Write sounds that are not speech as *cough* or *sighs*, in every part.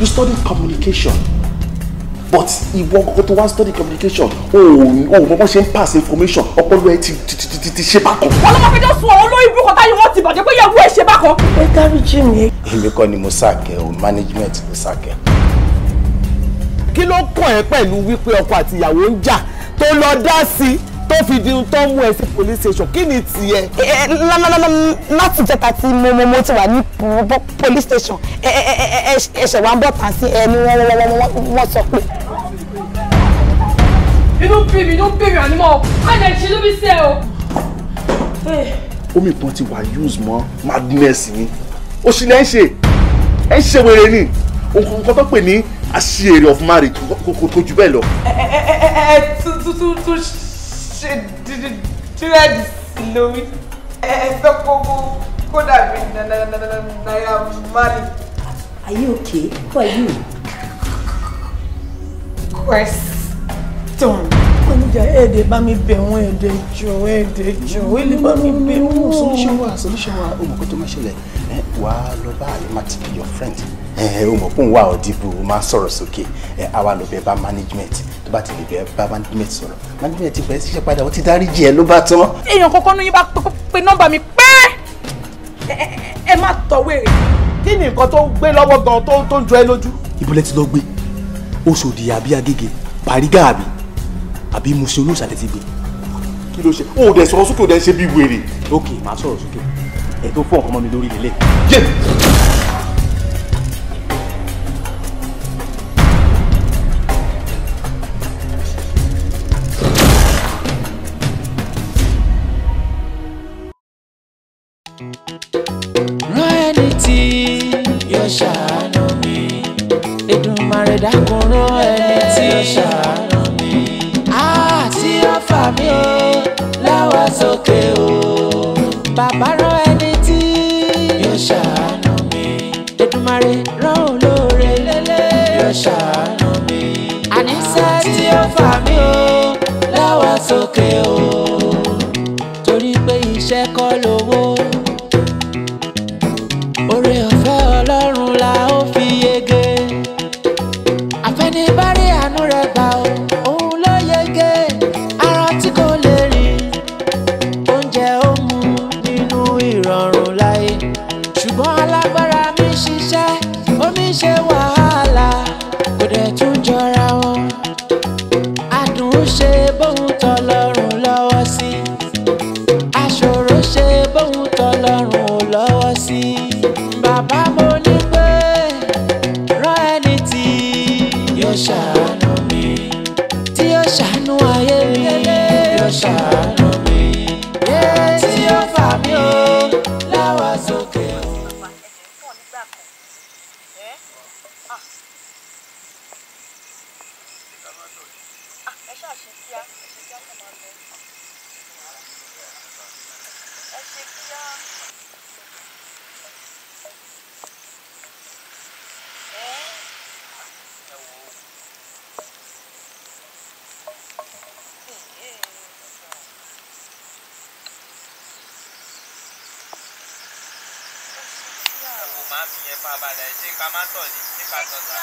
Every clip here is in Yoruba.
you studied communication but ìwọ kọ́kọ́ tó wá study communication o ò mọ ṣe ń pass information ọpọlọ ẹ ti ti ti ti ti ṣe bákan. wọn ló máa fẹjọ sun ọ̀rọ̀ lórí ibùkún táyé wọn ti bàjẹ́ pé ìyàwó ẹ ṣe bákan. ẹ dáríjì mi. èmi kọ́ ni mo ṣàkẹ́ o management ló ṣàkẹ́. kí ló kàn ẹ́ pẹ̀lú wípé ọkọ àti ìyàwó ń jà tó lọ dá sí i tó fi di tó mú ẹ sí police station kí ni tiẹ̀. láti jẹta tí mo mo mo ti wà ní police station ẹsẹ̀ wa ń bọ̀ tán sí ẹni wọ́n sọ pé. inú bí mi inú bí mi ànímọ́ àná ìṣe ló bí sẹ́ o. omi ìbọn ti wà use mọ́ madness ni ó sì lẹ́ ń ṣe ẹ̀ ń ṣe wèrè ni nǹkan tó pè ní àṣìṣe èrè of marriage kò tó ju bẹ́ẹ̀ lọ. ẹ ẹ ẹ ẹ tuntun tún ṣe dírẹ́dì sí lórí ẹ fẹ́ kó kó dàbí náírà málì. Are you okay? Who are you? Question. Oníjà ẹ̀ẹ́dẹ̀ bá mi bẹ̀ wọ́n ẹ̀ẹ́dẹ̀ jọ ẹ̀ẹ́dẹ̀ jọ. Ó bá mi bẹ̀ wọ́n. Solution wa solution wa òmùkọ́ tó máa ṣẹlẹ̀. Eh, wà á lọ bá àlematic your friend eh, o mọ̀ pé òun wà ọ̀dìbò o máa sọ̀rọ̀ sókè eh, àwa lọ bẹ bá management tó bá ti lè bẹ bá management sọ̀rọ̀ management ti bẹ̀rẹ̀ síṣẹ́ padà ó ti dáríjì ẹ̀ ló bá tán. èèyàn kọ́kọ́ ní yín bá pe nọ́mbà mi pẹ́ ẹ má tọ̀wé rẹ̀. kí ni nǹkan tó gbé lọ́wọ́ gan-an tó ń jọ ẹ lójú. ibùlẹ̀ ti lọ gbé oṣòdì àbí agége pàrígà àbí àbí musin olóòṣà tẹ ti gbé. kí ló ṣe o ò dẹ̀ sọ̀rọ̀ sókè o dẹ̀ ṣe bí wèrè. ok màá sọ̀rọ̀ sókè ẹ̀ tó fọ́ nǹkan mọ́ mi lórí lélẹ̀. ṣàánú mi Èdùmàrè dákun rán ẹni tí ó ṣàánú. fi yẹn fún abalẹ̀ ṣé ká má tọ̀ ní ká tọ̀ sá.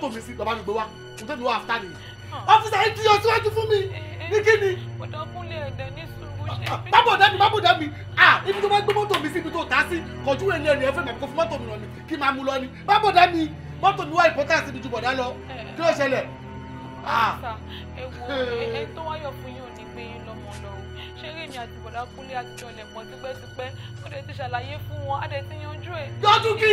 mọ́tò mi sí lọ́ba mi gbé wá mo tẹ́ mi wá àfúta nìyí. ọ́fíìsà yìí ti yọ síwájú fún mi ní kí ni. ọ̀dọ́kùnrin ẹ̀dẹ̀ ní sùúrù ṣe fi. Ah, ah, bábọ̀ dá mi bábọ̀ dá mi à ah, ibi tó bá gbé mọ́tò mi sí ibi tó dá sí kọjú rẹ̀ ní ẹ̀rìn ẹ̀fẹ́ màbí kó fún mọ́tò mi rọ̀ ni kí máa mú lọ ni bábọ̀ dá mi mọ́tò mi wá important ibi ju bọ̀dá lọ eh, eh. kí ló ṣẹlẹ̀. ẹ wo *laughs* ẹ tó wáyọ̀ fún yín ò ní gbé yín lọ́mọ lọ́wọ́ ṣeré mi àti bọ̀dá kúnlé àtijọ́ ilẹ̀kùn tipẹ́tipẹ́ ó dẹ̀ ti ṣàlàyé fún wọn á dẹ̀ ti yanjú ẹ̀. yọjú kí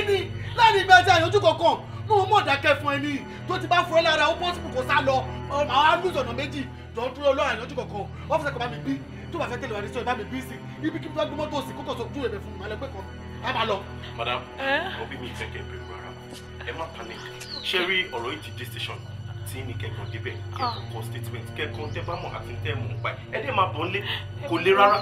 mo mọ̀ dákẹ́ fún ẹni tó ti bá fún ẹ lára ó pọ́sibú kó sá lọ àwọn alùsọ̀ ọ̀nà méjì tó ń dúró lọ́rùn àyànjú kankan ọ́fíìsì kan bá mi bí tó bá fẹ́ tẹ̀lé wa ní sọ ìbá mi bí sí ibi kí n bá gbé mọ́tò sí kókò sójú ẹ̀bẹ̀ fún mi alẹ́ pẹ́ kan á máa lọ. madam òbí mi ìtẹ̀kẹ̀ bẹ̀rù rárá ẹ má panic ṣé rí ọ̀rọ̀ yìí ti dé station tí mi kẹ̀kàn débẹ̀ kẹ̀kàn ah. kọ statement kẹ̀kàn tẹ́ bá mọ̀ àti tẹ́ mọ̀ ń pa ẹ̀ dẹ́ máa bọ̀ ń lé kò lé rárá.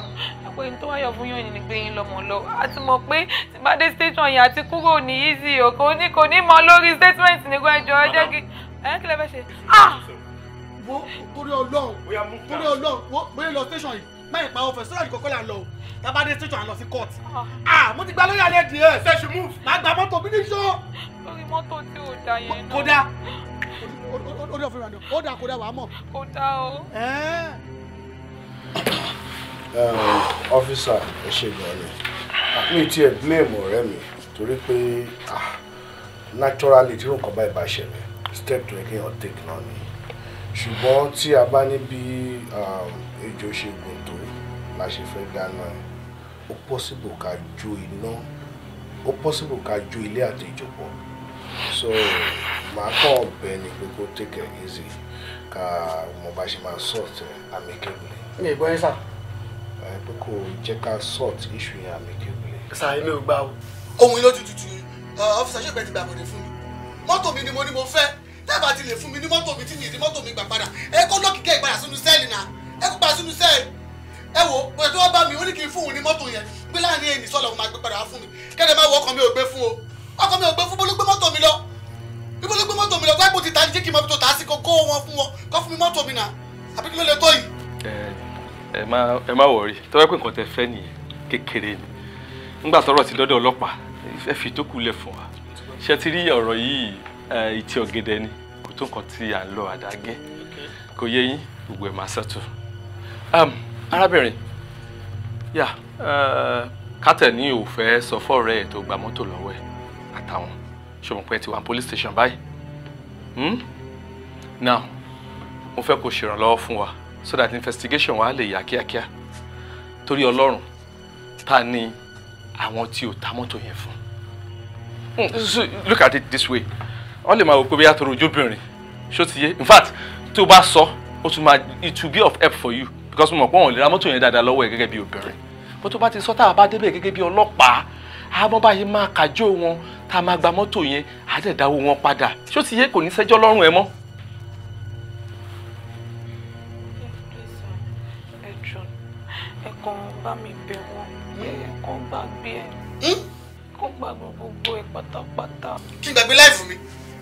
àpò èyí tó wáyọ̀ fún yóò ní pé yín lọ́mọ lọ a ti mọ̀ pé tí bá dé station yẹn àti kúrò ní easy o kò ní kò ní mọ lórí statement nígbà ẹjọ́ ẹ jẹ́ kí ẹ kí lẹ fẹ́ ṣe. Ah! wo torí Ọlọ́run torí Ọlọ́run bóyá lọ station yìí má ìpa ọfẹ sọ́yà ìkọ̀kọ́ là ń lọ o tábà dé station à sí court. Ah. mo ti gba lórí alẹ́ díẹ̀. ṣe ṣe move. màá gba mọ́tò mi ní lórí mọ́tò tí ò dá yẹn náà. kódà ó dọ̀ fúnra ó dà kó dà wàá mọ̀. kò dá o. ọ́fíìsà eh? um, ẹ ṣe gan-an ni ah, mi ti ẹ̀ blame ọ̀rẹ́ mi torí pé ah, naturally tí nǹkan báyìí bá ṣẹlẹ̀ step tó yẹ kí èèyàn take náà ni ṣùgbọ́n tí a bá ní bí um, ejò ṣe gùn tó la ṣe fẹ́ dáná ẹ̀ ó possible ká jó iná ó possible ká jó ilé àti ìjọpọ̀ so màá kàn bẹ ni pé kó take it easy ká mo bá ṣe máa sort amicably. mi ì gbọ́ yín sà. ẹ pé kó jẹ́ ká sort issue yẹn amicably. sà èmi ò o. ohun ilé tuntun yìí ọ́fíìsì ṣẹ́gbẹ́ ti gbà bọ̀dẹ̀ fún mi mọ́tò mi ni mo ní mo fẹ́ tẹ́ẹ̀bà ti lè fún mi ní mọ́tò mi tí mi ní mọ́tò mi gbà padà ẹ kó lọ́ọ̀kì kẹ́ ìpadà sínú sẹ́ẹ̀lì náà ẹ kó padà sínú sẹ́ẹ̀lì ẹ wo bẹ̀rẹ̀ tí wọ́n bá mi ó ní kí n fún òun ní mọ́tò yẹn pé láàrin ẹ̀yìn sọ́ọ̀lọ́ máa gbé padà wá fún mi kẹ́lẹ́ máa wọ ọkọ̀ mi ò gbé fún o ọkọ̀ mi ò gbé fún bólú gbé mọ́tò ti ta ni jẹ́ kí n mọ ibi tó ta sí kó kó wọn fún wọn kó fún mi mọ́tò mi nà àbí kí ló lè tó yìí. ẹ má ẹ má wọrí tọ́wọ́ pé nǹkan tẹ fẹ́ nìyẹn kékeré ni ńgbà tọrọ sí lọ́dọ̀ ọlọ́pàá ẹ fi tó kulẹ̀ fún wa ṣe ti rí ọ̀rọ̀ yìí ìtì ọ̀gẹ̀dẹ̀ ni kó tó nǹkan tí à ń lọ àdágẹ́ kò yẹ yín gbogbo ẹ̀ máa ṣètò. Um, arábìnrin yà kátẹ̀ ní òfẹ́ sọ fọ́ọ̀rẹ́ ẹ̀ tó gba mọ́tò lọ́wọ́ ẹ̀ àtàwọn ṣòwò pé ti wà ní police station báyìí Hmm? now mo fẹ́ kó ṣèrànlọ́wọ́ fún wa so that investigation wa lè yà kíákíá torí ọlọ́run ta ni àwọn tí o ta mọ́tò yẹn fún hmm, look at it this way wọ́n lè máa wò pé bí a tọrọ ojúbìnrin ṣó ti yé in fact tí o bá sọ o tún máa it will be of help for you because mo mọ̀ pé wọn ò lè ra mọ́tò yẹn dáadáa lọ́wọ́ ẹ̀ gẹ́gẹ́ bí obìnrin bó tó bá ti sọ tá a bá débẹ̀ gẹ́gẹ́ bí ọlọ́pàá àmọ́ báyìí máa kàjọ wọn tá a máa gba mọ́tò yẹn á wọn padà ṣó ti yé kò ní sẹ́jọ́ lọ́rùn ẹ mọ́. Hmm? kí n gbàgbé láìfù mi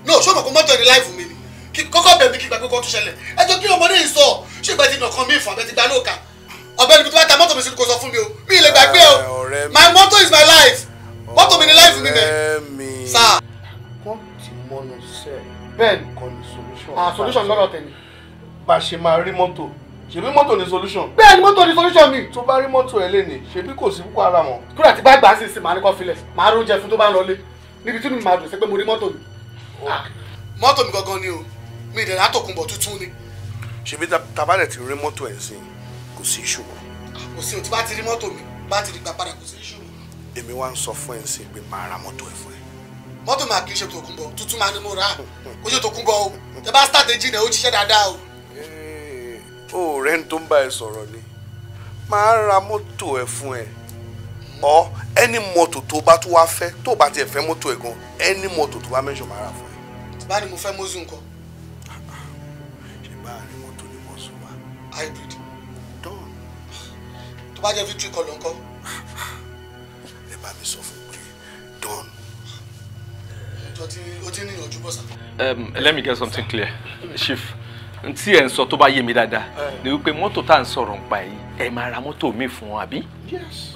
no ṣé o mọ́tò ẹni láìfù mi ni kọ́kọ́ bẹ̀ mí kí n gbàgbé kó tún ṣẹlẹ̀ ẹ jọ kí ọmọdé yìí sọ ṣé ìgbà tí nǹkan mi ìfọ̀ àbẹ́ ti gba lóòka ọ̀bẹ́ni kí tó bá ta mọ́tò mi sí kó sọ fún mi o mi ì lè gbàgbé o ah, my motto is my life. What mi ni láì fún mi bẹ́ẹ̀. sá. wọ́n ti mọ́nu Ben, bẹ́ẹ̀ nìkan solution. ah solution lọ́dọ̀ tẹ̀lé. bá a ṣe máa rí mọ́tò ṣebí mọ́tò ni solution. Ben, ni the solution mi. tó bá rí mọ́tò ẹ léni ṣebí kò sí kó ara mọ́. kúrò àti bá gbà á sì sí màá ní kó filẹ̀ màá rí oúnjẹ fún tó bá ń lọlé níbi tí mi máa dùn sí pé mo rí mọ́tò mi. Ah. mọ́tò mi gangan ni o mi ìdẹ̀rẹ̀ àtòkùnbọ̀ tuntun ni. ṣebí tabalẹ̀ ti rí mọ́tò ẹ̀ sí kò sí ìṣòro. kò sí o tí bá ti rí mọ́tò mi bá ti rí gbà padà kò sí ìṣòro èmi wá ń sọ fún ẹ ń sìn pé máa ra mọ́tò ẹ fún ẹ. mọ́tò máa kì í ṣe tòkunbọ̀ tuntun máa ní mo rà ó ṣe tòkunbọ̀ o tẹ bá strategy náà ó ṣiṣẹ́ dáadáa o. ó rẹ́ ń tó ń bá ẹ sọ̀rọ̀ ni máa ra mọ́tò ẹ fún ẹ ọ ẹni mọ́tò tó bá tún wá fẹ́ tó bá tiẹ̀ fẹ́ mọ́tò ẹ gan ẹni mọ́tò tó bá mẹ́sàn máa rà fún ẹ. bá ní mo fẹ́ mọ́sù nǹkan. ṣe bá a rí mọ́tò ní mọ́sù wa. hybrid. tó bá jẹ́ victory kọlọ̀ nǹkan bá mi sọ fún pé don. o ti ní ojú bọ́sà. let me get something clear chief ntí ẹ̀ ń sọ tó bá yé mi dáadáa ni wípé mọ́tò tá à ń sọ̀rọ̀ nípa yìí ẹ̀ máa ra mọ́tò mi fún wa àbí. yes.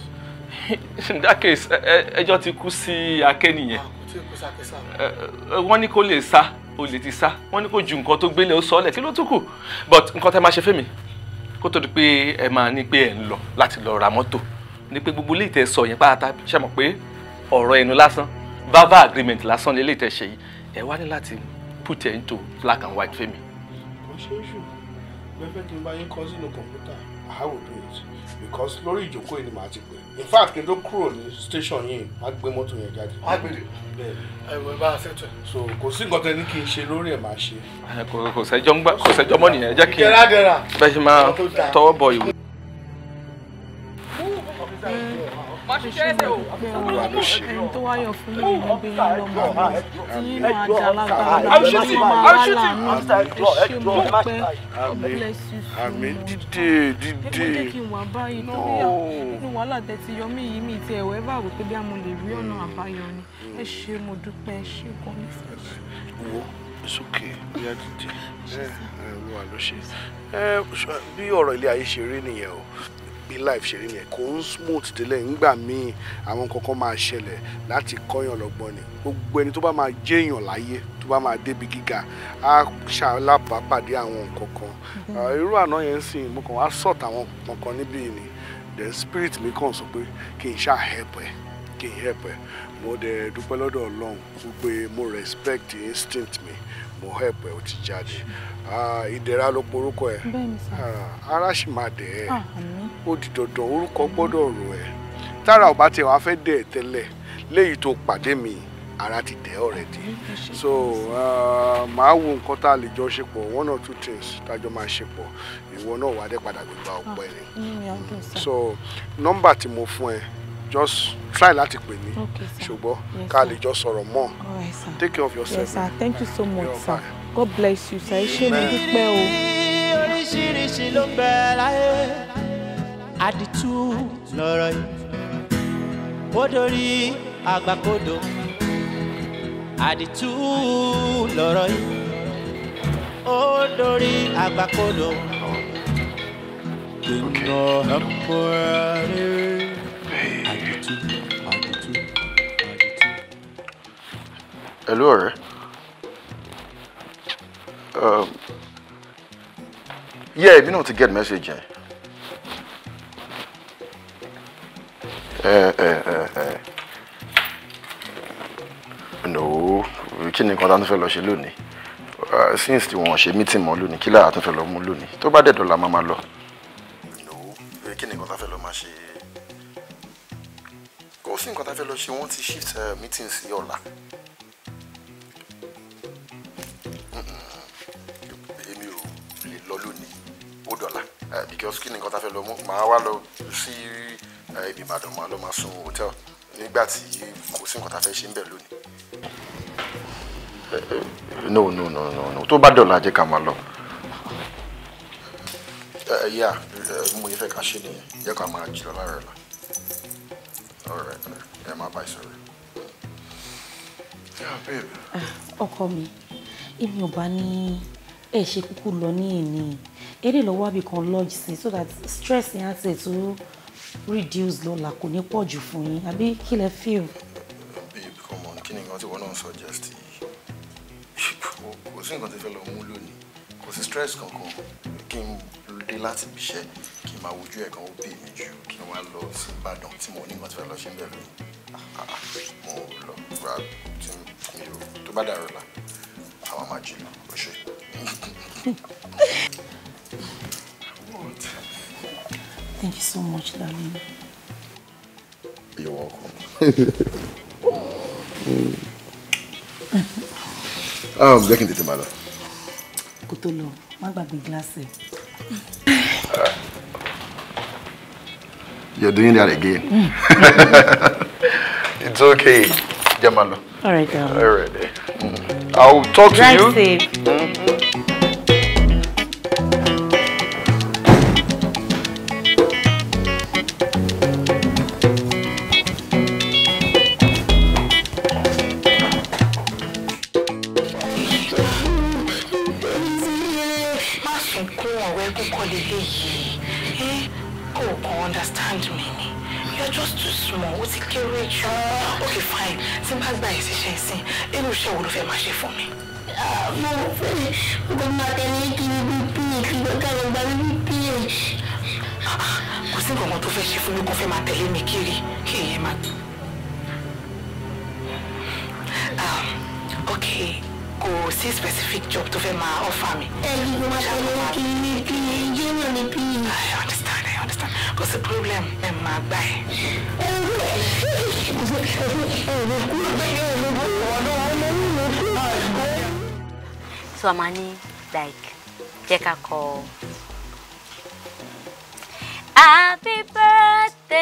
*laughs* in that case ẹjọ́ ti kú sí akẹ́nìyẹn ah, wọ́n ní kó lè sá o lè ti sá wọ́n ní kó ju nǹkan tó gbélé o sọ ọ́lẹ̀ kí ló tún kù but nǹkan tẹ́ máa ṣe fẹ́mi kó tó di pé ẹ máa ní pé ẹ ń lọ láti lọ ra mọ́tò ni pé gbogbo léètẹ sọ yẹn pátá ṣe mọ̀ pé ọ̀rọ̀ ẹnu lásán verbal agreement lásán ni léètẹ ṣe yìí ẹ wá ní láti put ẹ into black and white fẹ́mi. kò ṣeé ṣù pẹ́pẹ́ kí n bá yín kọ sínú kọ̀ǹpútà I will do it because lórí ìjókòó yìí ni màá ti pè in fact kí n tó kúrò ní station yìí má gbé mọ́tò yẹn jáde. má gbèdè bẹ́ẹ̀ ẹ̀wọ̀n ẹ̀ bá a so kò sí nǹkan tẹ ní kí n ṣe lórí ẹ̀ máa ṣe. kò sẹ́jọ́ mọ́ nìyẹn jẹ́ kí n bẹ́ẹ̀ ṣe máa tọwọ́ bọ ìwé olúwa ló ṣe ẹni tó wáyọ̀ àmì dídè dídè. inú wàhálà tẹ ti yọ mí yìí mi ti ẹ̀wẹ́ bá rò pé bí a mo lè rí ọ̀nà àbáyọ ni ẹ ṣe mo dúpẹ́ ẹ ṣe kọ́ mi. wo sókè bí a dídè olúwa ló ṣe bí ọ̀rọ̀ ilé ayé ṣe rí nìyẹn o bí life ṣe rí yẹn kò ń smooth délẹ̀ ńgbà míì àwọn kankan máa ṣẹlẹ̀ láti kọ́yàn lọ́gbọ́n ni gbogbo ẹni tó bá máa jẹ́yàn láyé tó bá máa débi gíga á ṣàlábàápàdé àwọn nǹkan kan mm-hmm. ah, irú àná yẹn ń sìn mo kàn wá sọ̀tà àwọn kankan níbí ni the spirit mi kàn sọ pé kí n ṣáà help ẹ kí n help ẹ mo dẹ̀ dúpẹ́ lọ́dọ̀ ọlọ́run gbogbo mo respect the instinct mi mo ẹ o ti jáde ah, ìdẹ̀ra ló porúkọ ẹ ah, ara sì ah, ó di dandan orúkọ gbọ́dọ̀ rò ẹ́ tára ọba tí wàá fẹ́ dẹ̀ tẹ́lẹ̀ léyìí tó pàdé mi ara ti dẹ̀ already so màá wo nǹkan tá a lè jọ ṣe pọ̀ one or two things tájọ máa ṣe pọ̀ ìwọ náà wàá dẹ́ padà gbégbá ọ̀pọ̀ ẹ̀ so nọ́mbà tí mo fún ẹ just try láti pè mí ṣùgbọ́n ká lè jọ sọ̀rọ̀ mọ́ take care of yourself. yes sir thank you so much sir god bless you sir ṣé mi dúpẹ́ o. oríṣiríṣi ló bẹ láyé àdìtú lọ̀rọ̀ yìí ó dorí àgbàkodò àdìtú lọ̀rọ̀ yìí ó dorí àgbàkodò. Okay. Hello, Um, yeah, you know to get message yẹn. Eh? eh, eh, eh, eh. No, kí ni nǹkan tá a tún fẹ́ uh, Since tí want to meet him lónìí, kí láà tún fẹ́ lọ mú lónìí? Tó bá dẹ̀dọ̀ la No, kí can't nǹkan tá a fẹ́ lọ sí nǹkan tá lọ ṣe wọ́n ti shift eh, meeting sí ọ̀la èmi ò lè lọ lónìí ó eh, because kí ni nǹkan tá lọ mú màá wá lọ sí eh, ibi ìbàdàn màá lọ máa sun hotel nígbà tí kò sí nǹkan tá ṣe ń bẹ̀ lónìí. no no no no tó bá dọ̀la jẹ́ ká máa lọ yà mo yẹ fẹ́ ká ṣe nìyẹn jẹ́ ká máa jìrọ̀ lára ẹ̀ la. All right, Yeah, my bá ẹ Yeah, babe. Ọkọ mi, èmi ò bá ní ẹ ṣe kúkú lọ ní èmi. Eré lọ wábi kan lodge sí so that stress yẹn á ti reduce lọ́la kò ní pọ̀ jù fún yín. Àbí kí lẹ feel? Babe, come on, Kini ni nǹkan tí wọ́n náà suggest yìí? Kò sí nǹkan tí fẹ́ lọ mú stress kankan. Kí n dé láti bíṣẹ́ kí máa wojú ẹ̀ gan ó bì mí jù kí n lọ sí Ìbàdàn tí mo ní nǹkan tí fẹ́ lọ ṣe ń bẹ̀ mí mo lọ ra tí mi ò tó bá dàrú la àwọn máa jí lọ ó ṣe. Thank you so much, darling. You're welcome. um, jẹ́ kí n tètè máa lọ. Kò tó lọ, má gbàgbé gíláàsì. You're doing that again. *laughs* it's okay, Jamalo. All right, darling. All right. Mm. I'll talk Drive to you. Safe. Mm -hmm. ló fẹ́ máa ṣe fún mi. mo fẹ́ gbogbo àtẹ̀lé kiri bíbí kí gbọ́dọ̀ gbà mí bíbí ẹ̀. kò sí nǹkan tó fẹ́ ṣe fún mi kó fẹ́ máa tẹ̀lé mi kiri kí èèyàn máa. ok kò sí specific job tó fẹ́ máa offer mi. ẹ gbogbo àtẹ̀lé kiri bíbí ẹ̀jẹ̀ náà ni bí. I understand I understand kò sí problem ẹ máa gbà ẹ. ọ̀dọ́ so a máa ní like take a call. Happy birthday,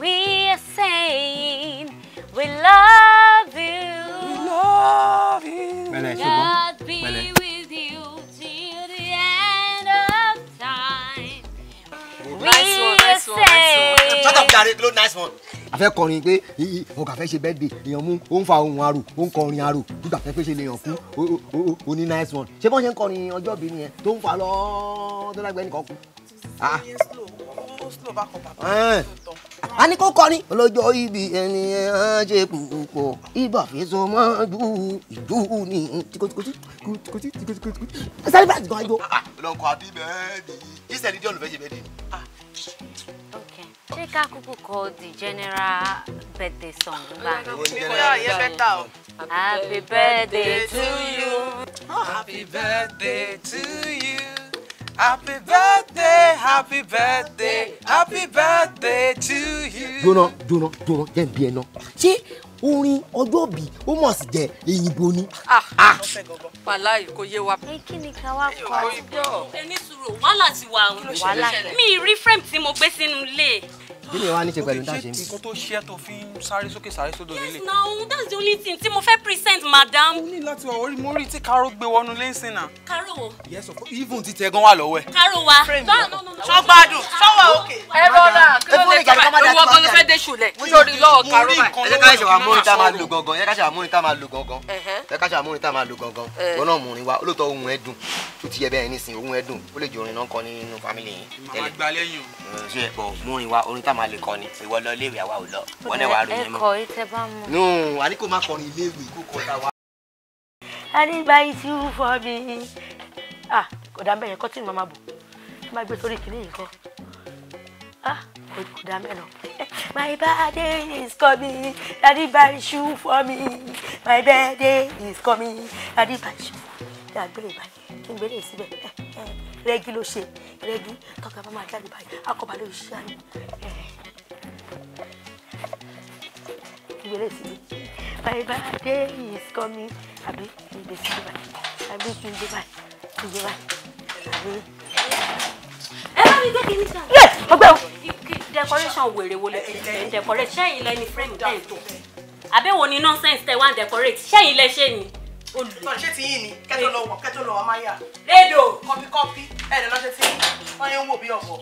we are saying we love you. We love you. Be with you till the Mẹ́lẹ̀ ṣùgbọ́n mẹ́lẹ̀. Nice one, nice one, nice one. Shut up, Gary. Glow, nice one. a fẹ́ kọrin pé ọ̀gá fẹ́ ṣe bẹ́ẹ̀dì èèyàn mú ó ń fa ohun arò ó ń kọrin arò nígbà fẹ́ pé ṣe lè kú ó ní nice one ṣé bọ́n ṣe ń kọrin ọjọ́ bí nìyẹn tó ń fa lọ tó lágbẹ́ nìkan kú. Ah. a ní kó kọrin. ọlọ́jọ́ ibi ẹni ẹ̀ ṣe púpọ̀ ibà fi so mọ́ ju ìjú ni tìkọ̀tìkọ̀tì tìkọ̀tì tìkọ̀tì. ti gan-an jó. àbí bẹ́ẹ̀ ni ìṣẹ̀lẹ̀ díẹ̀ olùfẹ́ ṣe bẹ́ẹ̀ ni. Ah ṣé ká kúkú kọ the general birthday song nígbà happy birthday to you. Oh, happy birthday to you. happy birthday happy birthday happy birthday to you. jóná jóná jóná jẹ́ ń bí ẹ náà. ṣé orin ọjọ́ bí ó mọ̀ sí jẹ èyìnbó ni. Ah, ah. wàláì kò yé wa. ẹ kí ni ká wá kọ ọ. ẹ ní sùúrù wàhálà ti wà àwọn mi rí frame tí mo gbé sínú ilé kí ni wàá ní ṣe pẹ̀lú tá a ṣe ń bí. nǹkan tó ṣe é fi ń sáré sókè sáré sódò lélẹ̀. yes now that's the only thing tí mo fẹ́ present madam. mo ní láti wà orí mo rí tí karo gbé wọnú lẹ́sìn náà. karo yes of course even ti tẹ gan wà lọ́wọ́ ẹ̀. karo wa sọgbàdùn sọwọ òkè. ẹ rọra kí ló lè jẹ báyìí owó ọgọ́ ló fẹ́ dé ṣùlẹ̀ sórí lọ́ọ̀ karo báyìí. ẹ jẹ́ ká ṣe wà múrin tá a máa lò gangan ẹ jẹ́ ká ṣe wà múrin tá a máa lò gangan ẹ jẹ́ ká ṣe wà múrin tá a máa lò gangan wọn náà múrin wa olóòótọ́ ohun ẹ dùn tó ti yẹ bẹ́ẹ̀ nísìnyí ohun ẹ dùn ó lè jẹ́ orin náà kọ́ nínú fámìlì yìí màmá gbalẹ́yìn o. ṣe é bọ̀ múrin wa orin tá máa lè kọrin ìwọ lọ iléèwé àwa ò lọ wọn náà wàá ròyìn mọ. ẹkọ ìtẹ bá mọ. nù wà ní kó má kọrin iléèwé kó kọ ta wa. anígbà yìí ti wú fọ mi kò dá mẹ́yẹn kọ́ tí mo bò ẹ máa gbé sórí kìnìún kọ́ kò dá mẹ́rin *laughs* My birthday is coming, daddy buy shoe for me. My birthday is coming, daddy buy shoe. Dàgbére báyìí, kí n gbére síbẹ̀. *laughs* rẹ́gí ló ṣe rẹ́gí tọ́gbà bá máa jáde báyìí akọ̀bà ló ṣiṣẹ́ àná ìgbélé sílé báyìí bá dé is coming àbí ìgbé sílé báyìí àbí kí n dé báyìí kí n dé báyìí ẹ bá mi gbé kí ní yes ọgbẹ́ o. decoration wèrè wo lè Decoration. ṣe decorate ṣẹ́yìn lẹ́ni frame ten tó àbẹ̀wò ni nonsense tẹ̀ wá decorate ṣẹ́yìn lẹ́ ṣe olùkọ́ ṣé ti yín ni kẹ́tọ́ lọ wọ̀ kẹ́tọ́ lọ wọ̀ máa yà. rédò kọpíkọpí ẹ̀ẹ́dẹ̀ lọ́sẹ̀ tí wọ́n yẹn ń wò bí ọ̀wọ̀.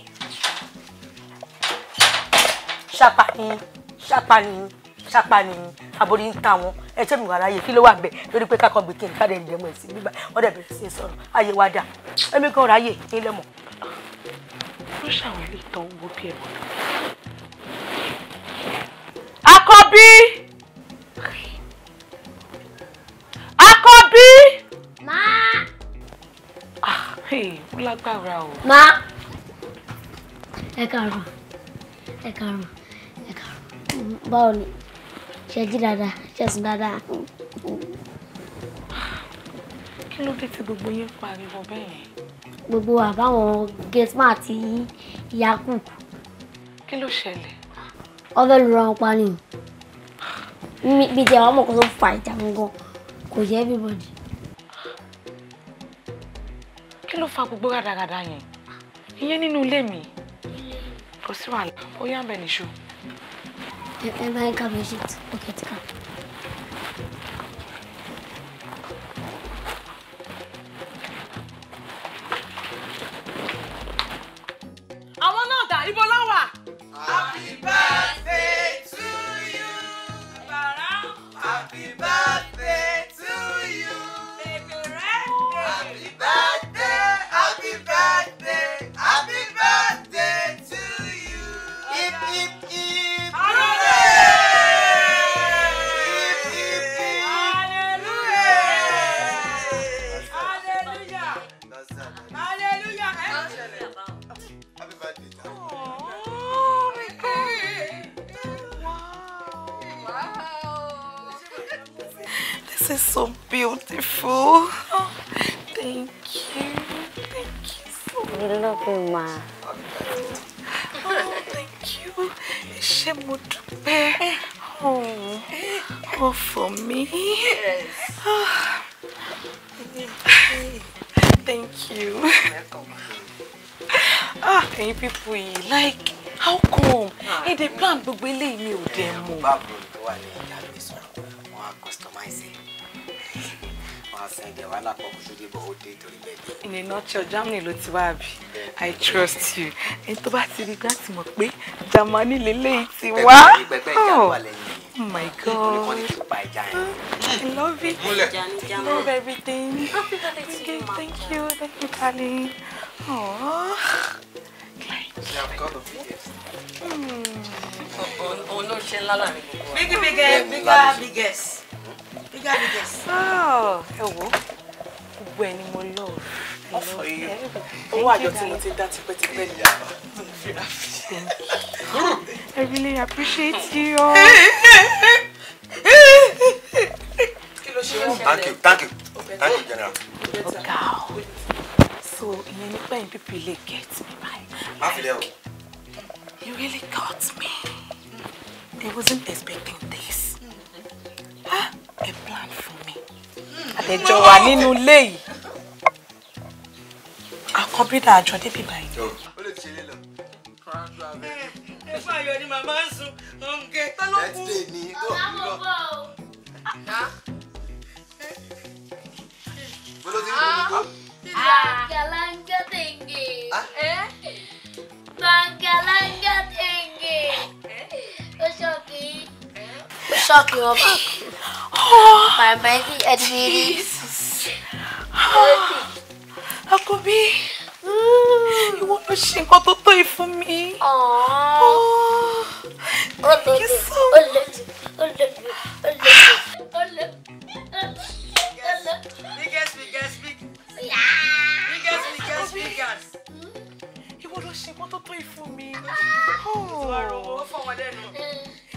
ṣapa ni ṣapa ni ṣapa ni aborí ń ta wọn ẹ tẹ́ mi wà láàyè kí ló wà bẹ́ẹ̀ lórí pé kákan gbèké nǹkan dẹ̀ ń dẹ̀mọ̀ ẹ̀sìn nígbà wọ́n dẹ̀ bẹ̀rẹ̀ sí sọ̀rọ̀ ayé wa dà ẹ̀mí kan ráyè nílẹ̀ mọ̀. ló ṣàwọn ilé ìtàn Àbí? Má. Ah, hey, ó lágbára o. Má. Ẹ kàrọ̀, ẹ kàrọ̀, ẹ kàrọ̀. Báwo ni? Ṣé jí dáadáa? Ṣé sùn dáadáa? Kí ló dé tí gbogbo yín pariwo bẹ́ẹ̀ yẹn? Gbogbo àbáwọn Gateman àti Yakub. Kí ló ṣẹlẹ̀? Wọ́n fẹ́ lura wọn pa ni. Mi ti àwọn ọmọ kan tó fa ìjà gangan kò yẹ everybody. kí ló fa gbogbo rádaràda yẹn ìyẹn nínú ilé mi kò sí wàhálà ó yá ń bẹ nìṣó. ẹ ẹ bá yín ká mi ṣe tí ká. àwọn náà dà happy birthday to you. bàrà happy birthday. This is so beautiful. thank you. Thank you so much. We love you, ma. Oh, thank you. Ṣé mo dúpẹ́? Oh, oh for me. Yes. Ah. Thank you. Welcome. Ah, ẹ̀yin people yìí, like, how come? Ẹ dey plan gbogbo eléyìí you demo. dẹ̀ mọ̀. Báwo ni in a nutshell Germany ló ti wá bí I trust you ẹni tó bá ti rí grant mọ̀ pé Germany lélẹ́yìí ti wá. Oh my God. I love it. I love everything. Happy you, Thank you. Thank you, darling. Oh, oh, no, she's Biggie, bigger, bigger, biggest. You got it, yes. Oh, Owó àjọ tí mo ti dá tipẹ́tipẹ́ ni yàrá. I really appreciate you. Kí Thank you, thank you, thank you, General. Ọ̀gá o. So ìyẹn ní pẹ́yìn pípé lè get me by. Má fi lẹ́ o. You really got me. I wasn't expecting this. Mm -hmm. Ah! ẹ plan fún mi àtẹjọ wà nínú ilé yìí àkọ́bídà àjọ débi báyìí. ó lè ṣe lélọ. ẹgbẹ́ ayọ̀ ni màmá ń sun ọ̀ǹgẹ̀ tọ́lọ́kù. bẹ́tẹ̀ ni tó ń lọ. bolo ti ń bolo. Bangalanga tenge. Bangalanga tenge. Ó ṣọ́ọ̀kì. Ó my baby, admittance. Àkọ́bí, ìwọ ló you want tó tó yìí fún Oh, Thank you so much. *sighs* ṣe kó tó tó ìfún mi. Ah!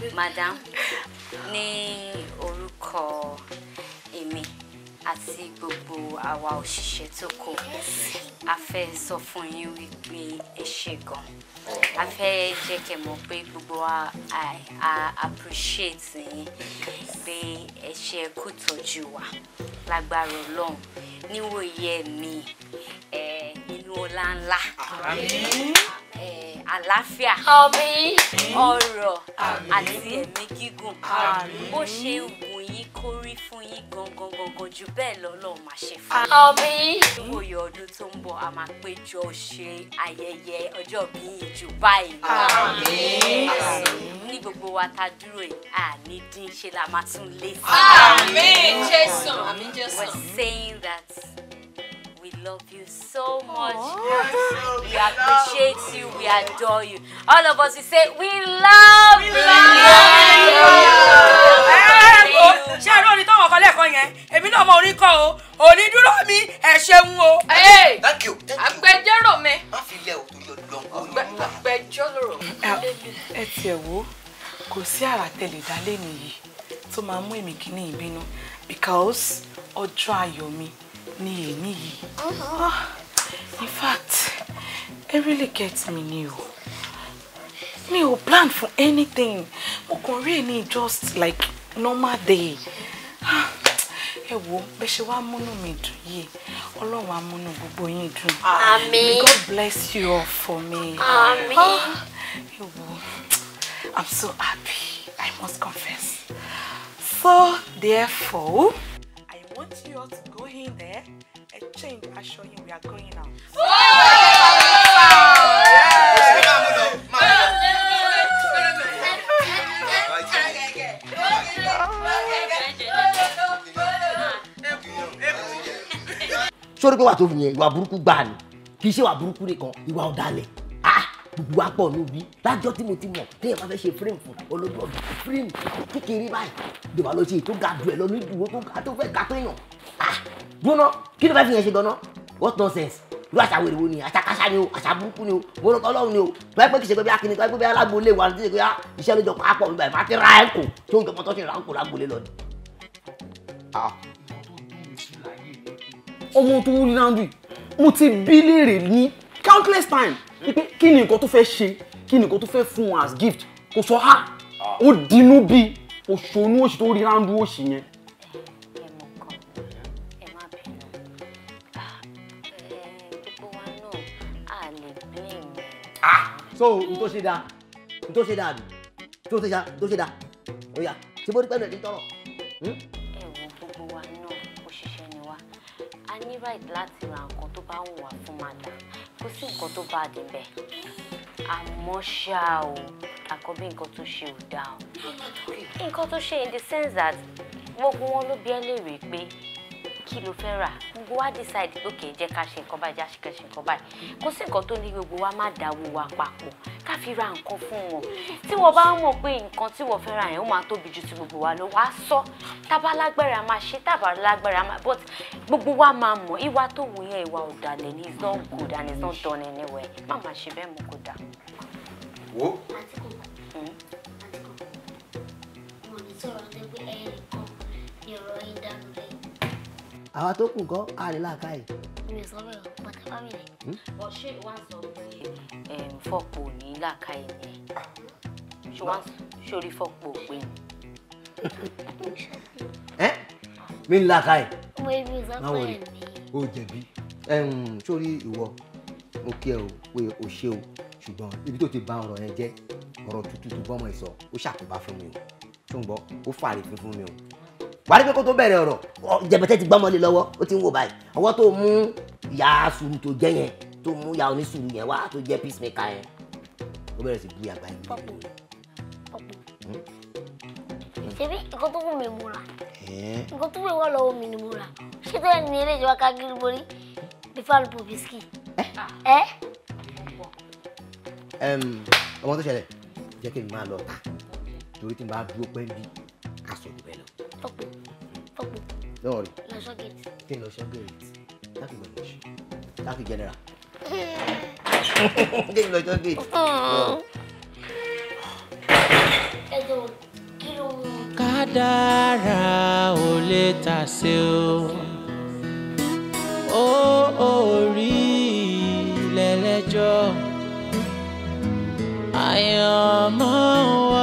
Eh, madam ní oruko èmi àti gbogbo àwa òṣìṣẹ́ tó kù a fẹ́ sọ fún yín wípé ẹ ṣe gan a fẹ́ jẹ́ kẹ́ mọ̀ pé gbogbo wa a appreciate yín pé ẹ ṣe kú tọ́jú wa lágbára ọlọ́run níwòye mi nínú ọlá ńlá àlàáfíà ọrọ̀ àti ẹ̀mí gígùn bó ṣe wù yín kó fún yín gangan gangan jù bẹ́ẹ̀ lọ́lọ́run máa ṣe fún mi. àbí. ìwòye ọdún tó ń bọ̀ a máa péjọ ṣe ayẹyẹ ọjọ́ bí ìjù báyìí. àmín. ní gbogbo wa ta dúró yìí a ní dín ṣe la máa tún lé sí. àmín jésù àmín jésù. we're saying that we love you so much. Oh, we appreciate love. you. We adore you. All of us, we say, we love we you. Love you. Love you. Love you kọ lẹ́ẹ̀kan yẹn èmi náà mọ orin kọ o òní dúró mi ẹ ṣeun o. agbẹjọ́rò mi. má fi lẹ òtòyọ lọ. agbẹjọ́rò. ẹ tiẹ̀ wo kò sí àrà tẹ̀lé dálé nìyí tó máa mú èmi kìíní ìbínú because ọjọ́ ayọ̀ mi ni èmi yìí. Uh-huh. Ah, in fact ẹ really get me ni o mi ò plan for anything mo kàn rí ẹni just like normal day. *sighs* ẹ wo bẹ́ẹ̀ ṣe wá múnú mi dùn yìí ọlọ́run á múnú gbogbo yín dùn. àmín may God bless you all for me. àmín ah, ẹ wo I'm so happy I must confess. So therefore I want you all to go in there and change aṣọ yín we are going out. sórí pé wà tó fi yẹn ìwà burúkú gbà ní kì í ṣe ìwà burúkú nìkan ìwà ọ̀dàlẹ̀ ah gbogbo wa pọ̀ níbí lájọ́ tí mo ti mọ̀ téèyàn bá fẹ́ ṣe fírímù fún olójú ọ̀dọ̀ fírímù kékeré báyìí ìjọba ló ṣe ètò ga jù ẹ̀ lọ ní ìdúró tó ga tó fẹ́ ga péyàn ah gbóná kí ló fẹ́ fi yẹn ṣe gan-an what nonsense irú àṣà wèrè wo ni àṣà kásá ni o àṣà burúkú ni o mọ́nà kọ́ lọ́hùn ni o báyìí pé kì í ṣe pé bí akíní kan pé bí alágbólé wa ti ṣe pé ah, iṣẹ́ ló jọ pàápọ̀ nígbà yìí má ti ra ẹ̀kọ́ tó ń jọ pọ̀ tó ṣe ra ẹ̀kọ́ lágbólé lọ ni. Ah! ọmọ tó wúni náà dùn mo ti bí léèrè ní countless times. pé kí ni nǹkan tó fẹ́ ṣe kí ni nǹkan tó fẹ́ fún as gift kò sọ ha ah, ó dinú bí òṣònú òṣì tó rí ráńdú òṣì yẹn. Ah, so n tó ṣe dáa n tó ṣe dáa bi tó ṣe dáa tó ṣe dáa ó yá ṣe bó rí pẹ́ẹ́nù ẹ̀ ní tọrọ. ní right láti ra nǹkan tó bá wù wá fún madam kò sí nǹkan tó bá dé bẹ́ẹ̀ àmọ́ ṣá o àkọ́bí nǹkan tó ṣe ò dáa o nǹkan tó ṣe in the sense that gbogbo wọn ló bi ẹ́ léèrè pé kí ló fẹ́ rà gbogbo wa decide ok jẹ́ ká ṣe nǹkan báyìí jẹ́ ká ṣe nǹkan báyìí kò sí nǹkan tó ní gbogbo wa má dáwó wa papọ̀ ká fi ra nǹkan fún wọn tí wọ́n bá mọ̀ pé nǹkan tí wọ́n fẹ́ ra yẹn ó máa tóbi ju ti gbogbo wa lọ wá sọ tábà lágbára máa ṣe tábà lágbára máa but gbogbo wa máa mọ̀ ìwà tó wù yẹn ìwà ọ̀dàlẹ̀ ni it's not good and it's not done anywhere má máa ṣe bẹ́ẹ̀ mú kó dà. wo sọ̀rọ̀ ní pé ẹ̀yìn kan ìròyìn dànù lẹ́yìn àwa tó kù kọ́ àrè làákà yìí. mi ò sọ bẹ́ẹ̀ o bàtà fámìlì. wọ́n ṣe wá sọ pé eh, fọ́pọ̀ ò ní làákà yìí ni ṣorí fọ́pọ̀ ò pé ni. ẹ *laughs* eh? mi ń làákà yìí. mo ebi ìsọpọ̀ ẹ̀ ní. o jẹ̀bi sórí ìwọ mo kí ẹ o pé o ṣe o ṣùgbọ́n ibi tó ti bà ọ̀rọ̀ yẹn jẹ́ ọ̀rọ̀ tuntun tó bọ́mọ ìsọ ó ṣàkóbá fún mi o tó ń gbọ́ ó fààrí fún mi o wàá rí pé kó tó bẹ̀rẹ̀ ọ̀rọ̀ jẹ̀bẹ̀tẹ̀ ti gbọ́mọlé lọ́wọ́ ó ti ń wò báyìí ọwọ́ tó mú ìyá sùúrù tó jẹ́ yẹn tó mú ìyá onísùúrù yẹn wá tó jẹ́ peacemaker yẹn ó bẹ̀rẹ̀ sí búyà báyìí. Hmm? ṣebí nǹkan tó wù mí mú ra nǹkan tó wù wá lọ́wọ́ mi ni mú ra ṣé tó yẹ ní eré ìjọba ká gírí borí bífà lùpọ̀ bisikì. ẹ eh? eh? ọmọ tó ṣẹlẹ̀ jẹ́ kí n máa lọ ta torí tí n bá dúró pẹ́ aṣọ ìd Ọ̀pọ̀ ọ̀pọ̀. Lọ́wọ́ rí. Lọ sọ́gẹ̀tì. Kí ni lọ sọ́gẹ̀tì? Táàkì lọ lọ sí. Táàkì jẹnẹra. Kí ni lọ sọ́gẹ̀tì? Ẹ jọ kí ló wọ. Kádàrá ò lè tà sí o orí lẹ́lẹ́jọ́ àyànmọ́ wa.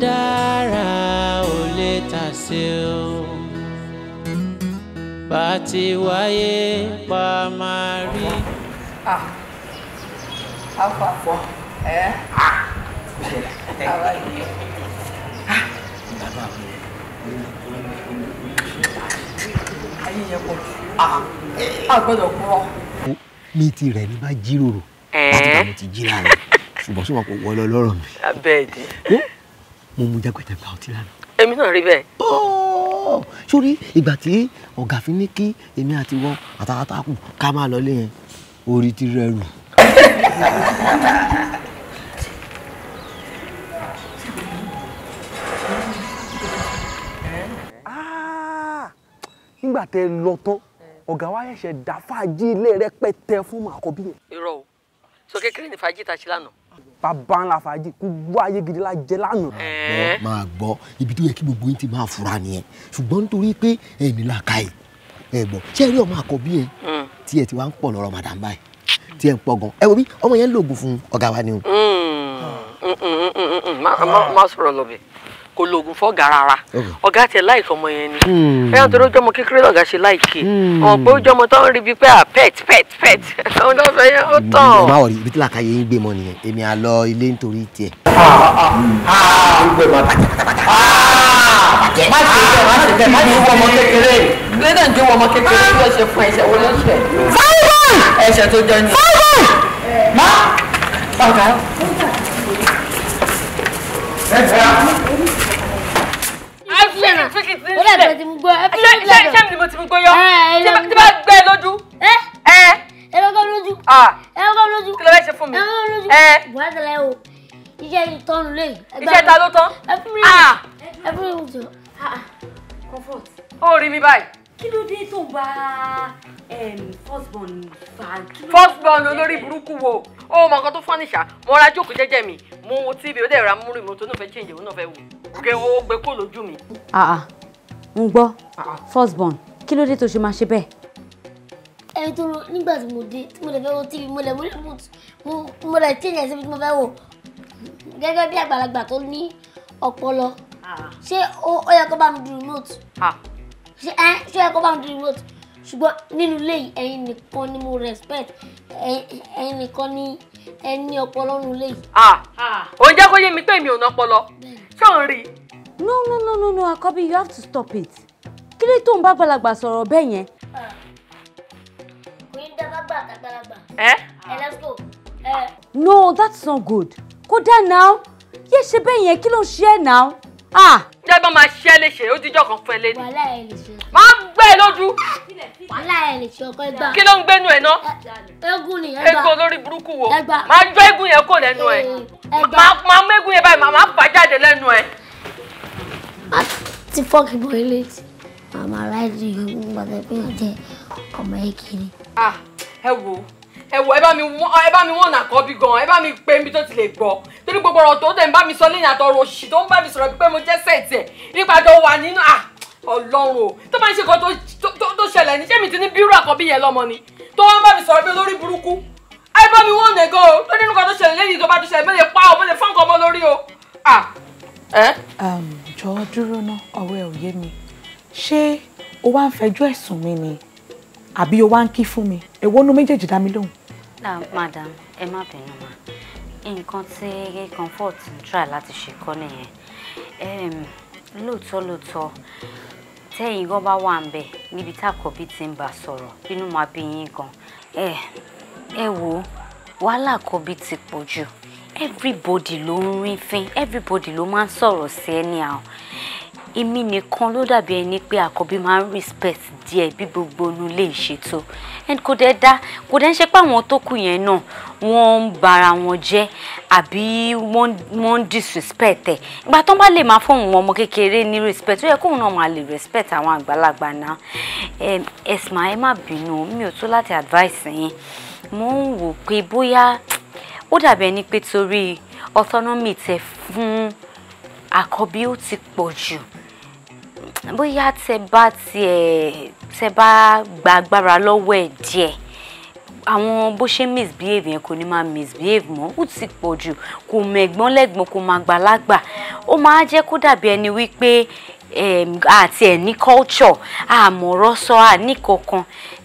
dára ò lè tàsé o bá ti wáyé pa máa rí. afa afọ ẹ mi ti rẹ̀ ní bá jíròrò láti bá mo ti jí láàrin eh. ṣùgbọ́n sọ ma kò wọlé ọlọ́rọ̀ mi. abẹ́ẹ̀dì mo mu jágbàjàgbà ọtí lánàá. èmi náà rí bẹ́ẹ̀. sórí ìgbà tí ọ̀gá fi ní kí èmi àti wọ àtàkùn ká máa lọ lé yẹn orí ti rẹ rù. Ah! nígbà tẹ lọ tán ọ̀gá wa ṣẹ̀ṣẹ̀ dá fàájì ilé rẹpẹtẹ fún màkọ́bí yẹn. irọ́ o sọ kékeré ni fàájì ta ṣe lánàá bàbá ńlá fàájì gbogbo ayé gidi la jẹ lánàá. máa gbọ́ ibi tó yẹ kí gbogbo yín ti máa fura nìyẹn ṣùgbọ́n nítorí pé ẹ̀mí la ka yìí ẹ̀ gbọ́ ṣé ẹ rí ọmọ àkọ́bí ẹ hmm. tí ẹ ti wá ń pọ̀ lọ́rọ̀ madam báyìí tí ẹ ń pọ̀ gan ẹ wo bí ọmọ yẹn ń lògùn fún ọ̀gá wa ni o. Hmm. Hmm, má sọ̀rọ̀ lọ́bẹ̀ kò lóògùn fọ́gà rárá ọ̀gá tiẹ̀ láìkì ọmọ yẹn ni ẹ̀yà tó lójú ọmọ kékeré lọ́gà ṣe láìkì ọ̀pọ̀ ojú ọmọ tó ń rí bíi pé à pet pet pet ọmọ tó fẹ́ yẹn ó tàn. má wọrí ibi tí làákà yẹn ń gbé mọ nìyẹn èmi à lọ ilé nítorí tiẹ̀. má ṣe bẹ́ẹ̀ má ṣe bẹ́ẹ̀ má ṣe wọ ọmọ kékeré lẹ́dà ń jẹ́ wọ ọmọ kékeré bí ọ̀ṣẹ̀ fún ẹ̀ṣẹ̀ wọlé ọ̀ṣẹ̀. ẹ̀ṣẹ̀ tó jẹ́ ní. má ọ̀gá. 来，来。fẹ́ràn ó dẹ̀ tó ti mú gbọ́ ẹ fi mí lọ́dọ̀ ṣé mi ni mo ti mú gbọ́ yọ tí eh, eh, bá eh, gbẹ lójú ẹ ah. ẹ ẹlọ́gọ́ lójú ẹlọ́gọ́ lójú kí ló fẹ́ ṣe fún mi ẹlọ́gọ́ lójú wà á tẹ̀lé o iṣẹ́ ìtọ́nu lè iṣẹ́ ta ló tán ẹ fún mi ah. ẹ fún mi jọ ah, comfort ó rí mi báyìí kí ló dé tó bá firstborn fà á firstborn olórí burúkú wo ó mọ nǹkan tó fọ́nìṣà mo ra jókòó jẹ́jẹ́ mi mo wo tv ó dẹ̀ ra múrì mo tó náà fẹ́ change òun náà fẹ́ wò gẹ ó gbé kó lójú mi. àà ah, ń ah. gbọ́ ah, first born kí ló dé tó ṣe máa ṣe bẹ́ẹ̀. ẹni tó ro nígbà tí mo dé tí mo lè fẹ́ wo tv mo lè mo lè mo lè tí ìyẹn síbi tí mo fẹ́ wò gẹ́gẹ́ bí àgbàlagbà tó ní ọpọlọ ṣé ó yẹ kó bá mi du remote ṣé ó yẹ kó bá mi du remote ṣùgbọ́n nínú ilé yìí ẹ̀yin nìkan ni mo respect ẹ̀yin nìkan ni ẹni ọpọlọ nínú ilé yìí. Ah ń jẹ́ kó yé mi pé mi ò ná ọpọlọ ṣọ́n no no no no no Akobi, you have to stop it kí ló tó ń bá gbalagbà sọ̀rọ̀ bẹ́ẹ̀ yẹn. kò eh? eh? let's go. Eh? no that's not good Go down now yé ṣe bẹ́ẹ̀ yẹn kí now. Ah! jẹ́ bá máa ṣẹ́ léṣe ó díjọ́ kan fún ẹ lé ní. wàhálà ẹ lè ṣe. máa ń gbé e lójú. wàhálà ẹ lè ṣe ọkọ ẹgbà. kí ló ń gbénu ẹ ná. eégún ni ẹgbà. eégún olórí burúkú wo. ẹgbà. máa jọ eégún yẹn kó lẹ́nu ẹ. ẹgbà. máa mú eégún yẹn báyìí máa fà jáde lẹ́nu ẹ. a ti fọ́ọ̀kì bọ̀ ilé tí màmá aláìsí yìí ń gbàgbé pé ọjọ́ ọmọ ah, ẹ kiri. ẹ wo ẹ wọ ẹ bá mi wọ́n ẹ bá mi wọ́n nà kọ́ bí gan ẹ bá mi pé níbi tó ti lè gbọ́ torí gbogbo ọ̀rọ̀ tó tẹ̀ ń bá mi sọ lẹ́yìn àtọ̀rọ̀ òṣì tó ń bá mi sọ̀rọ̀ pé mo jẹ́ sẹ̀tì ẹ̀ nípa tó wà nínú à ọlọ́run o tó máa ń ṣe kan tó ṣẹlẹ̀ ní sẹ́mi ti ní bírú àkọ́bí yẹn lọ́mọ ni tó wá bá mi sọ̀rọ̀ bí olórí burúkú ẹ bá mi wọ́n nẹ̀gọ́ o lórí nǹkan tó ṣẹlẹ̀ lẹ́yìn tó bá tó ṣẹlẹ̀ mo pa ọ mo lè fọ́n lórí o. jọ̀ọ́ dúró ná ọ̀rọ̀ ò àbí o wá ń kí fún mi èwo méjèèjì dá mi lóhùn na ah, madam Emma má bínú ma nǹkan comfort ń try láti ṣe kọ́ nìyẹn lóòótọ́ lóòótọ́ tẹ́yìn gan bá wà ń bẹ̀ níbi tákọ̀bí ti ń bá sọ̀rọ̀ inú máa bí yín gan ẹ ẹ wo wàhálà àkọ́bí ti everybody ló thing, everybody lo man ń sọ̀rọ̀ sí èmi nìkan ló dàbí ẹni pé àkọ́bí máa ń respect díẹ̀ bí gbogbo inú ilé ìṣètò and kò dẹ́ dá kò dẹ́ ń ṣe pé àwọn tó kù yẹn náà wọ́n ń bara wọn jẹ́ àbí wọ́n ń disrespect ẹ̀ ìgbà tó ń bá lè máa fóun ọmọ kékeré ní respect ó yẹ kóun náà máa lè respect àwọn àgbàlagbà náà ẹ̀sìmá ẹ má bínú mi ò tó láti advice yín mo ń wò pé bóyá ó dàbí ẹni pé torí autonomy tẹ fún àkọ́bí ó ti pọ̀ jù bóyá tẹ bá tiẹ̀ tẹ bá gba agbára lọ́wọ́ ẹ̀ díẹ̀ àwọn bó ṣe misbehave yẹn kò ní máa misbehave mọ́ ó ti pọ̀ jù kò mẹ̀gbọ́n lẹ́gbọ́n kò máa gbà lágbà ó máa jẹ́ kó dàbí ẹni wípé àti ẹ̀ ní culture àmọ̀rọ̀ sọ àní kankan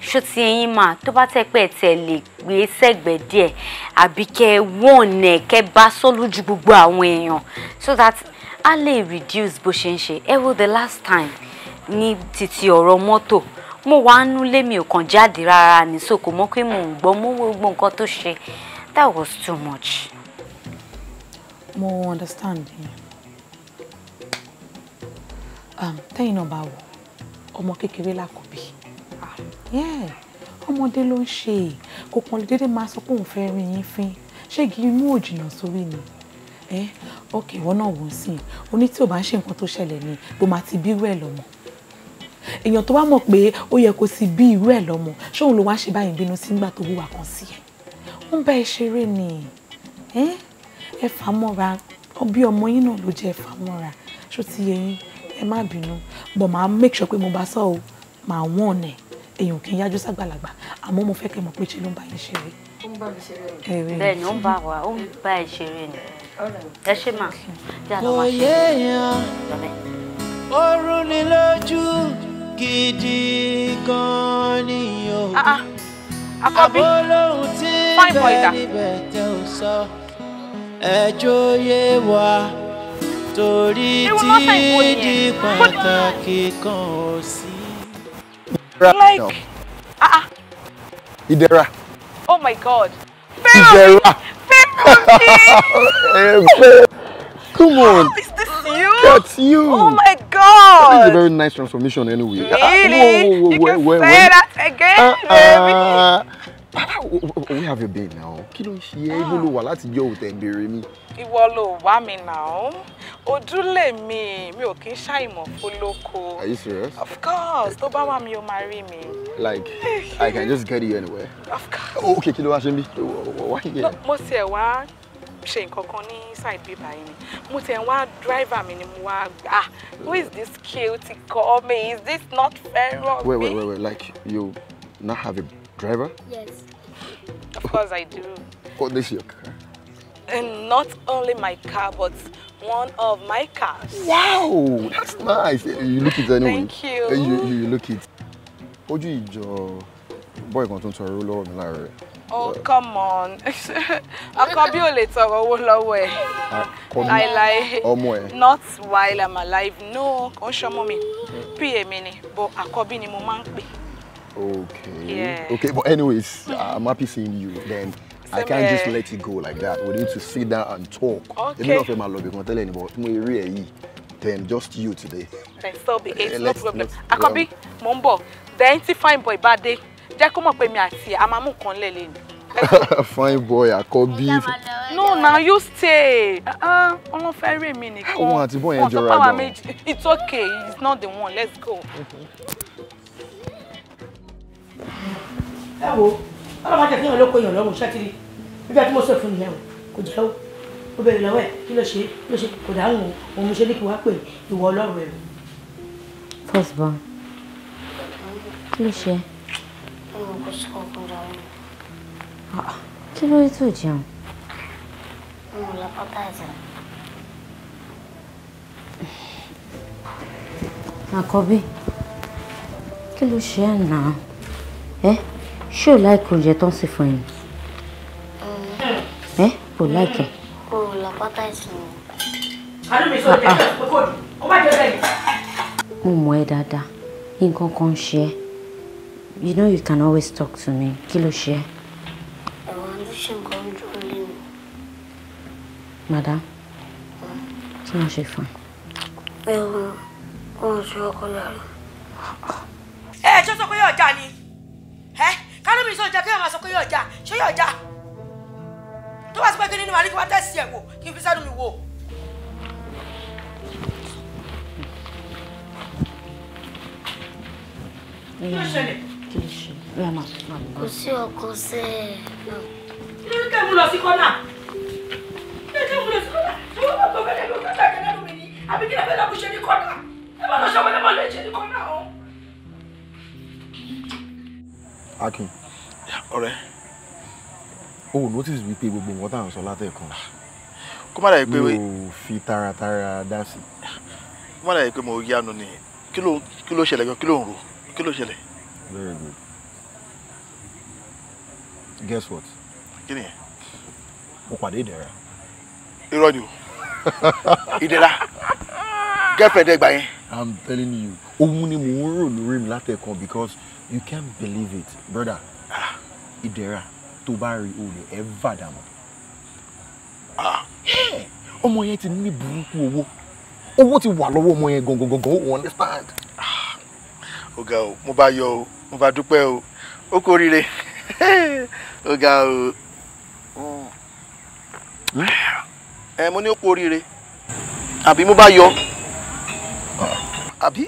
ṣó ti ẹyin máa tó bá tẹ́ pẹ́ tẹ̀ lè gbé sẹ́gbẹ̀ẹ́ díẹ̀ àbí kẹ́ wọ́n nẹ̀ kẹ́ bá sọ́ lójú gbogbo àwọn èèyàn so that a lè reduce bó ṣe ń ṣe ẹ wo the last time ní títí ọ̀rọ̀ mọ́tò mo wà á núlé mi ò kàn jáde rárá ní sòkò mọ́ pé mò ń gbọ́ mo wo gbogbo nǹkan tó ṣe that was too much. mo understand um, tẹ́yìn náà bá wò ọmọ kékeré lákòbí ah, ọmọdé ló ń ṣe kò kàn lè dédé máa sọ pé òun fẹ́ rí yín fín ṣé igi inú òjìnà sórí ni ẹ ok ìwọ náà wò ó sí i ó ní tí ò bá ń ṣe nǹkan tó ṣẹlẹ̀ ni bó máa ti bí irú ẹ̀ lọ́mọ èèyàn tó bá mọ̀ pé ó yẹ kó ti bí irú ẹ̀ lọ́mọ ṣóun ló wá ṣe báyìí bínú sí nígbà tó wúwà kan sí ẹ̀ ó ń bá ẹ ṣeré ni ẹ fà á mọ́ra bí ọmọ yín náà ló jẹ́ ẹ fà á mọ́ra ṣó ti yẹ yín ẹ má bínú but màá make sure pé mo bá sọ ọ́ màá wọ̀n ọ̀nà èèyàn kì í yájú sàgbàlagbà àmọ́ mo fẹ́ kẹ́ mọ̀ pé ṣe ló ń bá yín ṣeré. ó ń bá mi ṣeré ni bẹ́ẹ̀ ó ń bá wa ó ń bá ẹ ṣeré ni ẹ ṣe mà yà lọ máa ṣe oorun ni lójú gidi gan ni o ah, ah. àbó lóhun tí ẹjọ́ yé wa torí tí di pàtàkì kan ò sí. like ah, ìdẹ̀ra. oh my god. ìdẹ̀ra. Come on. is this you? That's you. Oh my god. That is a very nice transformation anyway. Ah, really? Uh, whoa, whoa, whoa, you can where, say that again, uh, baby. Uh, Where have you been now Kilo, she even ṣe ẹ́ ibo ló wà láti jẹ́ òun mi. ìwọ ló wá mi now Ojule mi mi ò kí ń ṣàìmọ̀ fólóko. are you serious. of course tó bá wà mí o máa rí like i can just get you anywhere. of course. Oh, okay kilo wa wá ṣe Why? bí wá yẹ. mo tiẹ̀ wá ṣe nǹkan kan side bí báyìí ni mo tẹ̀ ń driver mi ni mo wá ah who is this cute call me is this not fair wait wait wait wait like you not have a Driver? Yes. Of course I do. What is your car? And not only my car, but one of my cars. Wow, that's nice. You look it anyway. Thank you. You, you, you look it. How Ojú ìjọ boy kan to ń tọrọ owó lọ́wọ́ mi láàárọ̀ rẹ̀. Oh, come on. *laughs* Àkọ́bí ò lè tọrọ owó lọ́wọ́ ẹ̀. Láíláí. Ọmọ ẹ̀. Not while I'm alive. No, kò ń ṣọmọ mi. P.A. mi ni, but àkọ́bí ni mo in ń pè. Okay. Yeah. Okay, but anyways, I'm happy seeing you. Then Somewhere. I can't just let you go like that. We need to sit down and talk. Okay. Even if love. not lobby, tell anybody. Then just you today. Then so be it. Uh, no problem. Akobi, mo ń bọ̀. Then ti fine boy Bad day. dé. come up with me mi see. I'm a máa mú nǹkan lẹ̀ lẹ́nu. *laughs* fine boy Akobi. no now you stay Uh, fẹ́ rè mí nìkan wọn àti bọ́ọ̀ it's okay It's not the one let's go. Mm-hmm ẹ wo ọlọ́mọ jẹ́ kí èèyàn ló kó èèyàn lọ́rùn ṣẹ́kiri nígbà tí mo sọ fún ìyẹn o kò jẹ́ o ó bẹ̀rẹ̀ lọ́wọ́ ẹ̀ kí ló ṣe kí ló ṣe kò dáhùn o òun ṣe ní kí wàá pè ìwọ ọlọ́run ẹ̀. first born kí ló ṣe. Ah, kí ló dé tó jẹun. àkọ́bí kí ló ṣe ẹ̀ náà ẹ ṣé o láìkí oúnjẹ tó ń sè fún ẹni. Mm. ẹ kò láìkí. Mm, kò làpáta ìsìn. àánú mi sọ jẹ́ pé kò dùn ó má jẹ́ bẹ́ẹ̀ ni. mo mọ̀ ẹ́ dáadáa nǹkan kan ń ṣe ẹ́ you know you can always talk to me kí ló ṣe ẹ́. ẹ̀wọ̀n ló ṣe nǹkan ojú ilé mi. madam mm. kí wọ́n ṣe fún ẹ. ẹ̀wọ̀n wọn ò ṣe ọkọ yàrá. ẹ ṣọ́sọ́ pé yóò jà ò jẹ́ kí ọmọ sọ pé yóò já ṣé yóò já tó bá sọ pé kí nínú àríkí wá tẹ̀sí ẹ̀ wò kí n fi sẹ́nu mi wò. kí ló ṣẹlẹ̀. kí ló ṣẹlẹ̀. kò sí ọkọ sẹ́ ẹ̀ náà. kí ló ní kẹ́ mú lọ sí kọ́nà. kí ló ní kẹ́ mú lọ sí kọ́nà. àwọn ọmọ tó fẹ́ẹ́ lọ kọ́nà kẹ́lẹ́ lómi ni àbí kí ló fẹ́ẹ́ lọ kó ṣe ní kọ́nà. ẹ bá lọ ṣọwọ́ lẹ́mọ̀ lè ṣe ní kọ́nà o. Akin ọ̀rẹ́ o ò notice wípé gbogbo nǹkan tá à ń sọ látẹ̀kan kó má dàbí pé mi ò fi taratara dá sí i kó má dàbí pé mo yánu ni kí ló kí ṣẹlẹ̀ gan kí ló ń ro kí ló ṣẹlẹ̀. very good guess what. kí ni yẹn. mo pàdé ìdẹ̀ra. irọ́ ni o ìdẹ̀ra girlfriend ẹgbàá yẹn. i'm telling you ohun ni mò ń rò lórí mi látẹ̀kan because you can't believe it brother. Ah ìdẹ̀ra tó bá rí o lè ẹ́ vàdàmù. Ah. ọmọ yẹn ti ní burúkú owó owó ti wà lọ́wọ́ ọmọ yẹn gangan gangan o understand. Ah. ọ̀gá o mo bá yọ̀ o mo bá dúpẹ́ o ó kú oríire *laughs* ọ̀gá o ẹ hmm? eh, mo ní ó kú oríire àbí mo bá yọ̀ ah. àbí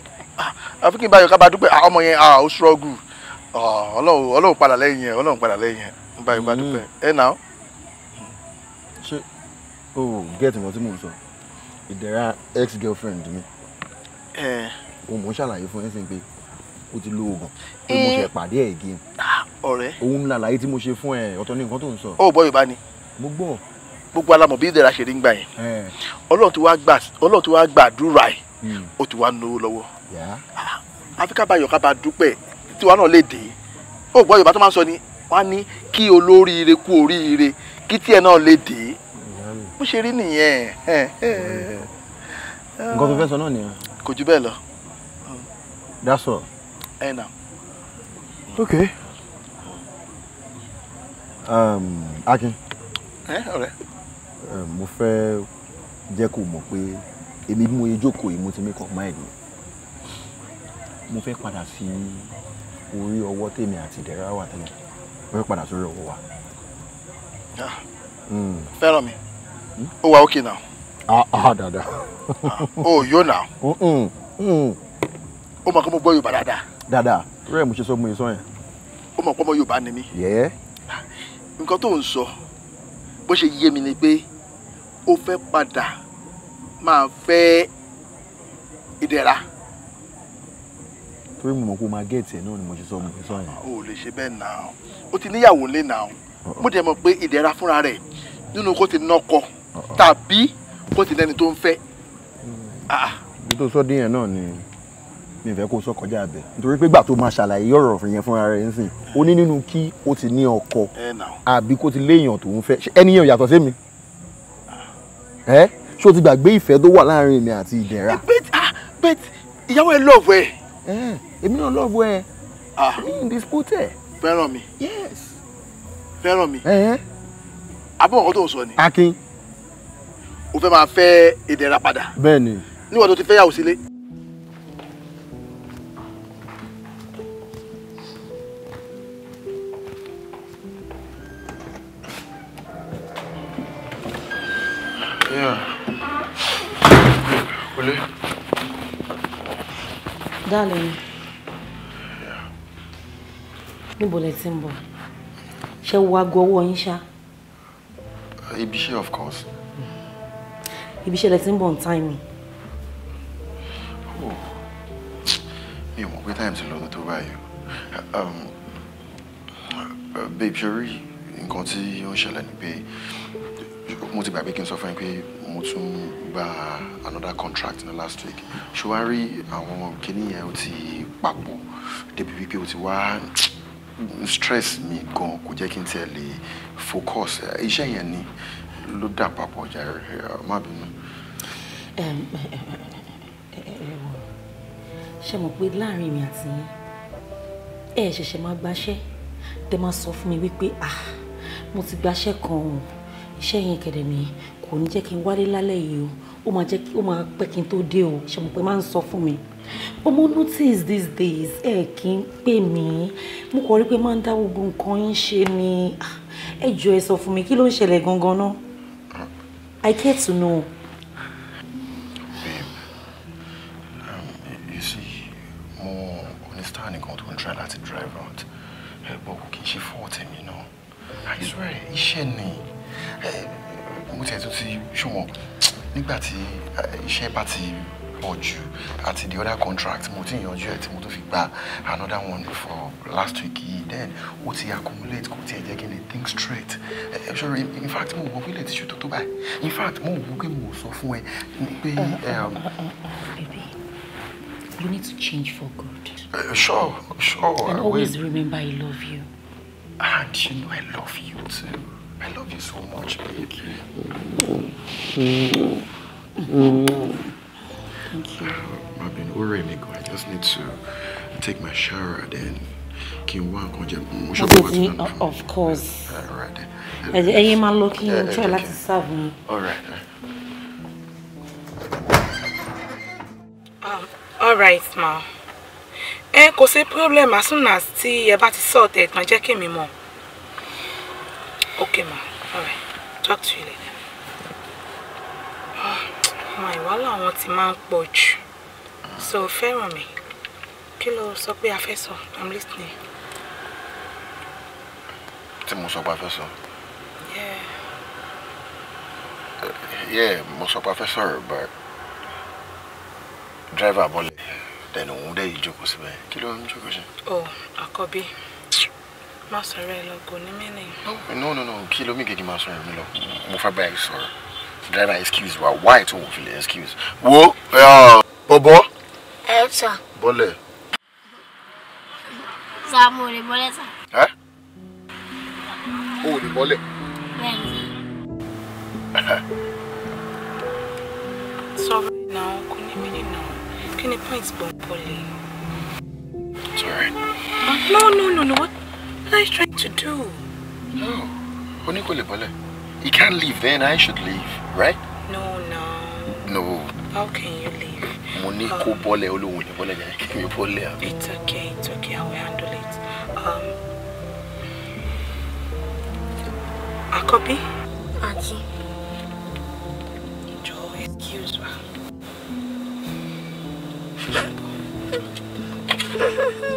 àfi kí n bá yọ̀ ká bá dúpẹ́ ọmọ yẹn ó ṣọ́ọ̀gù. ọlọ́run padà lẹ́yìn ẹ̀ ọlọ́run padà lẹ́yìn ẹ̀ ń bá ìgbà dúpẹ́ mm. ẹ̀ náà. ṣé o ò gẹ́ẹ̀tì mọ́ mò ń sọ ìdẹ̀ra ex girlfriend mi òun mò ń ṣàlàyé fún ẹ sí pé o ti lo oògùn pé mo ṣe pàdé ẹ̀ gé ah, ọ̀rẹ́ òun làlàyé tí mo ṣe fún ẹ ọ̀tọ̀ ní nǹkan tó ń sọ. ó bọ́ yorùbá ni. mo gbọ́. gbogbo alamọ̀ bí ìdẹ̀ra ṣe rí ń gbà yẹn ọlọ́run tí wàá gbàdúrà ẹ̀ mm. ó ti wá náwó lọ́wọ́ ah, àfi ká bá dúpẹ́ tiwa náà lè dé ó gbọ́ yorùbá tó máa ń sọ ni wọ́n á ní kí olóríire kú oríire kí tiẹ̀ náà lè dé bó ṣe rí nìyẹn. nǹkan tó fẹ́ sọ náà nìyẹn. kò jù bẹ́ẹ̀ lọ. that's all. ẹ nà. ok. Um, Akin. ẹ ọ̀rẹ́. Um, mo fẹ́ jẹ́ kó mọ̀ pé èmi bí mo yẹ jókòó yìí mo ti make up mo fẹ́ padà sí orí ọwọ́ tèmi àti ìdẹ́ra wà tẹ́lẹ̀ wọ́n padà sórí ọwọ́ wa. Ah. Hmm. fẹ́ràn mi hmm? ó wà ókè náà. ah dada. o yóò náà. ó mọ̀ kó mo gbọ́ Yorùbá dáadáa. dáadáa rẹ̀ mo ṣe sọ mo yẹ sọ yẹn. ó mọ̀ pé ọmọ Yorùbá ni mí. yẹ́ẹ́. Ah. nǹkan tó ń sọ bó ṣe yé mi ni pé ó fẹ́ padà máa fẹ́ ìdẹ̀ra torí mo mọ̀ pé o máa gẹ̀ẹ́tì ẹ̀ náà ni mo ṣe sọ mo fi sọ yẹn. o ò lè ṣe bẹ́ẹ̀ náà o ti níyàwó lé náà uh-uh. mo dẹ̀ mọ̀ pé ìdẹ̀ra fúnra rẹ̀ nínú kó ti nọkọ uh-uh. tàbí kó ti lẹ́ni tó ń fẹ́. Ah, ah. bí tó sọ dín yẹn náà ni mi fẹ́ kó sọ kọjá abẹ nítorí pé gbà tó máa ṣàlàyé ọ̀rọ̀ yẹn fúnra rẹ̀ ń sìn ó ní nínú kí ó ti ní ọkọ àbí kó ti léèyàn tó ń fẹ́ ẹniyàn yàtọ̀ sí mi ah. ṣé o ti gbàgbé ìfẹ́ tó wà láàrin mi àti ìdẹ̀ra. ìyàwó ẹ lọ́ọ̀fù ẹ̀. Eh, èmi náà lọ́ọ̀bù ẹ ah. mi in dispute. fẹ́ràn mi. yes. fẹ́ràn mi. abọ́ eh. ọ̀kọ́ tó sọ ni. akin. o fẹ́ máa fẹ́ ìdẹ̀ra padà. bẹ́ẹ̀ ni. níwọ̀n tó ti fẹ́ yàwó sílé. Yeah. Olé. Darling. Yeah. Níbo lẹ ti ń bọ̀? Ṣé wo aago ọwọ́ yín ṣá? Ibiṣẹ́ of course. Ibiṣẹ́ lẹ ti ń bọ̀ on time. Oh. Mi ò mọ̀ pé time ti lọ ní tó báyìí. Um, babe, ṣe rí nǹkan tí ó ń ṣẹlẹ̀ ni pé mo ti gbàgbé kí n sọ fún yín pé mo tún gba another contract in the last week ṣùwárí àwọn kìíní yẹn ó ti papọ̀ débi wípé ó ti wá stress mi gan kò jẹ́ kí n tiẹ̀ lè focus iṣẹ́ yẹn ni ló dà papọ̀ jàre má bínú. ṣe mọ̀ pé láàrin mi àti yín ẹ ṣẹ̀ṣẹ̀ máa gbaṣẹ́ tẹ máa sọ fún mi wípé ah mo ti gbaṣẹ́ kan o iṣẹ́ yẹn kẹ̀dẹ̀ nìyẹn kò ní jẹ́ kí n wálé lálẹ́ yìí o máa jẹ́ kí ó máa pẹ́ kí n tó dé o ṣe mo pé máa ń sọ fún mi but notice these days ẹ kì í pè mí mo kọ́ rí pé máa ń dá gbogbo nǹkan yín ṣe ni ah, ẹ jọ ẹ sọ fún mi kí ló ń ṣẹlẹ̀ gangan náà I care to know. Babe, um, you see, mo understand nǹkan tó ń try láti drive out ẹ gbọ́ kò kì í ṣe fọ́ọ̀tì mi náà I swear iṣẹ́ ni tiẹ̀ tó ti ṣùwọ̀n nígbà tí eh, iṣẹ́ bá ti pọ̀ jù àti the other contract mo ti yanjú ẹ̀ tí mo tó fi gba another one for last week yìí then ó ti accumulate kò tiẹ̀ jẹ́ kí n think straight ẹ eh, ṣọ́rọ̀ in fact mo wọ wílẹ̀ tíṣù tó tó báyìí in fact mo wọ pé mo sọ fún ẹ pé. Eh, um, baby you need to change for good. Uh, sure sure. and always remember I love you. and you know I love you too. I love you so much, baby. Thank you. Uh, I've been worried, Nico. I just need to take my shower then. Can work on Obviously, of course. All right. Then. Hey, man, looking. Eh, eh, try to serve me. All right. Eh. Ah, all right, ma. Eh, cause sí problem as soon as tí about bá ti sort ẹ̀ tán jẹ́ kémi mọ̀. Okay, ma. Alright. Talk to you later. Ah, my ìwálà wants ti máa ń So fair on me. Kilo, so be a fẹ́ I'm listening. Tí mo sọ a fẹ́ sọ? Yeah. Uh, yeah, mo sọ but driver bọ́lẹ̀. Then one day you jókòó síbẹ̀. Kí ló ń jókòó sí? Oh, àkọ́bí má sọ̀rọ̀ ẹ lọ kò ní mẹ́nì. no no no kí ló mí gègé máa sọ̀rọ̀ mi lọ mo fẹ́ báyìí sọ̀rọ̀ driver excuse wa why tó wọ́n fi lè excuse. wo bọ̀bọ̀. ẹ sà. bọ́lẹ̀. sà mo lè bọ́lẹ̀ sà. ẹ o lè bọ́lẹ̀. sọ̀rọ̀ náà kò ní mẹ́nì náà kí ni point gbọ̀ngbọ̀lẹ̀. sorry. Ah, no no no no what. What are you trying to do? No. Onikolebole, he can't leave then. I should leave, right? No, no. No. How can you leave? Monikobole um, olowunibole nyakimibole. It's okay, it's okay. I will handle it. Um, I Auntie. Joe, excuse me. *laughs*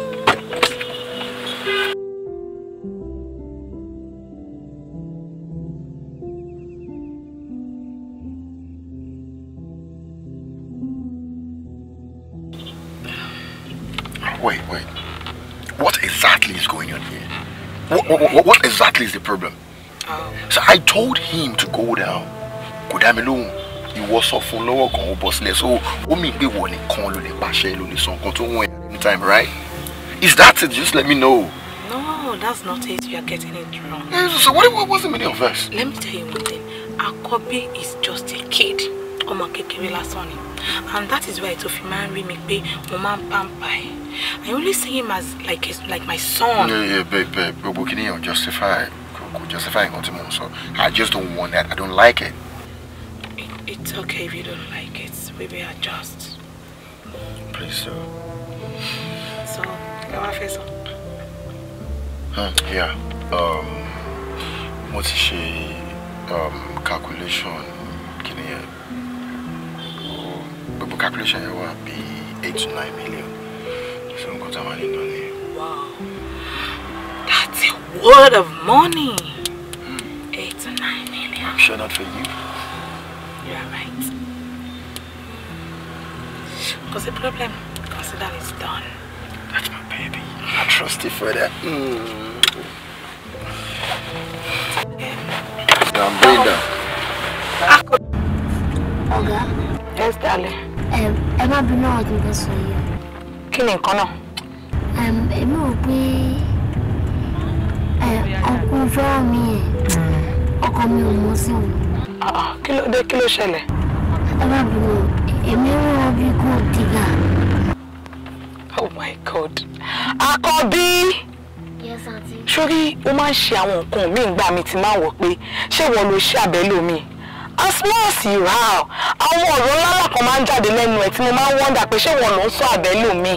What, what, what exactly is the problem? Um. Oh. So I told him to go down. Kò dá mi lóhùn. Ìwọ sọ fún lọ́wọ́ kan ó So ó mì pé wọ̀ nìkan call, lè pàṣẹ ló lè sọ nǹkan tó anytime right? Is that it? Just let me know. No, that's not it. You are getting it wrong. Yeah, so what, was the meaning of this? Let me tell you one thing. Akobi is just a kid. Ọmọ kékeré lásán ni and that is why tó fi máa ń rí woman pé I only see him as like like my son. yeah yeah babe babe gbogbo kí ni yàn justify kò justify nǹkan tí I just don't want that I don't like it. it it's okay if you don't like it we will adjust. please sir. so ẹ wá fẹ́ Huh? yeah um, what is she? um, calculation kí ni gbogbo calculation yẹn wà bí eight to nine million so nǹkan tá a máa ní náà ni. wow that's a world of money hmm. eight to nine million. I'm sure not for you. you are right. because the problem consider is done. That's my baby. I trust you for that. Mm. Yeah, I'm down. Oga. Yes, darling. ẹ má bínú ọ̀rọ̀ tí mo fẹ́ sọ yìí. kí ni nǹkan náà. èmi ò pé ọkùnrin fẹ́ràn mi yẹn ọkọ mi ò mọ sí òun. Ah, kí ló dé kí ló ṣẹlẹ̀. ẹ má bínú èmi ń rán bí kò dìgbà. oh my god àkọ́bí. yes aunty. sórí ó máa ń ṣe àwọn nǹkan míì gbà mí ti máa wọ̀ pé ṣé wọ́n lo iṣẹ́ abẹ lómi as small as you how. àwọn ọ̀rọ̀ ńlá kan máa ń jáde lẹ́nu ẹ̀ tí mo máa ń wonder pé ṣé wọn ló ń sọ àbẹ́lò mi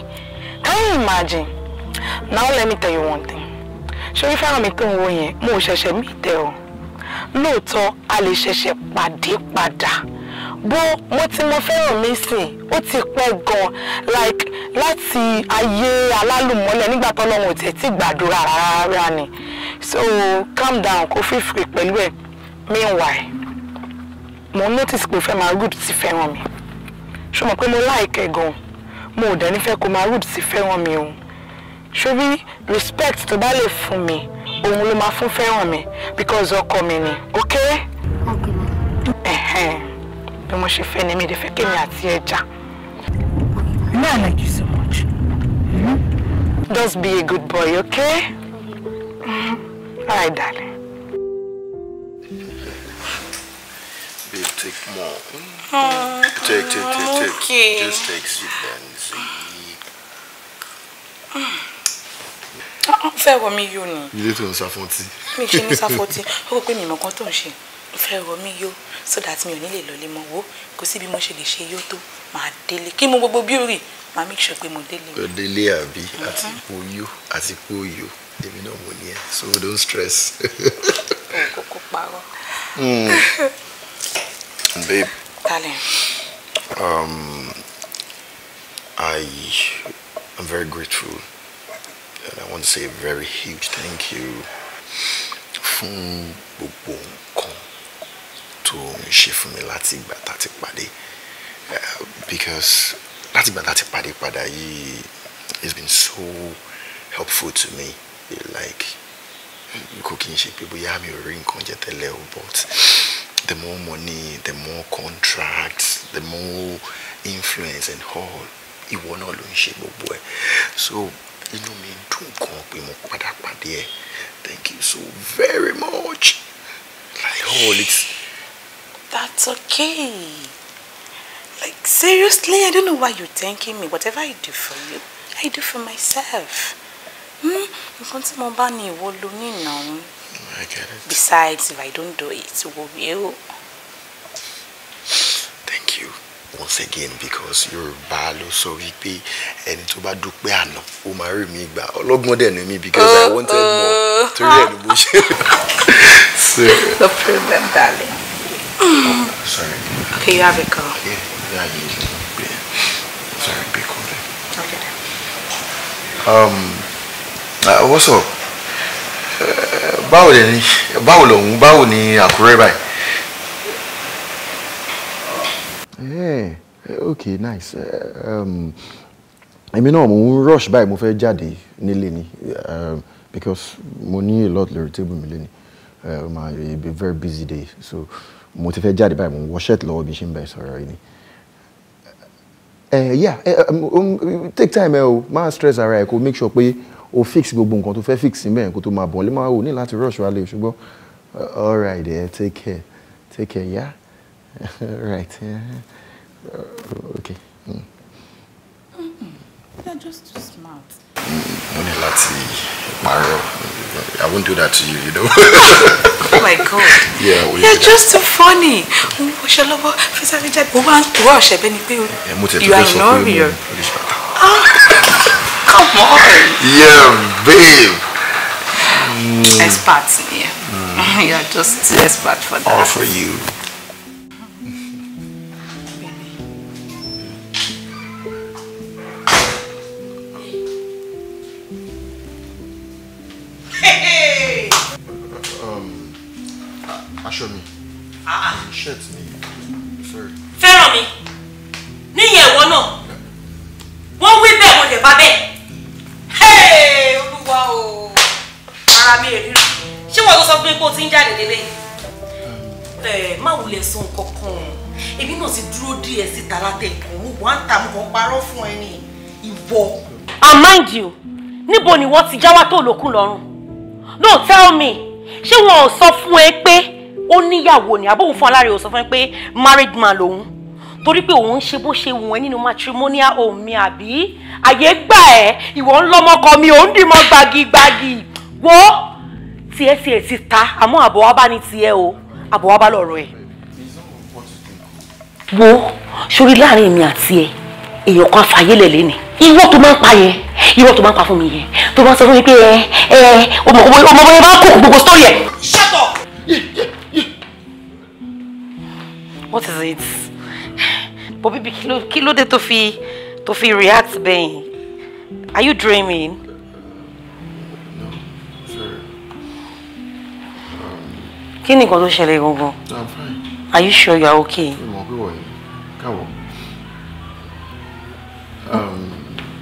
can you imagine now let me tell you one thing ṣé orí fẹ́ràn mi tó ń wo yẹn mo ò ṣẹ̀ṣẹ̀ mí tẹ́ o lóòótọ́ a lè ṣẹ̀ṣẹ̀ pàdé padà bó mo ti mọ fẹ́ràn mi sìn ó ti pẹ́ gan like láti ayé alálùmọ́lẹ̀ nígbà tọ́lọ́run ò tẹ̀ tí gbàdúrà rárá ni so calm down kó fífi pẹ̀lú ẹ̀ meanwhile mo notice pé o fẹ́ máa rude sí fẹ́ràn mi ṣó mọ̀ pé mo like ẹ gan mo ò dẹ̀ nífẹ̀ẹ́ kó máa rude sí fẹ́ràn mi o ṣóbí respect tó bá lè fún mi òun ló máa fún fẹ́ràn mi because ọkọ mi ni ok. bí mo ṣe fẹ́ ni mi lè fẹ́ kémi àti ẹja. No, I like you so much. Just be a good boy, okay? Mm -hmm. All right, darling. take more. Mm. Take, take, take, take. Okay. Just take sip and see. Ah, ah, fẹ́ wọ mí yó ni. ilé tó ń ṣàfọ́tì. mi ṣe ní ṣàfọ́tì ó kó pé mi mọ̀ kan tó ń ṣe fẹ́ wọ mí yó so that mi ò ní lè lọlé mọ́ wo kò sí bí mo ṣe lè ṣe yó tó máa délé kí mo gbogbo bí orí máa make sure pé mo délé. o délé àbí mhm. àti ipò yó àti ipò yó èmi náà mo ní ẹ so don't stress. o kò kó parọ́. Hmm. *laughs* Listen, babe. Darling. Um, I am very grateful. And I want to say a very huge thank you fún gbogbo nǹkan tó ń ṣe fún mi láti uh, because láti ìgbà tá a ti pàdé padà been so helpful to me like cooking kí but ṣe pé bóyá mi ò rí nǹkan but the more money the more contracts the more influence and all ìwọ náà all in ṣe gbogbo ẹ so you know me, gan come up with pàdé ẹ thank you so very much like all oh, it's. that's okay like seriously i don't know why you're thanking me whatever i do for you i do for myself hmm? nǹkan tí mo bá ní ìwọ lónìí náà. Besides, if I don't do it, it will be you. Thank you once again because Yorùbá ló sọ wípé ẹni tó bá dúpẹ́ àná ó máa rí mi gbà ọlọ́gbọ́n more than me because oh, I wanted oh. more torí ẹ̀ ló bó ṣe. *laughs* No problem darling. Oh, *coughs* sorry. Okay, you have a call. Yeah, yeah, yeah. Sorry, be cool then. Okay Um, uh, what's up? báwo lè ní báwo lòun báwo ni Àkúrẹ́ báyìí. Eh, ok nice um, èmi náà mo ń rush báyìí mo fẹ́ jáde nílé ni um, because mo ní a lot lórí table mi lónìí ó máa be very busy day so mo ti fẹ́ jáde báyìí mo ń wọ shirt lọ́wọ́ bí ṣe ń bẹ̀ sọ̀rọ̀ yìí ni. Eh, yeah eh, um, take time ẹ o stress ara ẹ make sure pé o fix gbogbo nǹkan tó fẹ́ fix síbẹ̀ nǹkan tó máa bọ̀ lé máa wò ní láti rush wa lè ṣùgbọ́n uh, all right yeah, take care take care yeah *laughs* right yeah. Uh, okay. Mm. Mm You're just too smart. mo ní láti parọ́ I won't do that to you you know. *laughs* oh my god yeah, you're just too funny òun kò ṣe lọ́wọ́ fẹsẹ̀ bó máa ń tó ọ̀ṣẹ́ bẹ́ni pé you are ignoring your. Yeah, babe. Mm. Expert, *laughs* yeah. Mm. You're just expert for that. All for you. You, o níbo ni wọ́n ti jáwá tó lókun lọ́rùn no tell me ṣé wọn ò sọ fún ẹ pé ó níyàwó ni àbóhùn fún aláre ò sọ fún ẹ pé married man lòun torí pé òun ṣe bó ṣe wù ẹ́ nínú matrimonial home mi àbí àyè gbà ẹ́ ìwọ ń lọ́mọkọ mi òun dìmọ́ gbagigbagi wo tiẹ̀ tiẹ̀ ti ta àmọ́ àbọ̀wá bá ní tiẹ̀ o àbọ̀wá bá lọ̀rọ̀ ẹ̀ wo sórí láàrin èmi àti ẹ èèyàn kan fàyè lẹ̀ lẹ́nìí irọ́ tó máa ń pa yẹn irọ́ tó máa ń pa fún mi yẹn tó máa ń sọ fún mi pé ẹ ẹ ọmọ ọmọ yẹn máa ń kó gbogbo sọ yẹn. Shut up. What is it? Bobi bi kí ló kí ló dé tó fi tó fi react bẹ́yìn Are you dreaming? Um, kí ni nǹkan tó ṣẹlẹ̀ gangan. I'm fine. Are you sure you are okay? Um,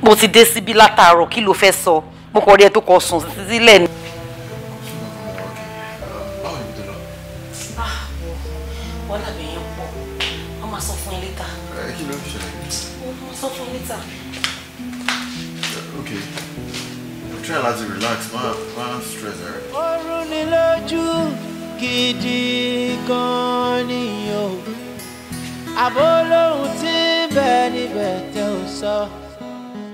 mo ti dé síbi látàárọ̀ kí ló fẹ́ sọ mo kọ rí ẹ tó kọ sùn sílẹ̀ ni. Ah, wọ́n eh, relax má má stress eh? ni lójú gidi gan-an àbólóhùn tí bẹ́ẹ̀ níbẹ̀ tẹ́ ò sọ.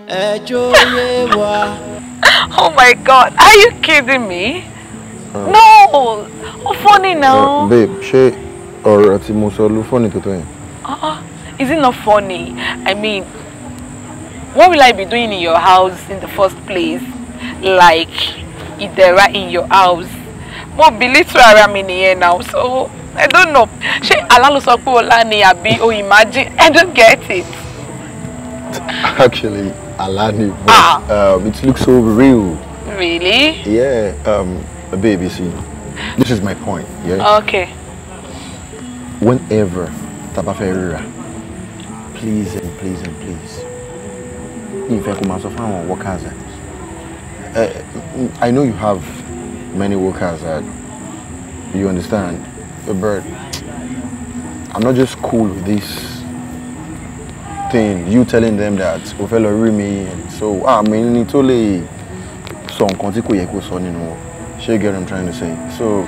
*laughs* oh my god are you kidding me. Uh, no oh, funny now, náà. Uh, babe She or tí mo sọ ló fọ́nì tó uh-uh, is it not funny i mean what will i be doing in your house in the first place like ìdẹ̀ra in your house mo belittle ara mi nìyẹn now so i don't know ṣé alálùsọ pé ọlá ni àbí o imagine i don't get it. *laughs* actually Alani, but ah. um, it looks so real. Really? Yeah, um, baby, see, this is my point, yeah? Okay. Whenever Tabaferira, please and please and please, if I come out of our workers, eh, mm, I know you have many workers, uh, you understand, but I'm not just cool with this thing you telling them that o fẹ́ lọ rí mi so àmì ah, ni tó lè sọ nǹkan tí kò yẹ kó sọ nínú wọn ṣé get what I'm trying to say so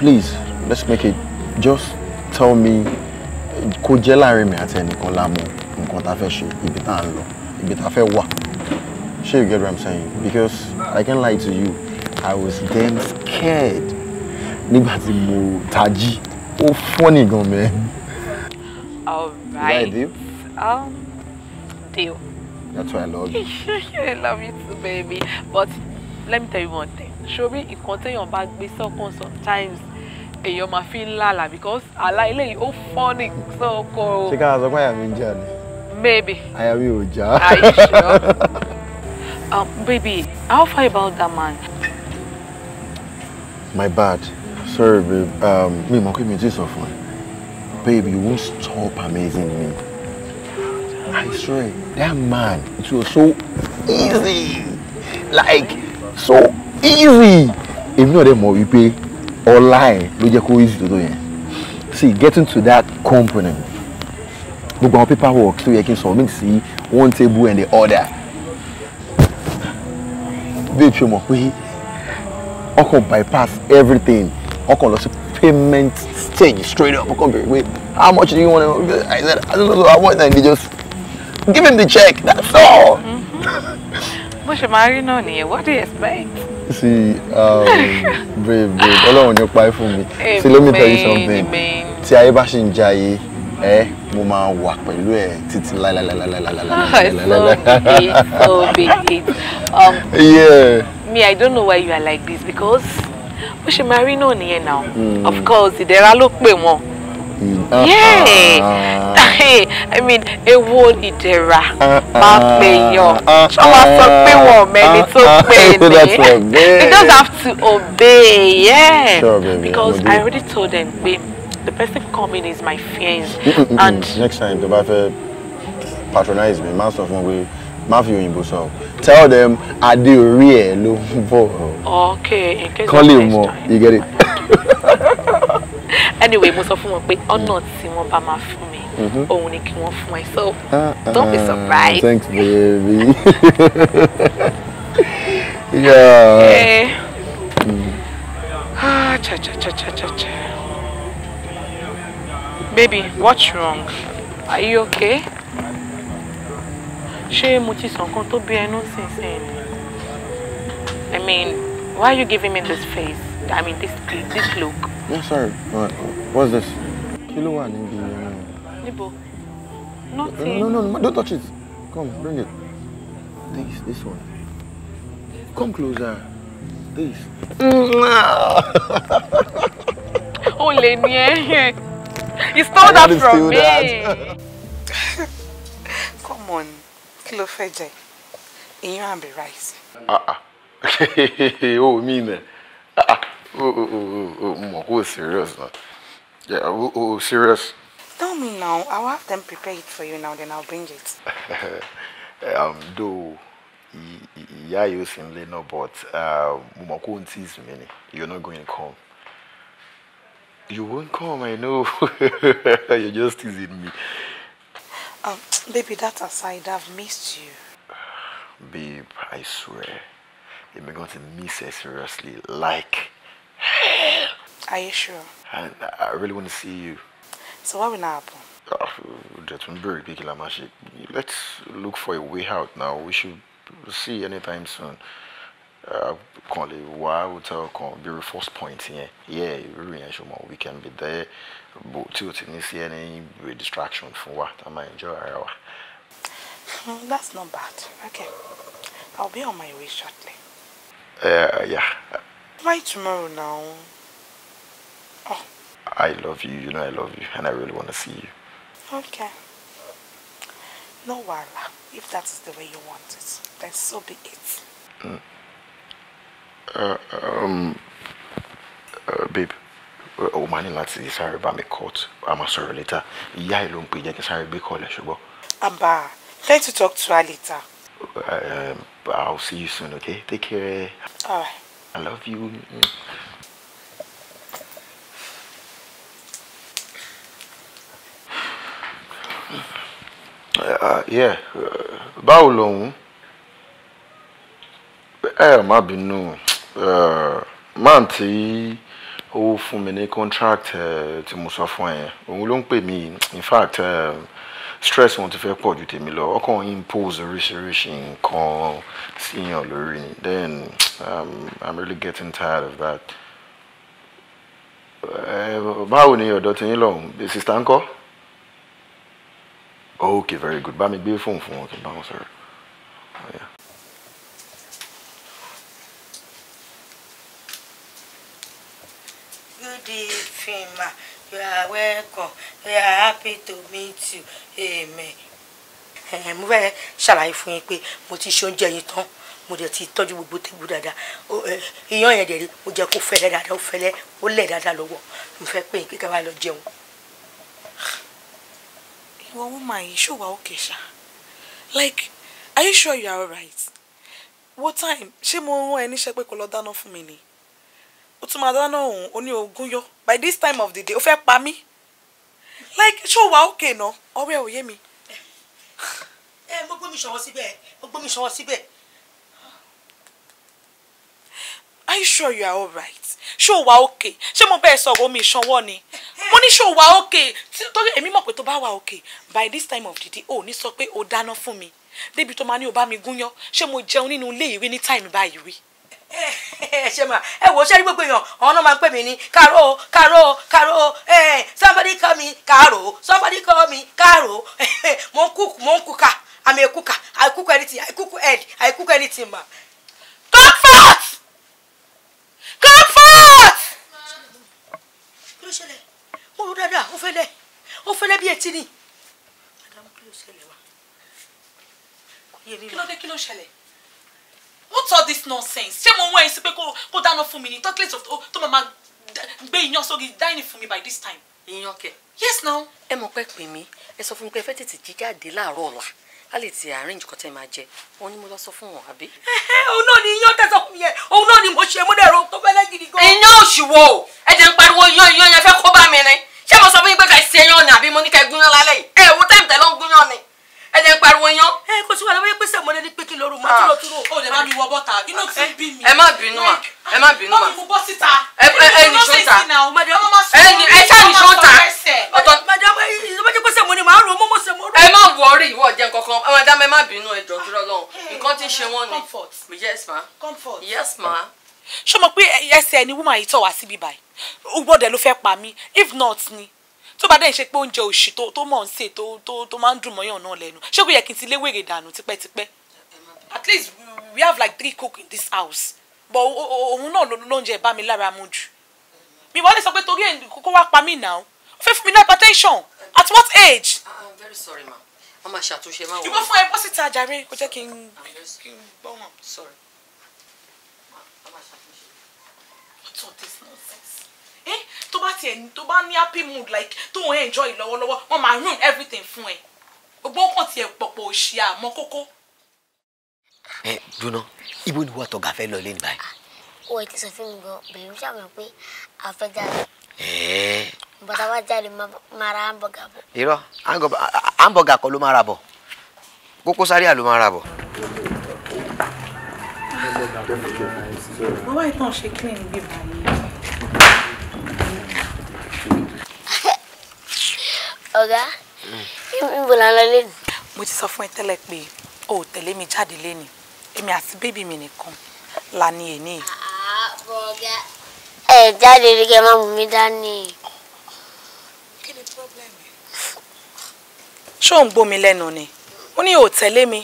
please let's make it just tell me kó jẹ́ láàrin mi àti ẹnìkan láàmú nǹkan tá a fẹ́ ṣe ibi tá a ń lọ ibi tá a fẹ́ wà ṣé get what I'm saying because I can't lie to you I was damn scared nígbà tí mo tají ó fọ́nì gan mẹ́. Um, Right. Is that a deal? Um, deal. That's why I love you. *laughs* I love you too, baby. But let me tell you one thing. Show me nǹkan téèyàn bá gbé sọ́kàn sometimes èèyàn you're fi ń lala because àlá you ó funny so cool. Ṣé ká sọ pé àyà mi ń jà ni? Maybe. Àyà mi ò já. Are you sure? *laughs* um, baby, how far about that man? My bad. Sorry, babe. Um, me mọ̀ pé mi ti sọ fún babe, you won't stop amazing me. I swear, that man, it was so easy. Like, so easy. If you know them more, you pay online. ló jẹ́ kó easy to do it. See, getting to that component, gbogbo àwọn paperwork tó yẹ kí n me see one table and the other. Babe ṣe mọ̀ pé ọkàn bypass everything, ọkàn lọ sí payment stage straight up. come here, wait, how much do you want to? I said, I don't know, I want. And he just give him the check. That's all. Mm-hmm. Mo ṣe máa rí náà nìyẹn. What do you expect? See, um, *laughs* babe, babe, Ọlọ́run yóò pa é fún mi. See, let me tell you something. See, eh? Mama work, la la la la la la la la la la la. So big, so big. Um. Yeah. Me, I don't know why you are like this because bó ṣe máa rí náà nìyẹn náà hmm. of course ìdẹ̀ra ló pè wọ́n hmm. i mean a ìdẹ̀ra máa pè yàn ṣọ́ máa sọ pé wọn ò mẹ́ni tó *laughs* they just have to obey yeah. sure, baby, because i already told them pé the person coming is my friend mm, mm, mm, and next time the bá patronize me má sọ fún mi pé má fi òyìnbó sọ. So tell them I do real ló okay in case Call of next more. time. you get it. *laughs* anyway most of them wọn pé ọ̀nà tí wọ́n bá máa fún mi mm-hmm. òun ni kí wọ́n fún ẹ so uh-uh. don't be surprised. thanks baby. *laughs* yeah. Hey. Eh. Ah, cha cha cha cha cha cha. Baby, what's wrong? Are you okay? ṣé mo ti sàn kan tó bí ẹnu sínsìn I mean why are you giving me this face I mean this this look. no sorry no, what's this. kí ló wà níbi. níbo nothing. no no no don't touch it come bring it this this one come closer this. o lè ní ẹ he stole that from me. *laughs* come on kí ló fẹ́ jẹ iyán àbí ráìsì. o mi nà mọ kó o serious na yeah, o oh, o oh, oh, serious. tell me now i will have them prepare it for you now then i will bring it. *laughs* um, though ìyá yóò sì ń lé náà but uh, mo mọ̀ kó n tí ìsinmi ni you no going come you won't come i know *laughs* You're just teasing me. Um, Baby, that aside, I've missed you. Babe, I swear, you've been going to miss her seriously, like hell. Are you sure? And I really want to see you. So what will happen? That ah, won't be ridiculous, Let's look for a way out now. We should see anytime soon first point yẹn yẹ we can be there bó tí o ti any distraction fún wa tá a máa enjoy ara wa. Hmm, that's not bad okay i'll be on my way shortly. Uh, yeah. Why tomorrow now? Oh. I love you, you know I love you, and I really want to see you. Okay. No wala. If that is the way you want it, then so be it. Mm. Uh, um, uh, babe o máa ní láti sáré bá mi court a máa sọ̀rọ̀ later ìyá ẹ̀ ló ń pè jẹ́ kí sáré gbé kọ́ọ̀lẹ̀ ṣùgbọ́n. Abba, try to talk to her later. Uh, um, I'll see you soon, okay? Take care. All right. I love you. Uh, yeah, báwo lòun? Ẹ má bínú. Eh, man tí ó fún mi ní contract eh, tí mo sọ fún ẹ òun ló ń pè mí in fact eh, stress wọn ti fẹ́ pọ̀ ju tèmi lọ ọkàn impose oríṣiríṣi nǹkan síyàn lórí ni then um, i'm really getting tired of that. báwo ni ọ̀dọ́ ti yín lọ́hùn sista ńkọ́ okay very good bá mi gbé fóònù fún wọn tó bá wọn sọ̀rọ̀. Oh, the film. You are welcome. We are happy to meet you. Amen. mo fẹ́ ṣàlàyé fún yín pé mo ti ṣe oúnjẹ yín tán mo dẹ̀ ti tọ́jú gbogbo tèbú dáadáa iyán yẹn dẹ̀ rí mo jẹ́ kó fẹ́lẹ́ dáadáa ó fẹ́lẹ́ ó lẹ̀ dáadáa lọ́wọ́ mo fẹ́ pé kíkẹ́ wa lọ jẹun. ìwọ woman yìí ṣó wà okay ṣá like are you sure you are alright? What time ṣé mo rán ẹ níṣẹ́ pé kó lọ dáná fún mi ni ó tún máa dáná òun ó ní ogún yọ by this time of the day ó fẹ́ pa mí like ṣó wà ókè ná ọ̀rẹ́ ò yé mi. ẹ eh, mo gbọ́ mi ṣọwọ́ síbẹ̀ mo gbọ́ mi ṣọwọ́ síbẹ̀. are you sure you are alright ṣó wà ókè ṣé mo bẹ́ẹ̀ sọ̀rọ̀ omi ìṣanwọ́ ni eh, eh. mo ní ṣó wà ókè torí èmi mọ̀ pé tó bá wà ókè by this time of the day ò ní sọ pé o dáná fún mi débi tó máa ní o bá mi gúnyán ṣé mo jẹun nínú ilé ìwé ní táìmù báyìí rí. Eh, eh, eh, ẹ ṣe mà ẹ wò ó ṣe ní gbogbo èèyàn àwọn náà máa ń pè mí ní karo karo karo somebody call me karo somebody call me karo mo ń cook mo ń kuka i'm a cooker i cook anything i cook egg i cook anything ma. come forth come forth. kí ló ṣẹlẹ̀ mo rú dáadáa ó fẹ́lẹ́ ó fẹ́lẹ́ bí etí ni. kí ló dé kí ló ṣẹlẹ̀ what's all this nonsense ṣé mo wọ́n ẹ sí pé kó dáná fún mi ní talklet tó máa gbé iyán sórí dáìní fún mi by this time. iyán kẹ. yes now. ẹ mọ̀ pé pè mí ẹ sọ fún mi pé ẹ fẹ́ tètè jí jáde láàárọ̀ ọ̀la a lè ti arrange kọtẹ máa jẹ wọn ni mo lọ sọ fún wọn àbí. òun náà ni iyán tẹsán fún yẹn òun náà ni mo ṣe mo dẹrọ tó fẹlẹ gidi gan. iyán oṣù wo ẹ jẹ́ ń pariwo iyán iyán yẹn fẹ́ kó bá mi rin ṣé mo sọ fún yín pé ká ṣe iyán ni àbí mo ní ká gúnyán lálẹ́ yìí. ẹ dúró ó lè má mi wọ bọ́ta inú ti bí mi. ẹ má bínú ma ẹ má bínú ma mọ́mí mo bọ́ síta. ẹ ẹ ẹ nìṣó ta ẹ ní ẹ ṣá nìṣó ta. ọ̀tọ̀ ìdọ́bẹ́jẹ́ pèsè mo ni màá ro mọ́mọ́ sẹ́ mo ro. ẹ má wọrí ìwọ jẹ́ kankan ẹ má dá mi ẹ má bínú ẹ jọ dúró lọ́hùn nǹkan ti ṣe wọ́n ni. yes ma yes ma. ṣé mo pé ẹsẹ̀ ni woman yìí tọ̀ wá síbi báyìí gbọ́dọ̀ ló fẹ́ pa mí if not ni tó bá dẹ́yìn ṣe pé oúnjẹ òṣì tó mọ̀ ń sè tó máa ń dùn mọ́yàn náà lẹ́nu ṣé kò yẹ kí n ti léwèrè dànù tipẹ́tipẹ́ at least we have like three cook in this house but òun náà ló ń jẹ bá mi lára mu jù mi wọ́n lè sọ pé torí ẹ̀ kókó wá pa mí náà ó fẹ́ fún mi ní hypertension at what age. Ah, ah, i'm very sorry ma wọ́n máa ṣàtúnṣe máa wọ̀. ìwọ fún ẹ bọ́ síta jàre kó jẹ́ kí n gbọ́ wọn. sorry wọ́n máa ṣàtúnṣe. nonsense. ẹ eh? tó bá tiẹ̀ tó bá ní happy mood like tó ń enjoy lọ́wọ́lọ́wọ́ wọ́n máa ruin everything fún ẹ gbogbo nǹkan tiẹ̀ pọ̀pọ̀ òṣì àmọ́ kókó ẹ dúná ibo ni wọ́n tọ́ga fẹ́ lọ lé ní báyìí. ó ah, ẹ ti sọ fún mi gan bẹ̀rù ṣàmì pé a fẹ́ jáde. bàtà wa jáde máa ra hamburger bọ̀. irọ́ hamburger kọ́ ló máa ra bọ̀ kókó sáríà ló máa ra bọ̀. bàbá ìtàn ṣe clean bíbá yìí. ọ̀gá hmm. níbo la ń lẹ́nu. mo ti sọ fún ẹ tẹ́lẹ̀ pé o ò tẹ̀lé mi jáde lẹ́nu èmi àti baby, mi nìkan la ní èní. Ah, bọ̀gá ẹ jáde rí kẹ́ má mú mi dání. kí ni pọ́blẹ́mù ṣó ń gbómi lẹ́nu ni ó ní ò tẹ̀lé mi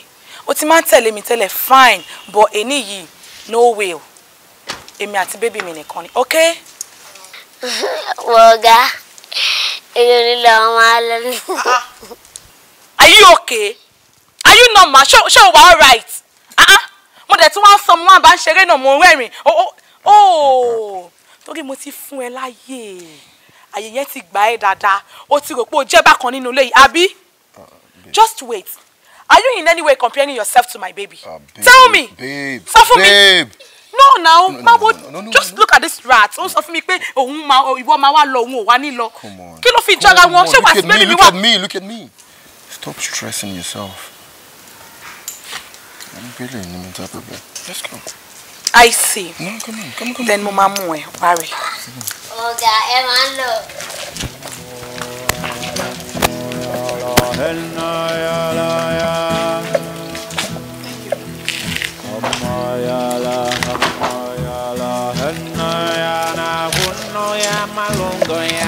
ó ti máa ń tẹ̀lé mi tẹ́lẹ̀ fine but eni yìí no will èmi àti baby, mi nìkan ni ok. bọ̀gá èmi ò ní lọ máa lọ ní. Ah, ah. are you okay? are you normal? show o all right. Ah, mo dẹ̀ tí wọ́n ń sọ mo máa bá ń ṣeré náà mo rẹ́rìn ó torí mo ti fún ẹ láyè àyè yẹn ti gbà ẹ́ dáadáa ó ti rò pé o jẹ́ bákan nínú ilé yìí àbí ah, just wait are you in any way comparing yourself to my baby ah, tell me babe, sọ fún no now no, mawo just look at this rat ó sọ fún mi pé òun ma ìwọ ma wá lo, òun ò wá ní lọ kí ló fi jọra wọn ṣé wàá sí bébí mi wá. look at me look at me stop stressing yourself. Let's go. I see. No, come on, come on, come on. Then mama mwe, worry. Oga, emano. Eh, Thank you.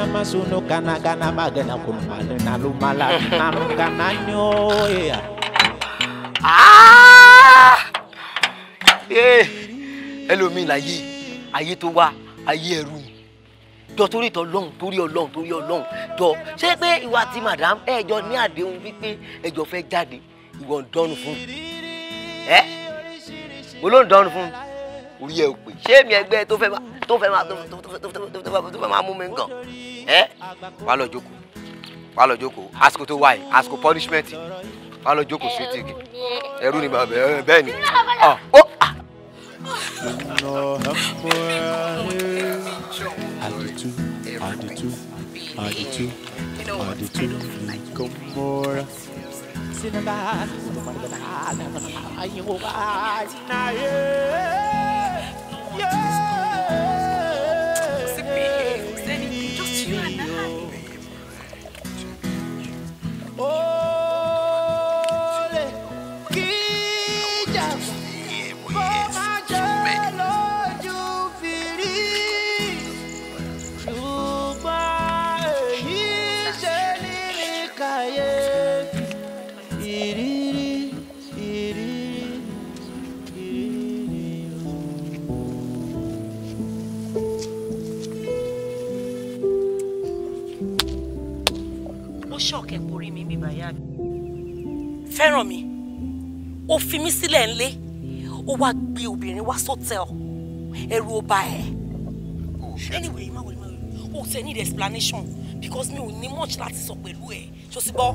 kana masuno kana kana magana kun mala na lu mala *laughs* na kana nyoya. Ah! Eh, ẹlòmíì láyé ayé tó wá ayé ẹrú jọ torí ìtọ́ lọ́hùn torí ọlọ́hùn torí ọlọ́hùn jọ ṣé pé ìwà tí madam ẹ̀jọ ní àdéhùn wípé ẹ̀jọ fẹ́ jáde ìwọ ń dọ́nu fún ẹ́ olóhùn dọ́nu fún orí ẹ̀ ò pè ṣé èmi ẹgbẹ́ tó fẹ́ máa tó fẹ́ máa tó fẹ́ máa mú mi nǹkan ẹ wà lọ jókòó wà lọ jókòó àsìkò tó wáyé àsìkò punishment wà lọ jókòó sí tìgì ẹrú ni bàbá ẹ bẹ́ẹ̀ ni ọ ah, ah. Sinaba, fẹ́ràn mi ó fi mí sílẹ̀ ńlé ó wá gbé obìnrin wá sọ́tẹ̀ọ̀ ẹ̀rù ó bà ẹ́ anyway má wọlé má wọlé o tẹ need explanation because mi ò ní much láti sọ pẹ̀lú ẹ̀ ṣọsí bọ́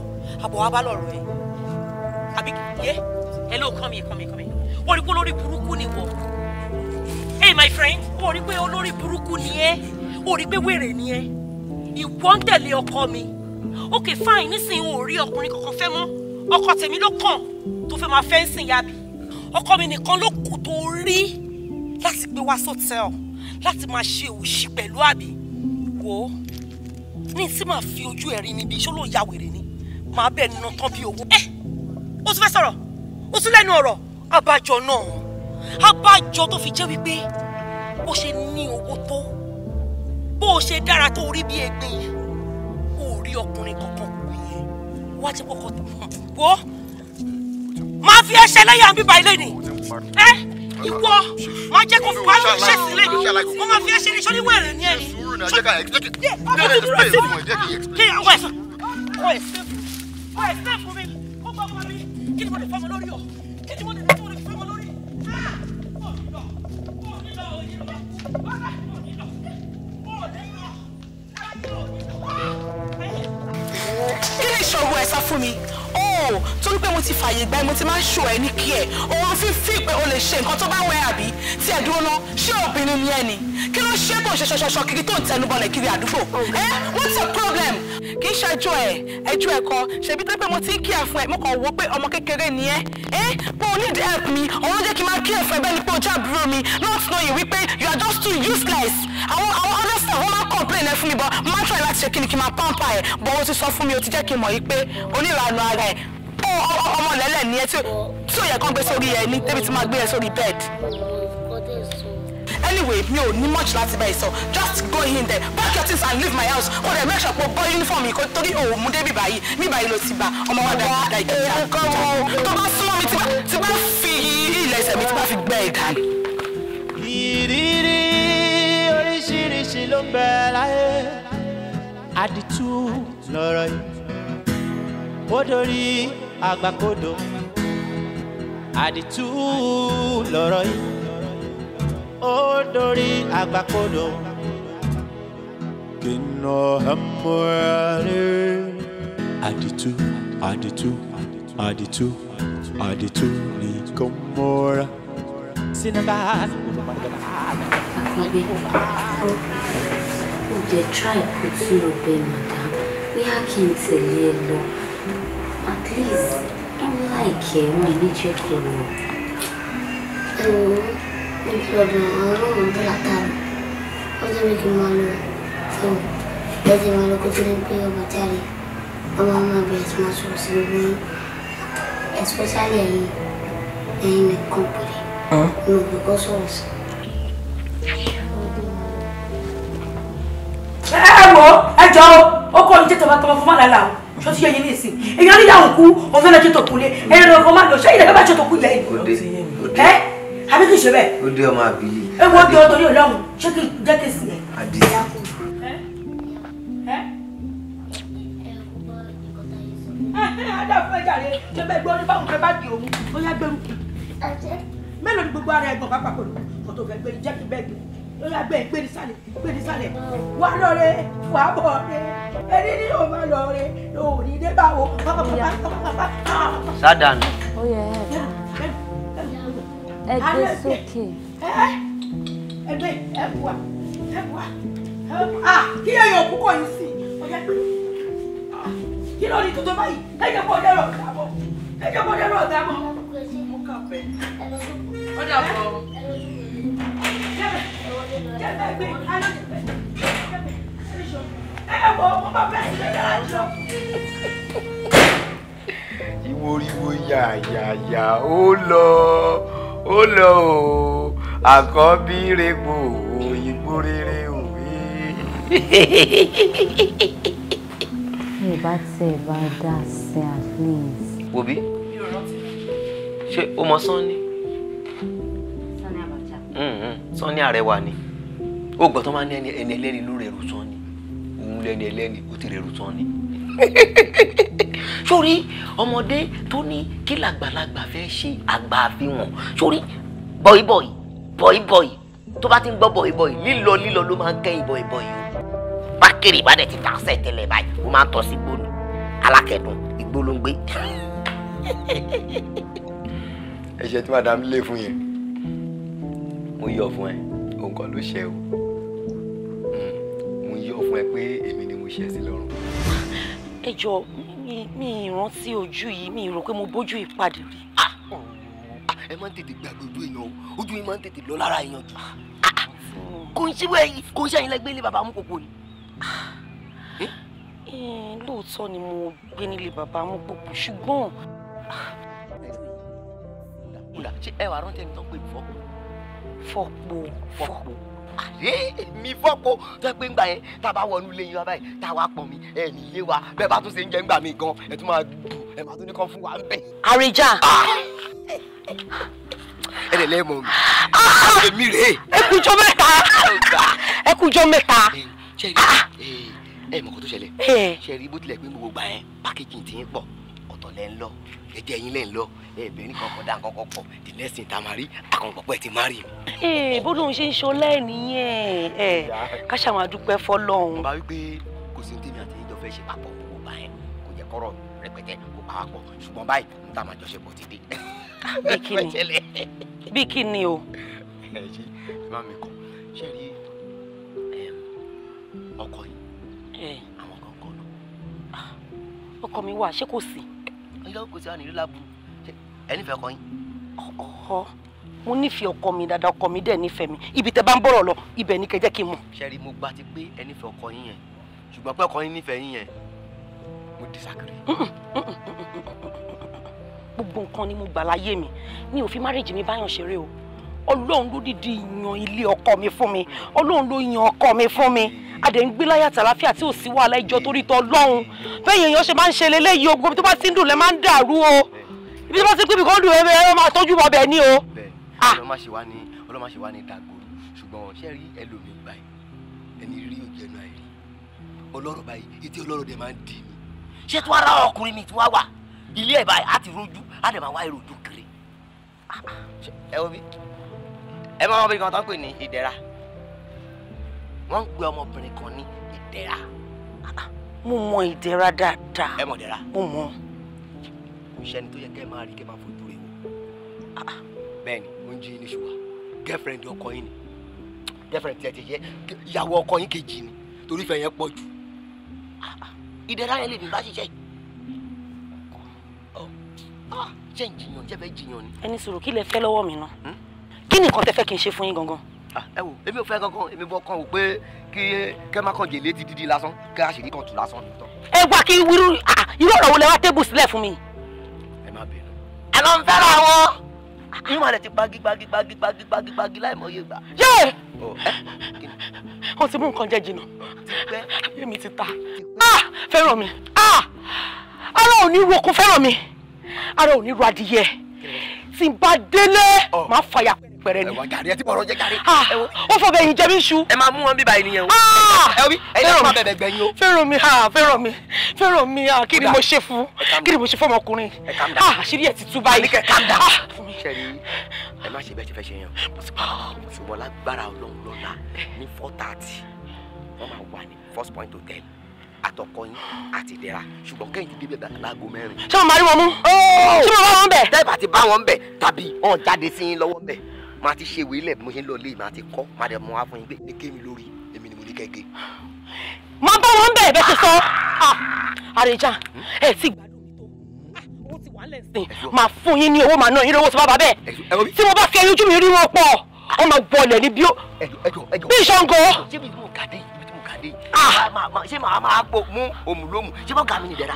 àbọ̀ wa bá lọ̀rọ̀ ẹ̀ àbí yé hello come here come here come here wọ́n rí pé olórí burúkú ni wọ́ hey my friend wọ́n rí pé olórí burúkú ni ẹ́ wọ́n rí pé wèrè ni ẹ́ ìwọ tẹ̀lé ọkọ mi okay fine nísìnyí o ò rí ọkùnrin kankan fẹ́ mọ́ ọkọ tèmi ló kàn tó fẹ́ máa fẹ́ ń sìn yá bi ọkọ mi nìkan ló kù tó rí láti gbé wá sọ́tẹ́ọ̀ láti máa ṣe òṣì pẹ̀lú àbí wò ó ní tí màá fi ojú ẹ̀rí níbi ṣó ló ya wèrè ni màá bẹ̀ nínú tán bí owó. ẹ o tún fẹ́ sọ̀rọ̀ o tún lẹ́nu ọ̀rọ̀ abájọ náà abájọ tó fi jẹ́ wípé bó ṣe ní owó tó bó ṣe dára tó rí bí egbin yìí ò rí ọkùnrin kankan kù yẹn wájú kọ́kọ́ tó wo máa fi ẹsẹ̀ lẹ́yìn àbí bàyí lẹ́nu ẹ ìwọ máa jẹ́ kó fi wá lórí iṣẹ́ sílẹ̀ mo máa fi ẹsẹ̀ ní sọ́ni wẹ̀rẹ̀ ní ẹni. ọkọ tó dúró kí ni ìṣòro ẹ̀sán fún mi torí pé mo ti fààyè gba mo ti máa ń ṣò ẹ ní kí ẹ òun fi fi pé o lè ṣe nǹkan tó bá wẹ àbí tí ẹ dúró náà ṣé obìnrin ni ẹ ni kí ló ṣe tó ṣọṣọṣọ kiri tó ń tẹnubọlẹ̀ kiri àdúgbò ẹ oh. eh, what's your problem kì í ṣẹjọ ẹ ẹjọ ẹ kọ ṣèbí tó pé mo ti ń kí ẹ fún ẹ mo kàn wọ pé ọmọ kékeré ni ẹ ẹ pé o need help mi òun ló jẹ́ kí n máa kí ẹ fún ẹ bẹ́ẹ̀ ni pé o jẹ́ àbúrò mi not knowing wípé you are just too useless àwọn àwọn other staff wọ́n máa complain ẹ fún mi bọ́ máa try láti ṣe kí ni kí n máa pamper ẹ bọ́ o ti sọ fún mi o ti jẹ́ kí n mọ̀ yìí pé oníranú ara ẹ ọmọ lẹ́lẹ̀ ni ẹ tí ò yẹ kán gbé sórí ẹ ní débi tí máa gbé ẹ sórí bed. anyway mi ò ní much láti bá ẹ sọ just go in there pack your things and leave my house kó dẹ̀ make sure pé bọ́ uniform yìí kó torí òun mú débi báyìí mi báyìí ló ti bá ọmọ wa dá ìjà tó bá súnmọ́ mi tí bá fi ilẹ̀ ẹsẹ̀ mi tí bá fi gbẹ́ ẹ̀ dànù. ìrírí oríṣiríṣi ló bẹ láyé àdìtú lọ́rọ̀ yìí ó dorí agbakodo àdìtú lọ̀rọ̀ yìí ó dorí agbakodo. kìnnà hàmúrẹ́rẹ́ àdìtú àdìtú àdìtú àdìtú ní kòmóra. sinaba. Nabi, oh, oh, they try to put you away, madam. We are keen to hear Please, don't like him. I need your clue. Um, it's what I don't know that time. I was making money. So, that's why I look at him play over Charlie. I'm on my best match for Sylvie. Especially in, in the company. Huh? No, because I was. Ẹ wo, ẹ jọ o, ó kọ́ ní tètè wá kọ́ ọmọ fún mọ́ làálàá o ṣó ti yẹ yín nísìn èyí á níyàwó kú òun fẹ́ lọ ṣètò kúlé ẹ̀rọ ọkọ̀ máa lọ ṣé ilẹ̀ bẹ́ẹ̀ bá ṣètò kú ilẹ̀ yìí. ẹ àbí kì í ṣe bẹ́ẹ̀. ó dé ọmọ àbílí. ẹ wo di ọtọ yóò lọ́hùn ṣé kí jẹ́ kí sìn ẹ̀. àdìsí. adáfẹ́ jàre ṣé bẹ́ẹ̀ gbọ́ ní báwọn fẹ́ bá di òun bóyá gbẹ́rù mélòó lórí agbẹ́ gbé nísàlẹ̀ gbé nísàlẹ̀ wà lọ́rẹ́ wà bọ̀ rẹ́ ẹni ni, o máa lọ rẹ́ o ní dé bá wo sádàn. ẹ gbé sókè. ẹ gbé ẹ wà ẹ wà ah, kí èèyàn òkú kò yín sí ọjà pé ah, kí ló ní tuntun báyìí ẹjẹ bọ ọdẹ rọ ọdà bọ ẹjẹ bọ ọdẹ rọ ọdà bọ mo kà ìwòrìwò yàyàyà ya, ya, ó lọ o àkọ́bí rẹ̀gbò òyìnbó rere òwe. mi ba bá tẹ̀ bá dá sí at least. wòbí ṣé o mọ sanni. sanni abacha. Mm-hmm. sanni arẹwà ni ó gbọ́ tó máa ní ẹni ẹni ẹlẹ́ni ló rẹ̀ rùsán ni òun lẹ́ni ẹlẹ́ni ó ti rẹ̀ rùsán ni. *laughs* sórí ọmọdé tó ní kí làgbàlagbà fẹ́ ṣe àgbà àfihàn sórí bọ̀ìbọ̀ì bọ̀ìbọ̀ì tó bá ti ń gbọ́ bọ̀ìbọ̀ì lílọ lílọ ló máa ń kẹ́ ìbọ̀ìbọ̀ì o. pákìrì ìbàdàn ti tàṣẹ tẹ́lẹ̀ báyìí ó máa ń tọ́ sí gbóni alákẹ̀dùn igbó ló ń gbé. *laughs* ẹ̀ṣẹ̀ tí màdàm lé fún yẹn mo yọ fún ẹ òǹkọ ló ṣe o fún ẹ pé èmi ni mo ṣe ẹ sí lọ́rùn. ẹ jọ mi ìrántí ojú yìí mi rò pé mo bójú ìpàdé rí. Ah! Ah! ẹ máa ń tètè gbàgbé ojú èèyàn o ojú yìí máa ń tètè lọ lára èèyàn jù. Ah! kò ń ṣe wẹ́ẹ̀ kò ń ṣe àyìnlá gbé ilé bàbá mú kòkò ni. Eh, lóòótọ́ ni mo gbé nílé bàbá mú kòkò ṣùgbọ́n. ṣé ẹ wàá rántí ẹni tó ń pè fọ́pọ̀. fọ́pọ̀ fọ́pọ̀ àdé mi fọ́po tó pé ńgbà yẹn tá a bá wọnú ilé yín wá báyìí tá a wá pọ̀ mí ẹ ní ilé wa bẹ́ẹ̀ bá tún ṣe ń jẹ́ ńgbà mí gan ẹ tún máa dùn ẹ máa tún ní kàn fún wa ń àríjà. Ah! ẹ lè lẹ́mọ̀ mi. Ah! èmi rèé. ẹ kújọ mẹ́ta ẹ kújọ mẹ́ta. Ah! ẹ mọ̀ kó tó ṣẹlẹ̀ eh. ṣe rí bó tilẹ̀ pé gbogbo gbà yẹn pákéjì ti ń pọ̀ ọ̀tọ̀ lẹ́ ń lọ jẹ́jẹ́ yín lẹ́yìn lọ ẹ̀ẹ́dẹ̀ ní kankan dá kankan pọ̀ the next thing ta máa rí àkànpọ̀ pẹ̀ ti máa rí mi. Eh, ee bó lóun ṣe ń ṣọlẹ́ nìyẹn ẹ eh, ká ṣàwọn àdúpẹ́ fọlọ́run. bá wípé kò sí tèmi àti ìjọ fẹ́ ṣe papọ̀ kò bá yẹn kò jẹ́ kọ́rọ̀ rẹpẹtẹ kò bá wa pọ̀ ṣùgbọ́n báyìí n ta máa jọṣepọ̀ ti dé. bí kíni *laughs* bí kíni o. ẹ ṣe má mi kọ ṣe rí ọkọ yìí eh. àwọn kankan náà. Ah, ọkọ mi wà ṣé kò sí irọ́ kò sí àná ìrírí láburú ẹni fẹ́ kọ́ yín. ọ̀họ́ mo nífẹ̀ẹ́ ọkọ mi dáadáa ọkọ mi dẹ̀ nífẹ̀ẹ́ mi ibi tẹ́ bá ń bọ̀rọ̀ lọ ibẹ̀ ni kẹjẹ́ kí n mọ̀. sẹ́rí mo gba ti pé ẹni fẹ́ ọkọ yín yẹn ṣùgbọ́n pé ọkọ yín nífẹ̀ẹ́ yín yẹn mo disagree. gbogbo nǹkan ni mo gbà láyé mi mi ò fi márèjì mi báyọ̀ ṣeré o ọlọ́run ló dìde yan ilé ọkọ mi fún mi ọlọ́run ló yan ọkọ mi fún mi adẹ̀ ń gbé láyà tàlàfíà tí ò sí wàhálà ìjọ torí tọ ọlọ́run bẹ́ẹ̀ èèyàn ṣe máa ń ṣe lélẹ́yìí o gbogbo tó bá ti ń dùn lẹ́ máa ń dàrú o ibi tó bá ti pín ibìkan dùn ẹ̀rọ ẹ̀rọ máa tọ́jú bọ̀ bẹ́ẹ̀ ni o. Ah! ọlọ́mà ṣe wá ní dàgbòrò ṣùgbọ́n ṣé rí ẹlòmíì báyìí ẹni rí òjì ẹnu àìrí ọlọ́rọ̀ báyìí etí ọlọ́rọ̀ dẹ̀ máa ń mi tí wàá wà ilé ẹ̀ báyìí á ti rojú á dẹ̀ máa wá èrò ojú kiri ah! ẹ wọ́n mi ẹ máa bí kan tó ń pè ní ìdẹ̀ra wọ́n ń pe ọmọbìnrin kan ní ìdẹ̀ra. mo mọ ìdẹ̀ra dáadáa. ẹ mọ ìdẹ̀ra. mo mọ. kò sẹ́ni tó yẹ kẹ́ ẹ máa rí kẹ́ ẹ máa fojú rẹ̀ wò. bẹ́ẹ̀ mo ń jí ní ṣùgbọ́n girlfriend ọkọ yín ni girlfriend tiẹ̀ ti yẹ ìyàwó ọkọ yín kejì ni torí ìfẹ́ yẹn pọ̀ jù. ìdẹ̀ra yẹn lè ní bá ṣiṣẹ́ yìí ṣé ń jiyàn jẹ́ fẹ́ jiyàn ni. ẹni sọ̀rọ̀ kí lẹ fẹ́ lọ́wọ́ mi náà. Hmm? kí ni nǹkan tẹ fẹ́ kí n ṣe fún yín gangan. Ah, ẹ wo èmi ò fẹ́ gangan èmi bọ́ kan wò pé kí kẹ́ má kàn jèlé ti dídí lásán kẹ́ àṣírí kan tù lásán. ẹ wá kí wíru ah, irú ọ̀rọ̀ wo lẹ wá tébù sílẹ̀ fún mi. ẹ má bínú. ẹ lọ ń fẹ́ràn wọn. yín wà lẹ ti gbági gbági gbági gbági gbági gbági láì mọ iye gbà. yé wọn ti mú nǹkan jẹ jìnnà ayé ti ta ah, fẹ́ràn mi ara ò ní wo kó fẹ́ràn mi ara ò ní ro adìyẹ tí n bá délé máa fàyà pẹ̀lú pẹrẹ ni. ẹwà gàrí ẹ ti bọ̀rọ̀ jẹ gàrí. Ah, ó fọ bẹyìn jẹ mí ṣu. ẹ máa mú wọn bí báyìí nìyẹn o. Ah, ẹ wí ẹyin náà máa bẹ̀bẹ̀ gbẹ̀yìn o. fẹ́ràn mi ah, fẹ́ràn mi fẹ́ràn mi kí ni mo ṣe fún kí ni mo ṣe fún ọmọkùnrin. àṣírí ẹ ti tú báyìí. àníkẹ́ kàńdà. sẹ́ni ẹ má ṣe bẹ́ẹ̀ ti fẹ́ ṣe yẹn o. ṣùgbọ́n lágbára ọlọ́run lọ́la ní four thirty wọ́n máa wà ní first point hotel àtọkọ yín àti ìdẹ̀ra ṣùgbọ́n kẹ́yìn ti débẹ̀ dàgbà láago mẹ́rin. ṣé mo máa rí wọn mú. Oh! ṣé mo bá wọn bẹ̀. tẹ́lifà ti bá wọn bẹ̀ tàbí wọn jáde sí yín lọ́wọ́ bẹ̀ màá ti ṣe ìwé ilẹ̀ bí mo ṣe ń lọ léyìí màá ti kọ́ màá dẹ̀ mọ wá fún yín pé èké mi lórí èmi ni mo ní kẹ́gẹ́. má bá wọn bẹ̀rẹ̀ bẹ́ẹ̀ ṣe sọ ah. ah, àrèjà hmm? ẹ ti gbádùn mi tó ah, owó ti wà ń lẹ́sìn màá fún yín ní owó màá ná yín lówó tí bá bá bẹ́ẹ̀ tí mo bá fi ẹyinjú mi rí wọn pọ̀ wọn máa gbọlẹ̀ ní bí ìṣàngó. ṣé mi mú kàdé mi mú kàdé ṣé màá máa gbó mú òmùlómù ṣé bọ́ gà mí nìdẹ̀ra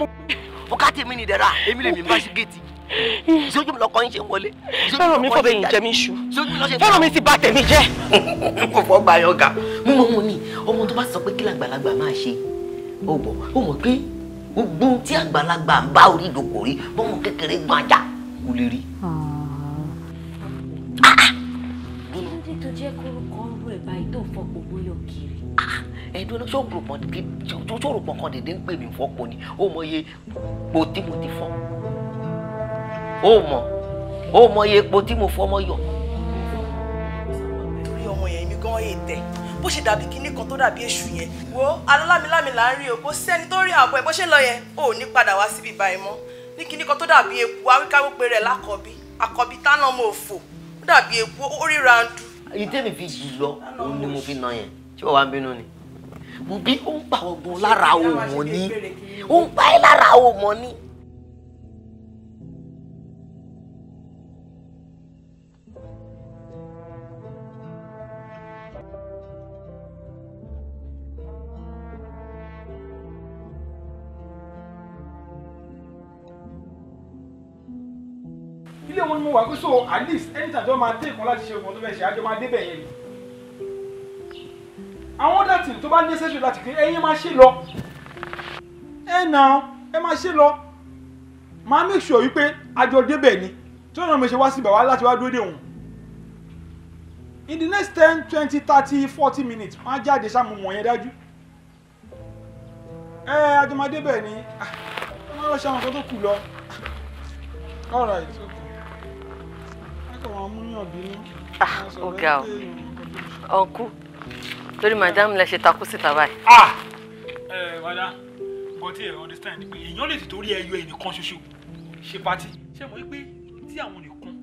bọ́kátì mi nìdẹ̀ra èmi lè mi má ṣe géètì sójú mi lọkọ yín ṣe wọlé. fẹ́ràn mi fọ́bẹ̀ yìí jẹ́ mi ṣu fẹ́ràn mi ti bà tèmi jẹ́. *laughs* kò fọ́ gba yọ̀gà. mo mọ mo ní ọmọ tó bá sọ pé kí làgbàlagbà máa ṣe O bọ̀ ó mọ̀ pé gbogbo tí àgbàlagbà ń bá orí ìdòkò rí bọ́mọ kékeré gbọ́n ajá kò lè rí. Ah, ah. kí ló dé tó jẹ́ kórúkọ ń rú ẹ̀bá ìtò fọ́pọ̀ bóyọ̀ kiri. ẹ̀dùn ló ṣòro pọ̀ kan dédé ń pè mí fọ́pọ̀ ni ó mọ iye po tí mo ti fọ́ ó mọ̀ ó mọ iye epo tí mo fọmọ yọ. torí ọmọ yẹn mi gan ètè bó ṣe dàbí kinní kan tó dàbí èṣù yẹn wo alálàmìlàmì là ń rí o kò sẹ́ni tó rí àbọ̀ ẹ̀ bó ṣe lọ yẹn ò ní padà wá síbi báyìí mọ́ ní kinní kan tó dàbí epo awíkáwó pé rẹ̀ lákọ̀ọ́bí àkọ́bí táná mo fò ó dàbí epo ó ríra ń dùn. èyí tẹ́mi fi jù lọ òun ni mo fi nà yẹn ṣé wàá bínú ni mo bí ó ń pa ọgbọ́n lára òun ní ó ń pa ẹ́ lára òun ní. mo wà pé so at least anytime tó máa dé ìkan láti ṣe nǹkan tó fẹ́ ṣe àjọ máa débẹ̀ yẹn ni àwọn dàtí tó bá necessary láti kí ẹ̀yin máa ṣe lọ ẹ nà ẹ máa ṣe lọ máa make sure wípé àjọ débẹ̀ ni tí ọ̀nà mi ṣe wá sí bàbá láti wá dúró dé òun in the next ten twenty thirty forty minutes máa jáde sáà mo mọ̀ yẹn dájú ẹ àjọ máa débẹ̀ ni ẹ ah, máa lọ ṣe àwọn nǹkan tó kù lọ all right ó ga ọ ọ̀nkú lórí madam lẹ ṣe takú síta báyìí. Ah! ẹ wàdà bọ́ tí understand pé èèyàn lè tìtorí ẹyọ ẹnìkan ṣoṣo ṣe pati ṣe mọ̀ pé tí àwọn nìkan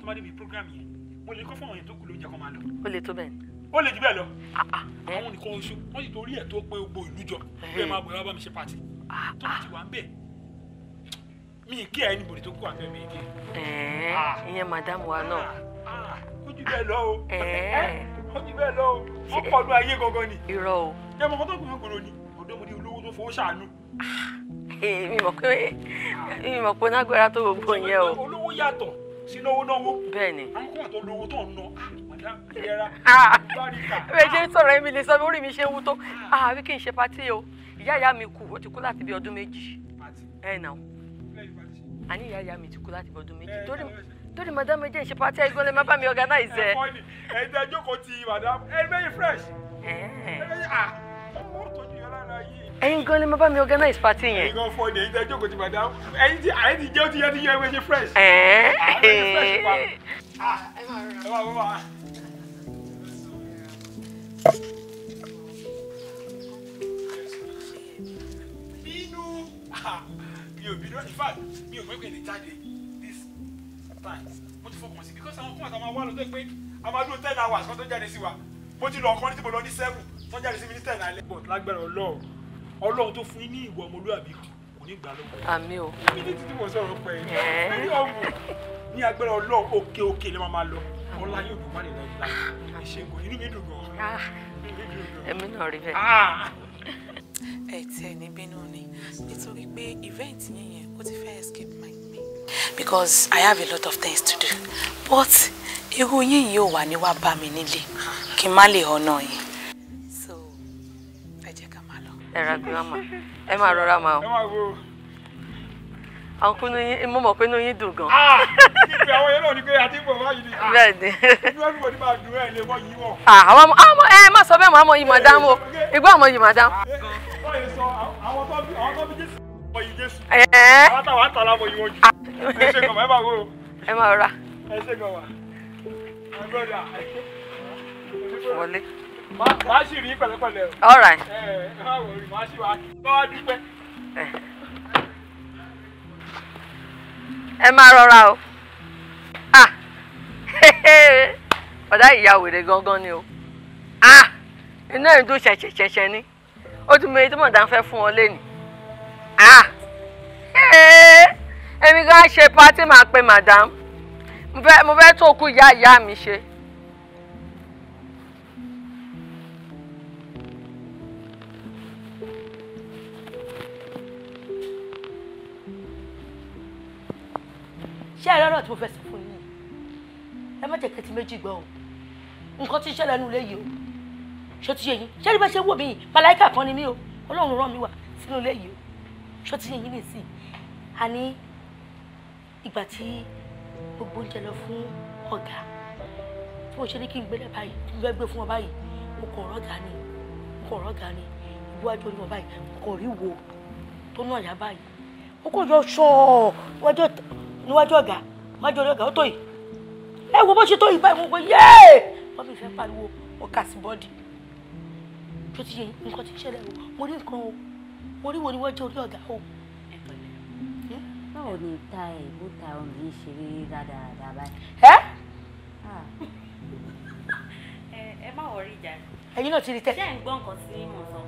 tó bá débi program yẹn mo lè kọ́ fún àwọn yẹn tó kù lóúnjẹ kan máa lọ. ó lè tó bẹ́ẹ̀ ni. ó lè jù bẹ́ẹ̀ lọ. Ah, ah, àwọn nìkan ṣoṣo wọ́n sì torí ẹ̀ tó pé gbogbo ìlú jọ pé máa bọ̀ ẹ wá bá mi ṣe pati tó ti wà mi kí ẹni bòdì tó kú àbẹ mi kí. Ah. ìyẹn madam wa náà. ó ah, ah, jù bẹ́ẹ̀ lọ o ó eh, jù bẹ́ẹ̀ lọ o ó pọ̀ ní ayé gangan ni. irọ́ o. jẹ́ mọ́kàn tó kù fún gbòòrò ni ọ̀dọ́mọdé olówó tó fowó ṣàánú. *laughs* mi mọ̀ pé mi mọ̀ pé nágbára tó gbogbo yẹn o. olówó yàtọ̀ sí náwó náwó. bẹ́ẹ̀ni. àwọn kan tó lówó tó ń ná Ah, *laughs* ṣe ń sọ̀rọ̀ ẹ̀mí lè sọ bí orí mi ṣe ń wú tó àbí kí n ṣe patí o ìyá ìyá mi kú ó ti kú láti bí ọdún méjì ẹ̀ náà àní ìyá ìyá mi ti kú láti bọ́dún méjì torí torí madam ẹ jẹ́ ìṣe pátí ẹgbẹ́ lè má bá mi organize ẹ. ẹ fọ́ọ̀nì ẹ ti madam ẹ lẹ́yìn fresh. ẹyin ah. gan lè má bá mi organize party yẹn. ẹyin gan fọ́ọ̀nì ẹyin jẹ́ jókòó ti madam ẹyin ti àyè ti jẹ́ ó ti ti yẹ ẹgbẹ́ ṣe fresh. ẹ ẹ ah, máa rọra. Bínú. Ah mi ò bí in fact mi ò gbẹ́gbẹ́ lè jáde this time mo ti fọkàn sí because àwọn kọ́mọ̀tà máa wá lọ tó pé a máa dúró ten hours kan tó jáde sí wa mo ti lọ ọkàn ní tí mo lọ ní seven tó jáde sí mi ní ten alẹ́. but lágbára ọlọ́run ọlọ́run tó fún yín ní ìwọ ọmọlúwàbí kò ní gbà lọ́wọ́. àmì o. kí ni títí mo sọ̀rọ̀ pẹ̀ yìí ọ̀hún ní agbára ọlọ́run òkè òkè lè máa lọ ọlá yóò dùn wá nílẹ̀ ìlànà ẹ tiẹ̀ ní bínú ni nítorí pé event yẹn yẹn ó ti fẹ́ escape my mind because I have a lot of things to do but irú yín yìí ò wà ní wá bá mi nílé kí n má lè ọ̀nà yìí so ẹ jẹ́ ká máa lọ. ẹ ra bí wọn mọ ẹ máa rọra máa o àwọn kúnú yín mo mọ̀ pé inú yín dùn gan. Ah! *laughs* pé àwọn yẹn náà ni pé àdìgbò báyìí ni. Ah, bẹ́ẹ̀ni. inú ẹnu kò ní máa dùn ẹ lè mọ yìí wọ. Ah, àwọn ọmọ ọmọ ẹ má sọ bẹ́ẹ̀ mọ ọmọ yìí màdám o igbó ọmọ yìí màdám. Ah. ẹ máa rà. wọlé. máa ṣì rí pẹ̀lẹ́pẹ̀lẹ́ o. all right. ẹ ẹ máa wọrí máa ṣì wá bá wá dúpẹ́. Eh. ẹ máa rọra o. *laughs* ọ̀dà ìyá wèrè gangan ni o ah! iná ìdó ṣẹ̀ṣẹ̀ṣẹ̀ṣẹ̀ ni ó ti mọ èyí tí mọ̀dá ń fẹ́ fún ọ lẹ́nu ah! *laughs* èmi gan ṣe pátí máa pe madam mo fẹ́ tó kú ìyá ìyá mi ṣe. ṣé ẹ rọrọ tí mo fẹ́ sọ ẹ má jẹ́ kẹ́tí méjì gbọ́ o nǹkan tí ń ṣẹlẹ̀ nínú ilé yìí o ṣó ti yé yín ṣé ní bá ṣe wò mí màláìkà kan ni mí o ọlọ́run rán mi wá sínú ilé yìí o ṣó ti yé yín nìsín àní ìgbà tí gbogbo oúnjẹ lọ fún ọ̀gá tí mo ṣe ní kí n gbélé báyìí kí n fẹ́ gbé fún ọ báyìí mo kọ̀ ọ̀rọ̀ ọ̀gá ni mo kọ̀ ọ̀rọ̀ ọ̀gá ni iwájú orí wọn báyìí mo kọ̀ rí wo tó náà yá báyìí mo kọ̀ yọ ṣọ́ọ̀ níwájú ọ̀gá níwájú ọ̀gá ó tó yìí ẹ wo bó ṣe tó ìgbà ìwọ̀n pé yéè wọ́n mi fẹ́ pariwo ọkà sí bọ́ọ̀dì tó ti yẹ nǹkan ti ṣẹlẹ̀ o mo rí nǹkan o mo rí wo ni wọ́n jẹ́ orí ọ̀gá o. Hmm? báwo ni ta ẹ̀ bó ta ọmọ yìí ṣe rí dáadáa báyìí. Ah. ẹ ẹ má wọrí ìjà ẹ̀yin náà ti rí tẹ. ṣé ẹ ń gbọ́ nǹkan tí mo sọ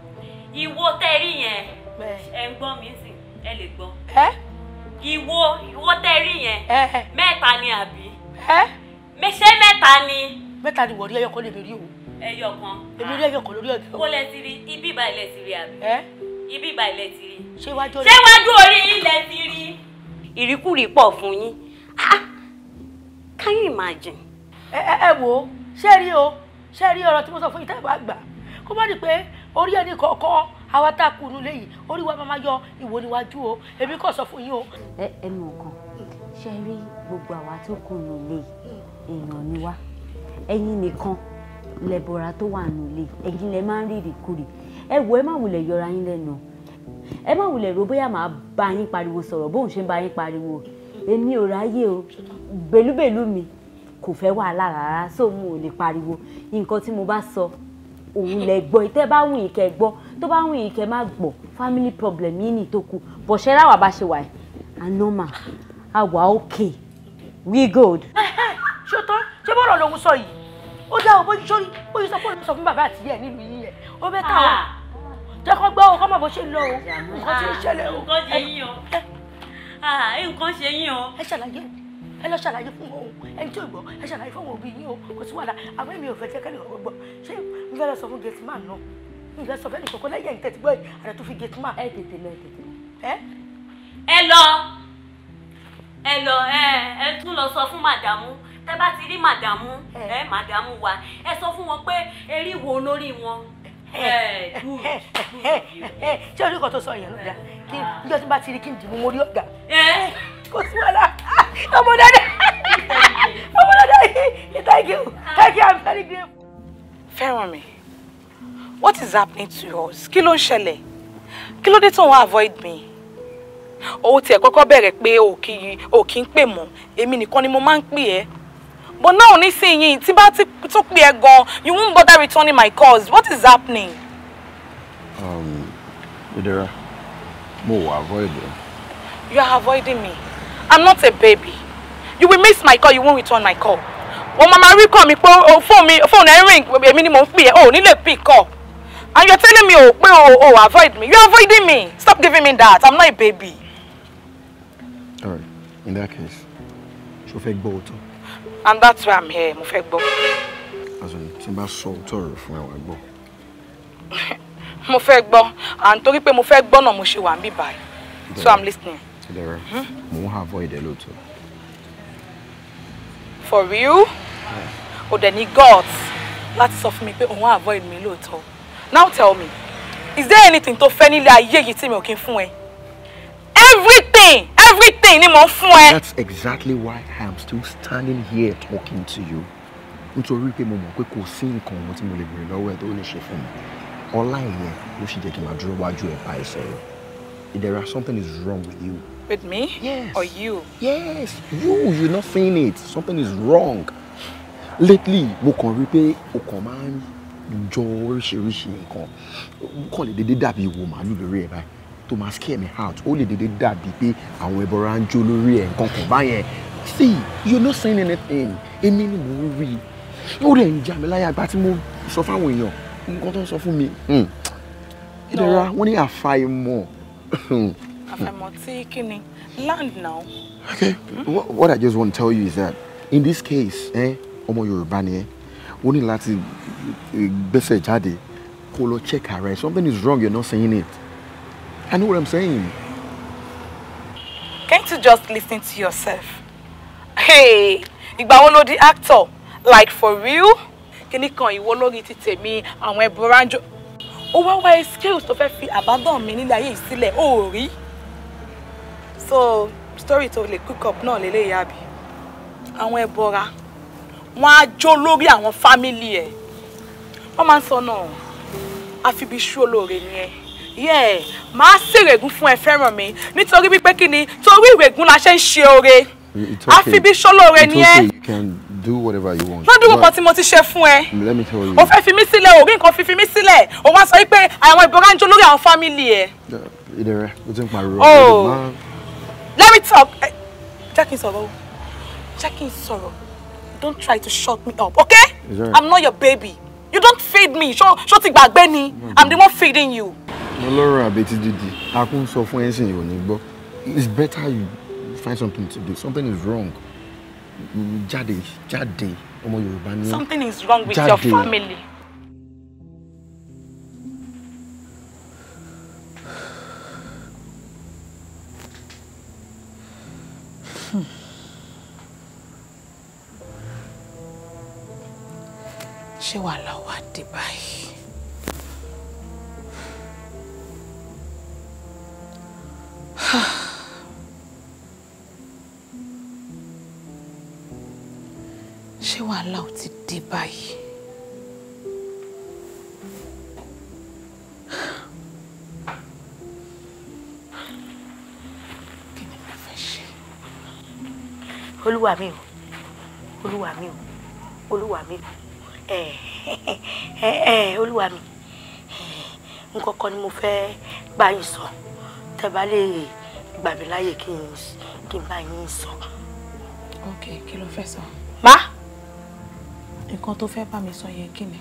ìwo tẹ rí yẹn ẹ ń gbọ́ mi sí ẹ lè gbọ́. ìwo ìwo tẹ rí yẹn mẹ́ta ni àbí ṣé mẹ́ta ni. mẹ́ta ni wọ̀rí ẹyọkan lè mi rí o. ẹyọkan. èmi rí ẹyọkan lórí ọ̀gá. kó lẹ ti rí ibi ìbá ilẹ̀ ti rí àbí. ẹ ibi ìbá ilẹ̀ ti rí. ṣé wájú orí. ṣé wájú orí ilẹ̀ ti rí. ìríkùrí pọ̀ fún yín ah, can you imagine. ẹ ẹ ẹ wo ṣé rí o ṣé rí ọ̀rọ̀ tí mo sọ fún yìí tẹ́lẹ̀ bá gbà kó má di pé orí ẹni kọ̀ọ̀kan àwa tá a kù nílé yìí orí wa máa yọ ìwò níwájú o èmi kò sọ fún yín o. ẹ ẹnu ọkàn ṣe rí gbogbo àwa tó kù nílé yìí èèyàn ni wá ẹ̀yin nìkan lẹ́bọ̀ra tó wà nílé ẹ̀yin lẹ máa ń rírì kúrì ẹ wo ẹ má wulẹ̀ yọra yín lẹ́nu ẹ má wulẹ̀ ro bóyá màá bá yín pariwo sọ̀rọ̀ bóun ṣe ń bá yín pariwo èmi ò ráyè o bèlúbèlú mi kò fẹ́ wàhálà rárá so mo ò lè pariwo nǹkan tí mo bá sọ òun lẹ gbọ́ ìtẹ́ bá wùn yìí kẹ́ gbọ́ tó bá wùn yìí kẹ́ má gbọ́ family problem yín ní ìtókù bọ̀ṣẹ́ ráwà bá ṣe wà ẹ̀ anoma àwa òkè. Okay we gold. *laughs* ṣé o tán ṣé bọ́ọ̀lù lòun sọ yìí ó dá o bójú sórí bójú sọ fóònù sọ fún bàbá àti ìyá ẹ nílùú yìí yẹn ó bẹ ká o jẹ kó gbọ́ o kó mọ̀ bó ṣe ń lọ o nǹkan ti ń ah, ṣẹlẹ̀ o. nǹkan ṣe yín o ah, nǹkan ṣe yín o. ẹ ṣàlàyé ẹ lọ ṣàlàyé fún òun ẹni tí ò gbọ́ ẹ ṣàlàyé fún òun òbí yín o kò sí wàhálà àwọn èmi ò fẹ́ jẹ́ kẹ́lẹ́ ọ̀gbọ́n ṣé n fẹ́ lọ sọ fún gate man náà n fẹ́ sọ fẹ́ nìkan kó lẹ́yìn ẹ̀yìn tẹ̀sígbọ́ àrẹ tó fi gate man. ẹ tètè lọ ẹ tètè lọ. ẹ lọ ẹ lọ ẹ ẹ tún lọ sọ fún màdàmú tẹ bá ti rí màdàmú ẹ màdàmú wa ẹ sọ fún wọn pé eré wo lórí wọn. ṣé orí kan tó sọ yẹn ló dá kí njọ́ ah. tí bá ti rí kí n dìbò mo rí ọ̀gá kò sí wàhálà ah, ọmọ dáadáa ọmọ dáadáa yìí thank you ah. thank you i'm very grateful. fẹ́ràn mi what is happening to you? kí ló ń ṣẹlẹ̀ kí ló dé tó ń avoid me o tiẹ̀ kọ́kọ́ bẹ̀rẹ̀ pé o kì í o kì í pè mọ́ èmi nìkan ni mo máa ń pè ẹ́ but now nísìnyìí tí bá tún pè ẹ́ gan you won't bother returning my calls what is happening. Um, Idera, mo wà avoid ẹ. You are avoiding me. I'm not a baby. You will miss my call, you won't return my call. Wọ́n máa rí kàn mí pé fóònù mi fóònù ẹ̀ ring èmi ni mò ń pè ẹ́ ò nílè pick call. And you are telling me o pé o avoid me. You are avoiding me. Stop giving me that. I'm not a baby in that case ṣo fẹ́ gbọ́ òótọ́. and that's why i'm here mo fẹ́ gbọ́. azọni tí n bá sọ òótọ́ rẹ̀ fún ẹ wá gbọ́. *laughs* mo fẹ́ gbọ́ and torí pé mo fẹ́ gbọ́ náà mo ṣe wà níbí báyìí so i'm listening. ìdẹ̀rẹ̀ hmm? mò ń ha avoid ẹ for real o dẹ̀ ní gods láti sọ fún mi pé òun á avoid me lóòótọ́ now tell me is there anything to fẹ́ like ayé yìí me mi ò kí everything everything ni mo fún ẹ. that's exactly why I am still standing here talking to you nítorí pé mo mọ̀ pé kò sí nǹkan ọmọ tí mo lè béèrè lọ́wọ́ ẹ tó lè ṣe fún mi ọlá ìyẹn ló ṣe jẹ́ kí n máa dúró wájú ẹ̀ bá ẹ sọ̀rọ̀ if there is something is wrong with you. with me. yes or you. yes you you not saying it something is wrong lately mo kàn rí pé o kàn máa ń jọ oríṣiríṣi nǹkan o kàn lè dédé dàbí ìwò màálù lórí ẹ̀ báyìí tó máa scare me out ó lè dédé dàbí pé àwọn ẹbọra ń jó lórí ẹ̀ nǹkan kan báyẹn see you're not saying anything èmi ni mò ń rí i ó rẹ̀ ń jà mí láyà àgbà tí mo sọ fáwọn èèyàn nǹkan tó ń sọ fún mi ìdẹ̀ra hmm. wọ́n ní àfàìmọ̀. Hmm. àfàìmọ̀ tí kí ni land now. okay mm -hmm. what, what i just want to tell you is that in this case eh, ọmọ yorùbá ni ẹ ó ní láti gbẹ́sẹ̀ jáde kó lọ check ara ẹ something is wrong you're not saying it. I know what I'm saying. Can't you just listen to yourself? Hey, ìgbà wo lo the actor? Like for real? Can come? Kíní kan it to me. And àwọn brand Ó wá wá excuse tó fẹ́ fi abandon mi nílé ayé sílẹ̀ o rí. So, story told the cook up náà leleyi àbí. Àwọn ẹbọra wọ́n á jó lórí àwọn family ẹ̀. Wọ́n máa ń sọ náà àfi bí iṣu olóore ni ẹ yẹ máa ṣèrègùn fún ẹ fẹ́ràn mi nítorí wípé kí ni torí ìrègùn la ṣe ń ṣe oore àfibí ṣọlọ́ọ̀rẹ́ ni ẹ lọ́dún kan tí mo ti ṣe fún ẹ o fẹ́ fi mí sílẹ̀ orí nǹkan fi fi mí sílẹ̀ o wá sọ pé àwọn ìbọn ránjọ lórí àwọn fámìlì ẹ. ìdẹrẹ o ti ń pariwo. oh let me talk eh, jẹ́ kí n sọ̀rọ̀ jẹ́ kí n sọ̀rọ̀ don't try to shut me up okay i'm not your baby you don't feed me ṣó ṣó ti gbàgbé ni i'm the one feeding you lọ́rọ̀ àbètí dídì a kún sọ fún ẹ̀sìn yìí ò ní gbọ́ it's better you find something to do something is wrong jáde jáde ọmọ Yorùbá ni something is wrong with jáde. your family. ṣé wàá lọ. báyìí. kí ni mo fẹ́ ṣe. olúwa mi o olúwa mi o olúwa mi ẹ ẹ ẹ olúwa mi nǹkan kan ni mo fẹ́ bá yín sọ tẹ́ bá lè gbà mí láàyè kí n bá yín sọ. ok kí ló fẹ́ sọ. má nǹkan tó fẹ́ bá mi sọ yẹn kí ni.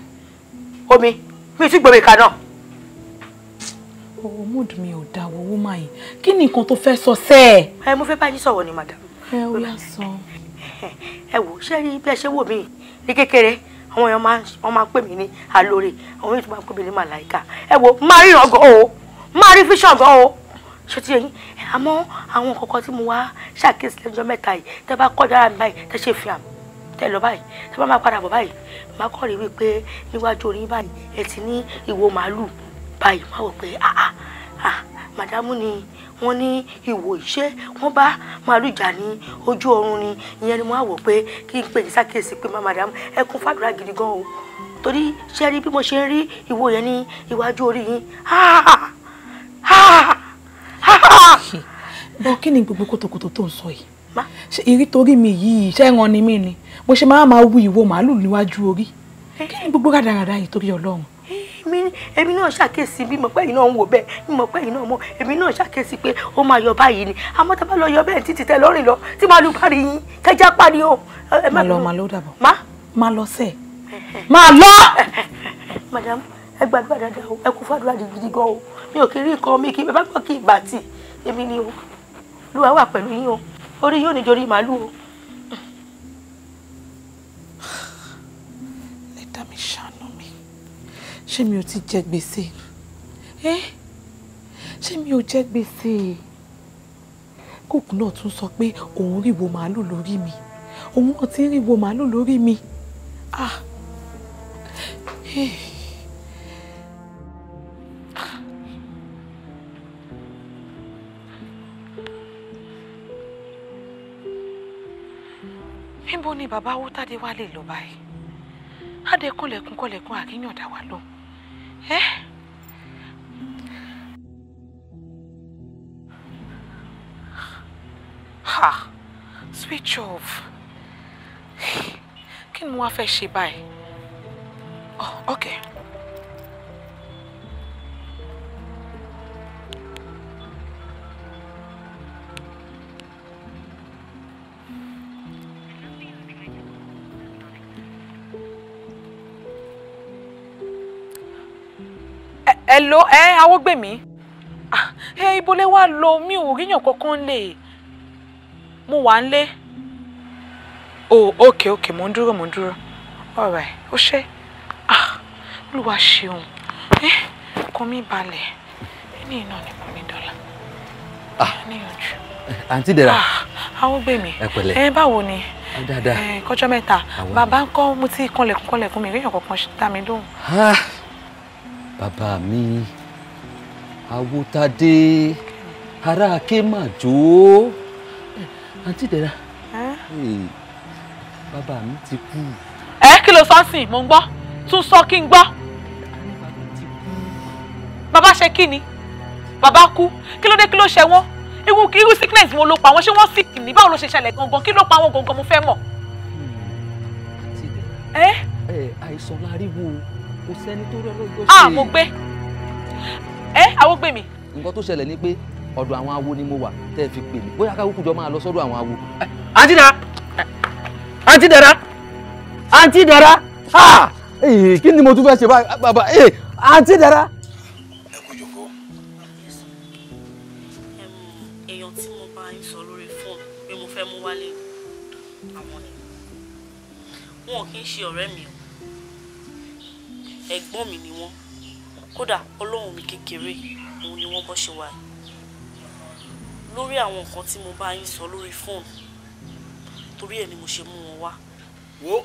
omi mi ti gbòmí kaná. owó mood mi ò dáwọ owó máa yìí kí ni nǹkan tó fẹ́ sọ sẹ́ẹ̀. ẹ mo fẹ́ bá yín sọ̀rọ̀ ni madam. ẹ ó yà sọ. ẹ wò ṣé rí bí ẹ ṣe wò mí ní kékeré àwọn èèyàn máa máa pè mí ní alóore àwọn èèyàn tó máa pè mí ní màláìka ẹ wò máa ríran gan o máa rí fíṣàn gan o ṣe ti yẹn àmọ́ àwọn kọ̀ọ̀kan tí mo wá ṣàkíyèsí lẹ́jọ́ mẹ́ta yìí tẹ́ bá kọjá mi báyìí tẹ́ ṣe fi àmì tẹ lọ báyìí tẹ bá máa padà bọ̀ báyìí má kọ́ rí wípé níwájú orí báyìí ẹ ti ní ìwo màálù báyìí má wò pé àà ah, à ah, ah, màdámù ni wọ́n ní ìwò ìṣe wọ́n bá màálù jà ní ojú ọ̀run ni ìyẹn ni mo á wò pé kí n pè ní sákèsí pé má màdámù ẹ kún fàdúrà gidi gan o torí ṣe rí bí mo ṣe ń rí ìwo yẹn ní iwájú orí yín bọ́ kí ni gbogbo kòtòkòtò tó ń sọ yìí ṣe ìrí mi yìí ṣẹ́ran ni mí ni bó ṣe máa máa wú ìwo màálù níwájú orí eh. kí ni gbogbo rádaràda yìí torí ọlọ́run. èmi náà ṣàkíyèsí bí mo pẹ́ yìí náà ń wò bẹ́ẹ̀ bí mo pẹ́ yìí náà mọ̀ èmi náà ṣàkíyèsí pé ó máa yọ báyìí ni àmọ́ tá a bá lọ yọ bẹ́ẹ̀ títí tẹ lọ́rìn lọ tí màá lu parí yín kẹjá parí o. má lọ má lọ dàbọ̀ má lọ sẹ́ẹ̀ eh, eh. má lọ. *laughs* madam ẹ gbàdúrà dáadáa o ẹ kú fàdúrà gidi gan o mi ò kì í rí nǹkan mi kì í bá gbọ́ kí ìgbà tì èmi ni o lùwà wà pẹ̀lú yín ṣàánú mi ṣé mi ò ti jẹ gbèsè ẹ ṣé mi ò jẹ gbèsè kókù náà tún sọ pé òun ríwo màálù lórí mi òun náà ti ń ríwo màálù lórí mi ah hey. níbo ni bàbá Awútádé wá lè lọ báyìí adẹkùnlẹ̀kùn kọlẹ̀kùn àkínyàndà wà lóhùn ẹ́ ha switch off kí ni mo wá fẹ́ ṣe báyìí oh okay. ẹ lo ẹ awógbèmí ah, ẹ ibo lẹ wá lọ mi ò ríyàn kankan lè mo wà ń lé o ok, òkè mò ń dúró mò ń dúró ọ̀rẹ́ ó ṣe ah, olúwa ṣeun kàn mí balẹ̀ ní iná ni kò ní dọ́là ah. níyànjú. àǹtí dẹ̀ra awógbèmí ẹ báwo ni kọjọ́ mẹ́ta bàbá ń kọ́ mo ti kanlẹ̀kùn kanlẹ̀kùn mi ríyàn kankan dá mi lóhùn bàbá mi awotade ara ake mà jó àǹtí dẹ̀ra bàbá mi ti kú. ẹ kí ló sọ́ọ̀sì mò ń gbọ́ tún sọ kí n gbọ́ bàbá ṣe kí ni bàbá kú kí ló dé kí ló ṣe wọ́n irú irú sickness wo ló pa wọn ṣé wọn sick ní báwo ló ṣe ṣẹlẹ̀ gangan kí ló pa wọn gangan mo fẹ́ mọ̀. Hmm, àìsàn la rí wo kò sẹ́ni tó rí ọlọ́jọ́ ṣe. ah mo gbé ẹ àwọn gbé mi. nǹkan tó ṣẹlẹ̀ ni pé ọ̀dọ̀ àwọn awo ni mo wà tẹ́ ẹ fi pè mí bóyá káwọ́ kújọ máa lọ sọ́dọ̀ àwọn awo. àǹtí dara àǹtí dara àǹtí dara eh, kí ni mo tún fẹ́ ṣe báyìí bàbá eh, àǹtí dara. ẹ kú jòkó. èèyàn tí mo bá ń sọ lórí fóònù pé mo fẹ́ mú wálé wọn kì í ṣe ọ̀rẹ́ mi o ẹ̀gbọ́n mi ni wọ́n kódà ọlọ́run mi kékeré òun ni wọ́n bọ́ ṣe wà yìí lórí àwọn nǹkan tí mo bá yín sọ lórí fóònù torí ẹ̀ ni mo ṣe mú wọn wá. wo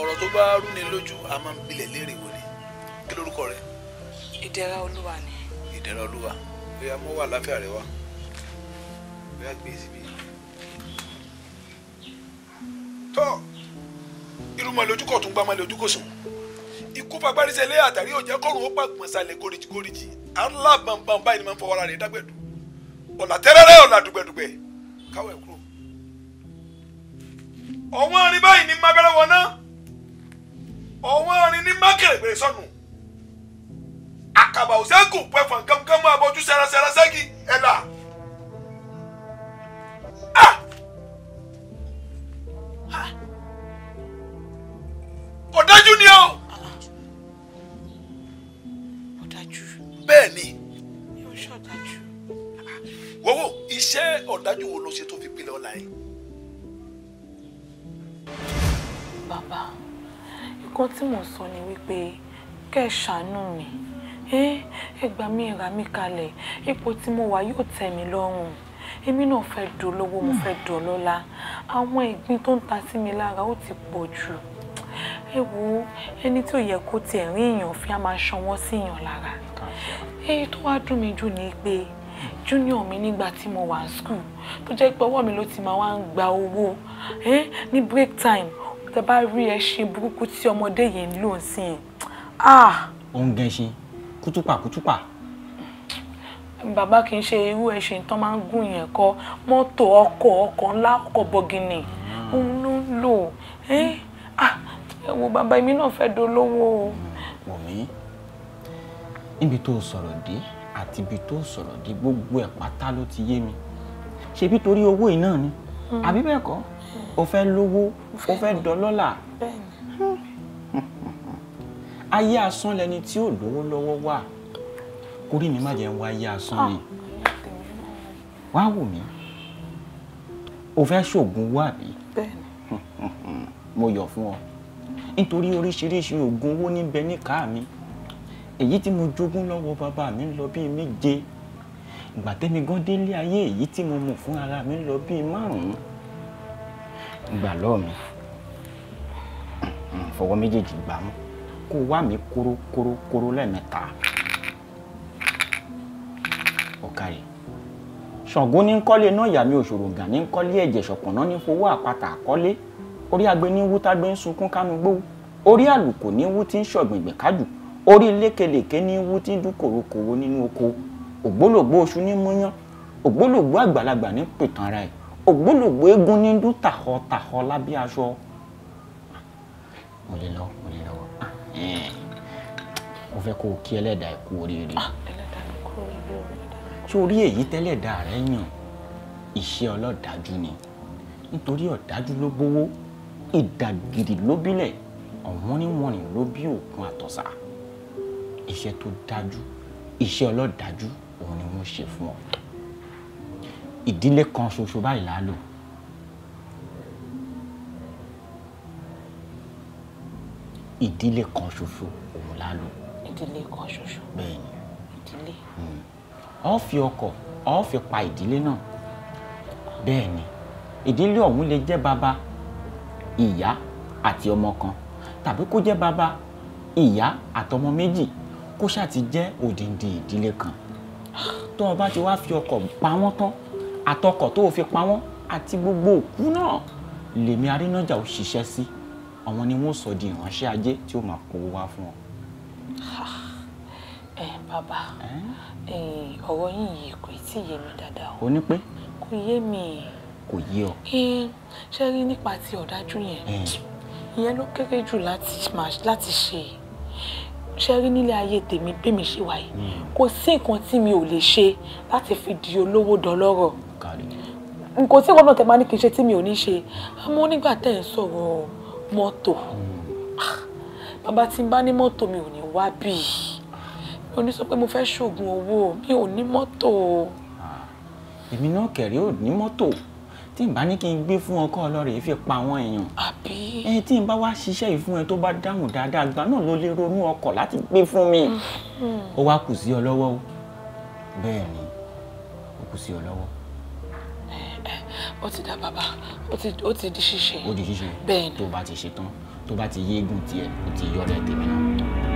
ọ̀rọ̀ tó bá rú ni lójú a máa ń bilẹ̀ léèrè wò ni kí lorúkọ rẹ. ìdẹ̀ra olúwa ni. ìdẹ̀ra olúwa bóyá mo wà láfíà rẹ wá bóyá gbé síbi. tọ́ irú mọ́ lójú kọ̀ tún gbá mọ́ lójú sùn ikú fagbárísẹ́ lé àtàrí òjẹ́ kọ́rùn ó pàgbọ́n sálẹ̀ góríjì góríjì àńlá bàǹbàǹ báyìí ni máa ń fọwọ́ ara rẹ̀ dágbẹ̀dù ọ̀là tẹ́rẹ́rẹ́ ọ̀là dùgbẹ̀dùgbẹ̀ káwọ̀ ẹ̀ kúrò. ọ̀wọ́n arin báyìí ni mábẹ́rẹ́ wọná ọ̀wọ́n arin ní mákèrègbèrè sọnù àkàbà òṣègùn pẹ̀fọ̀n kámkámú abọ́jú sẹ́rẹ́sẹ́rẹ́ sẹ́gi ẹ̀là. ọ̀dájú ni ọ́. bẹ́ẹ̀ ni. mi ò ṣe ọ̀dájú. wọ́wọ́ iṣẹ́ ọ̀dájú wo ló ṣe tó fi pilẹ̀ ọ̀la yìí. bàbá nǹkan tí mò ń sọ ni wípé kẹ́ ẹ ṣàánú mi ẹ gbà mí ra mí kalẹ̀ ipò tí mo wà yóò tẹ́ mi lọ́rùn èmi náà fẹ́ dolówó mo fẹ́ dọlọ́lá àwọn ìgbín tó ń ta sí mi lára ó ti pọ̀ jù ẹ wo ẹni tí ò yẹ kó tiẹ̀ rí èèyàn fi á máa ṣan sí èèyàn lára èyí tó wá dùn mí jù ni pé junior mi nígbà tí mo wà school tó jẹ́ pé ọwọ́ mi ló ti máa wá ń gba owó ní break time tẹ bá rí ẹṣin burúkú tí ọmọdé yìí ń lò sí i. ó ń ah! gẹ ẹṣin kútùpà kútùpà. bàbá kì í ṣe irú ẹṣin tán máa ń gùn yẹn kọ mọ́tò ọkọ̀ ọkọ̀ ńlá ọkọ̀ bọ̀gìnì òun ló ń lò ah! ẹ wo bàbá mi náà fẹ́ dolówó. wọ̀mí. Mm níbi tó sọ̀rọ̀ dé àti ibi tó sọ̀rọ̀ dé gbogbo ẹ̀ pátá ló ti yé mi ṣebí torí owó yìí náà ni hmm. àbí bẹ́ẹ̀ kọ́ o fẹ́ lówó o fẹ́ dọlọ́là ayé asán lẹni tí ò lówó lọ́wọ́ wà kórí mi má jẹ́ ń wá ayé asán ni ah. wá wò mí o fẹ́ ṣoògùn owó àbí *laughs* mo yọ̀ fún ọ nítorí oríṣiríṣi oògùn owó níbẹ̀ níkàá mi èyí tí mo jogún lọ́wọ́ bàbá mi ń lọ bíi méje ìgbà tẹ́mi gan délé ayé èyí tí mo mọ̀ fún ara mi ń lọ bíi márùn-ún gbà lọ́ọ̀ mi mm, fọwọ́ méjèèjì gbà mú kó wá mi kóró kóró kóró lẹ́ẹ̀mẹ́ta ọ̀kàrì ṣàngó ní kọ́lé náà ìyá mi òṣòròǹgà ní kọ́lé ẹ̀jẹ̀ ṣọ̀pọ̀nà ní fowó àpáta àkọ́lé orí agbe ní wú tágbé ń sunkún kánú gbówó orí àlùkò ní wú tí ń ṣọ̀gbìngbìn kájù orí lékelèké ní wú tí dún kòrokòro nínú oko ògbólògbó oṣù ní múyán ògbólògbó àgbàlagbà ní pìtàn ara ẹ̀ ògbólògbó eégún ní dún tàhọ tàhọ lábẹ́ aṣọ. mo lè lọ mo lè lọ mo fẹ́ kó o kí ẹlẹ́dàá ẹ̀ ah, kú oríire. sórí èyí tẹ́lẹ̀dàá rẹ̀ yàn iṣẹ́ ọlọ́dájú ni nítorí ọ̀dájú ló gbowó ìdàgìrì ló bílẹ̀ ọ̀wọ́n ní wọ́n ní ló bí òkun àtọ̀sà iṣẹ́ tó dájú iṣẹ́ ọlọ́dájú òun ni wọ́n ṣe fún ọ ìdílé kan ṣoṣo báyìí là á lò ìdílé kan ṣoṣo òun là á lò. ìdílé kan ṣoṣo. bẹ́ẹ̀ni ìdílé. ọ hmm. fi ọkọ ọ fi pa ìdílé náà bẹ́ẹ̀ni ìdílé ọ̀hún lè jẹ́ bàbá ìyá àti ọmọ kan tàbí kó jẹ́ bàbá ìyá àtọmọ méjì kó ṣáà ti jẹ́ òdìndì ìdílé kan tó o bá ti wá fi ọkọ̀ pa wọ́n tán àtọkọ̀ tó o fi pa wọ́n àti gbogbo òkú náà lèmi arínájà ò ṣiṣẹ́ sí àwọn ni wọ́n sọ di ìránṣẹ́ ajé tí ó máa kówó wá fún ọ. ẹ bàbá ọ̀rọ̀ yín yìí kò tí ì yé mi dáadáa o. o ní pé. kò yé mi. kò yé ọ. ṣé rí nípa ti ọ̀dájú yẹn ìyẹn ló kéré jù láti ṣe ṣe rí nílé ayé tèmi bẹ́mi ṣe wáyé hmm. kò sí nǹkan tí mi ò lè ṣe láti fi di olówó dọlọ́rọ̀ nǹkan tí nǹkan náà tẹ máa ní kí n ṣe tí mi ò ní ṣe àmọ́ nígbà tẹ̀ ń sọ̀rọ̀ mọ́tò hmm. bàbá tí n bá ní mọ́tò mi ò ní wá bí mi ò ní sọ pé mo fẹ́ ṣoògùn owó mi ò ní mọ́tò. Ah. èmi náà kẹ̀rí ò ní mọ́tò tí n bá ní kí n gbé fún ọkọ ọlọ́rẹ̀ fi pa àwọn èèyàn. àbí. ẹ tí n bá wá ṣiṣẹ́ yìí fún ẹ tó bá dáhùn dáadáa gba náà ló lè ronú ọkọ̀ láti gbé fún mi. Mm-hmm. ó wá kù sí ọ lọ́wọ́ o bẹ́ẹ̀ ni ó kù sí ọ lọ́wọ́. ó ti dá bàbá ó ti di ṣíṣe. ó di ṣíṣe bẹ́ẹ̀ ni tó bá ti ṣe tán tó bá ti yéégùn tiẹ̀ ó ti yọ ọ́ lẹ́tẹ̀mí náà.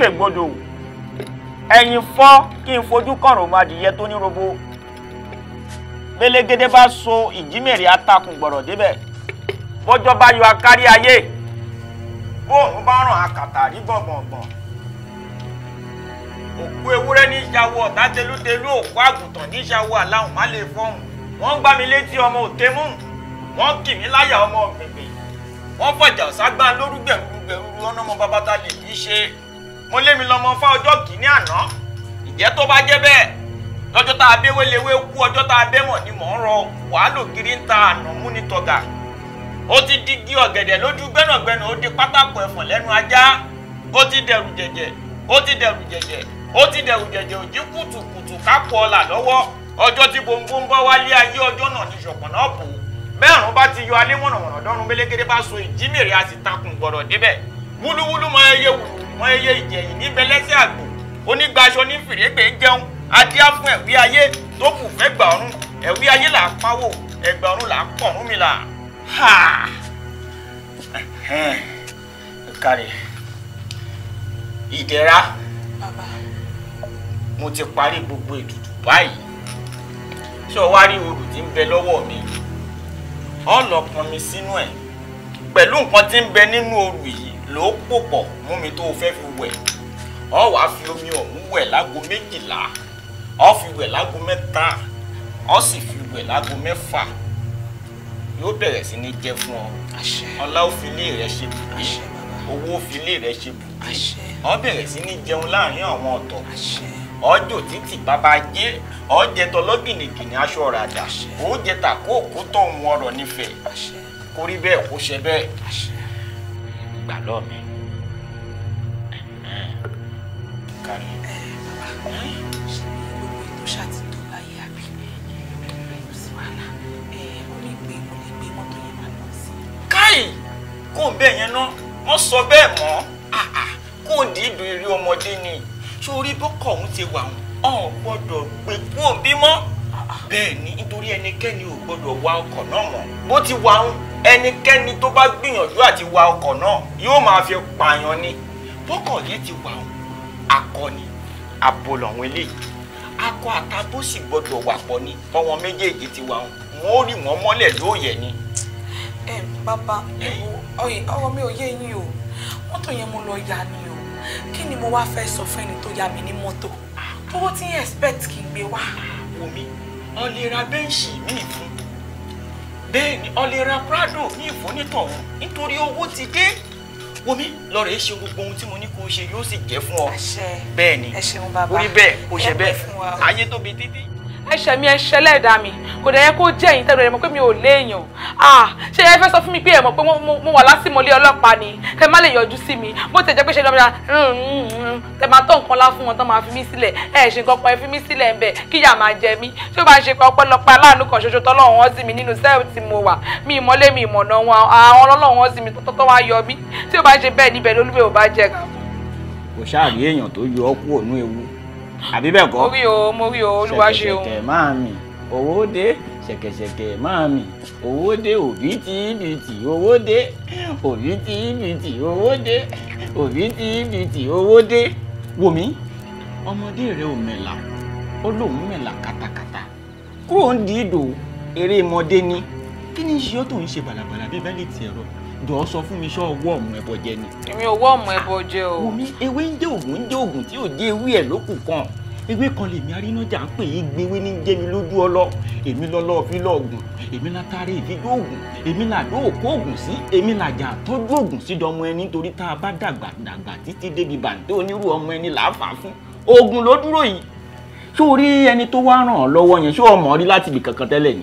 tègbodò ẹ̀yìn fọ́ kí n fojú kànrùn máa dìyẹ tó ní robo gbélégédé bá so ìjímèrè atakùn gbọ̀rọ̀ débẹ̀ bọ́jọ́ bá yọ akárí ayé bó o bá ràn àkàtà rí gbọ̀ngbọ̀ngbọ̀n òkú ewúrẹ́ ní ìṣàwọ ọ̀tá telútelú òkú àgùntàn ní ìṣàwọ aláhùn má lè fọ́hùn wọ́n ń gbá mi létí ọmọ òtémù wọ́n kì mí láyà ọmọ ọ̀gbẹ̀gbẹ̀ wọ́n fọ̀jà ọ̀sá gbá lórúgbẹ̀rúgbẹ̀rú ọ̀nà ọmọ bàbá lè ní í ṣe. mo lé mi lọmọ fá ọjọ́ kìíní àná ìjẹ́ tó bá jẹ́ bẹ́ẹ̀ lọ́jọ́ tá a bẹ́ wéléwé kú ọjọ́ tá a bẹ́ mọ̀ ni mò ń rọ wàhálò kiri ń ta àná mú tọ̀gà ti di gi ọ̀gẹ̀dẹ̀ lójú gbẹ́nàgbẹ́nà ó di pátákó ẹ̀fọ̀n lẹ́nu ajá ó ti dẹ̀rù jẹ̀jẹ̀ ó ti dẹ̀rù jẹ̀jẹ̀ ó ti dẹ̀rù jẹ̀jẹ̀ kùtùkùtù kápọ̀ lọ́wọ́ ọjọ́ tí ń wálé ayé ọjọ́ náà náà bò ti yọ alé so ìjímèrè a takùn débẹ̀ wúlúwúlú máa yẹ mọ eye ìjẹ̀yìn níbẹ̀ lẹ́sẹ̀ àgbò onígbaṣọ ní fìrègbè jẹun adíá fún ẹ̀wí ayé tó kù fẹ́ gbà ọ̀run ẹ̀wí ayé là á pawó ẹ̀gbà ọ̀run là á pọ̀rún mi là. kárí ìdẹ̀ra mo ti parí gbogbo ètùtù báyìí ṣé o wá rí odò tí ń bẹ lọ́wọ́ mi ọ̀nà pọn mi sínú ẹ̀ pẹ̀lú nǹkan tí ń bẹ nínú odò yìí ló pò pọ̀ mú mi tó o fẹ́ fi wẹ̀ ọ wàá fi omi ọ̀hún wẹ̀ lágo méjìlá ọ fi wẹ̀ lágo mẹ́ta ọ sì fi wẹ̀ lágo mẹ́fà yóò bẹ̀rẹ̀ sí ní jẹ́ fún ọ ọlá ó fi ilé rẹ ṣe bùgbé owó ó fi ilé rẹ ṣe bùgbé ọ bẹ̀rẹ̀ sí ní jẹun láàrin àwọn ọ̀tọ̀ ọjọ́ títì bàbá jẹ́ ọjẹ́ tọlọ́gìnìgìnì aṣọ ràdà ó jẹ tàkó òkú tó ń wọ̀rọ̀ nífẹ̀ẹ́ kórí bẹ́ẹ̀ kó ṣe bẹ́ẹ̀ gbà lọ́ọ̀ mi. kárí. gbogbo ètò ṣàtìtò láyé àbí kò sí wàhálà mo lè gbé mo lè gbé mọ́tò yẹn máa lọ sí. káì kò bẹ́ẹ̀ yẹn ná wọ́n sọ bẹ́ẹ̀ mọ́ kò dìídùn eré ọmọdé ni sórí bọ́kọ̀ ọ̀hún ti wà ọ̀hún gbọ́dọ̀ gbé kúòbí mọ́ bẹ́ẹ̀ ni nítorí ẹnikẹ́ni ò gbọ́dọ̀ wa ọkọ̀ náà mọ́ bó ti wa ń ẹnikẹ́ni tó bá gbìyànjú àti wa ọkọ̀ náà yóò máa fi pààyàn ni bọ́kọ̀ yẹn ti wa ń akọni abo lọ́wọ́ eléyìí akọ àtàbó sì gbọ́dọ̀ wà pọ̀ ni bọ́wọn méjèèjì ti wa ń wọ́n ó rì wọ́n mọ́lẹ̀ lóòyẹ̀ ni. ẹ bàbá ọ̀rọ̀ mi ò yé yín o mọ́tò yẹn mo lọ yá ni o kí ni mo wá fẹ́ sọ fún ẹni tó yá mi ní mọ́tò owó tí yẹn expect kí n gbé wá. Ah, omi ọ lè ra bẹ́ǹṣì míì fún bẹ́ẹ̀ ni prado míì fún nítọ̀hún nítorí owó ti dé wòmí lọ́rọ̀ ẹ ṣe gbogbo ohun tí mo ní kó o ṣe yóò sì jẹ́ fún ọ bẹ́ẹ̀ ni orí bẹ́ẹ̀ kò ṣe bẹ́ẹ̀ ayé tóbi títí ẹ̀ṣẹ̀ mi ẹ̀ṣẹ̀ lẹ́ẹ̀dá mi kò dẹ̀ yẹ kó jẹ́ ẹ̀yin tẹ́lẹ̀ mọ̀ pé mi ò léèyàn ah ṣé ẹ fẹ́ sọ fún mi pé ẹ mọ̀ pé mo wà lásìmọ́lé ọlọ́pàá ni kẹ́ má lè yọjú sí mi bó tẹ̀ jẹ́ pé ṣe lọ́mọdé mm, mm, mm, tẹ máa tọ́ nǹkan lá fún wọn tán máa fi mí sílẹ̀ ẹ ṣe nǹkan kan ẹ fi mí sílẹ̀ ń bẹ̀ kí ìyà máa jẹ mí tí ó bá ń ṣe pé ọpẹ́lọpẹ́ aláàánú kan ṣoṣo tọ́lọ́run wọ́n sì nínú sẹ́ẹ̀lì tí mo wà mi ìmọ́lé mi ìmọ̀nà wọn àwọn ọlọ́run wọ́n sì tọ́tọ́ wá yọ mí tí ó bá ń ṣe bẹ́ẹ̀ níbẹ̀ lólúwẹ̀ ò bá jẹ. kò ṣáà rí èèyàn tó yọ ọ́ kúrò ní ewu àbí bẹ́ẹ̀ kọ́. mo rí o mo rí o olúwa ṣe o. ṣẹ̀kẹ̀ṣẹ̀kẹ̀ máa mi owó dé ṣẹ̀kẹ̀ṣẹ̀kẹ̀ máa mi owó dé òbí tí ibi tì owó dé òbí tí ibi tì owó dé òbí tí ibi tì owó dé. wò mí ọmọdé rẹ ò mẹ̀là ó lóun mẹ̀là katakata kúrò ń di ìdò eré mọdé ni kí ni iṣẹ́ tó ń ṣe bàlàbàlà bíi bẹ́ẹ̀ lè ti ẹ̀rọ jọ sọ fún mi sọ ọwọ́ ọ̀mù ẹbọ jẹ ni. èmi ọwọ́ ọ̀mù ẹbọ jẹ o. Ah, wùmí ewé ń jẹ ògùn ń jẹ ògùn tí ò jẹ ewé ẹ lókùn kan ewé kan lèmi arínájà ń pè yí gbéwé ní jẹmi lójú ọlọ èmi lọlọ fi lọgùn èmi látàrí ìfijó ògùn èmi làdó òkú ògùn sí èmi làjà tọjú ògùn sí dọmọ ẹni torí tá a bá dàgbà dàgbà títí débi bàǹtẹ onírú ọmọ ẹni là á fà fún ògùn ló dúró yìí sórí ẹni tó wá ràn ọ lọ́wọ́ yẹn ṣé ọmọ rí láti ibì kankan tẹ́lẹ̀ ni.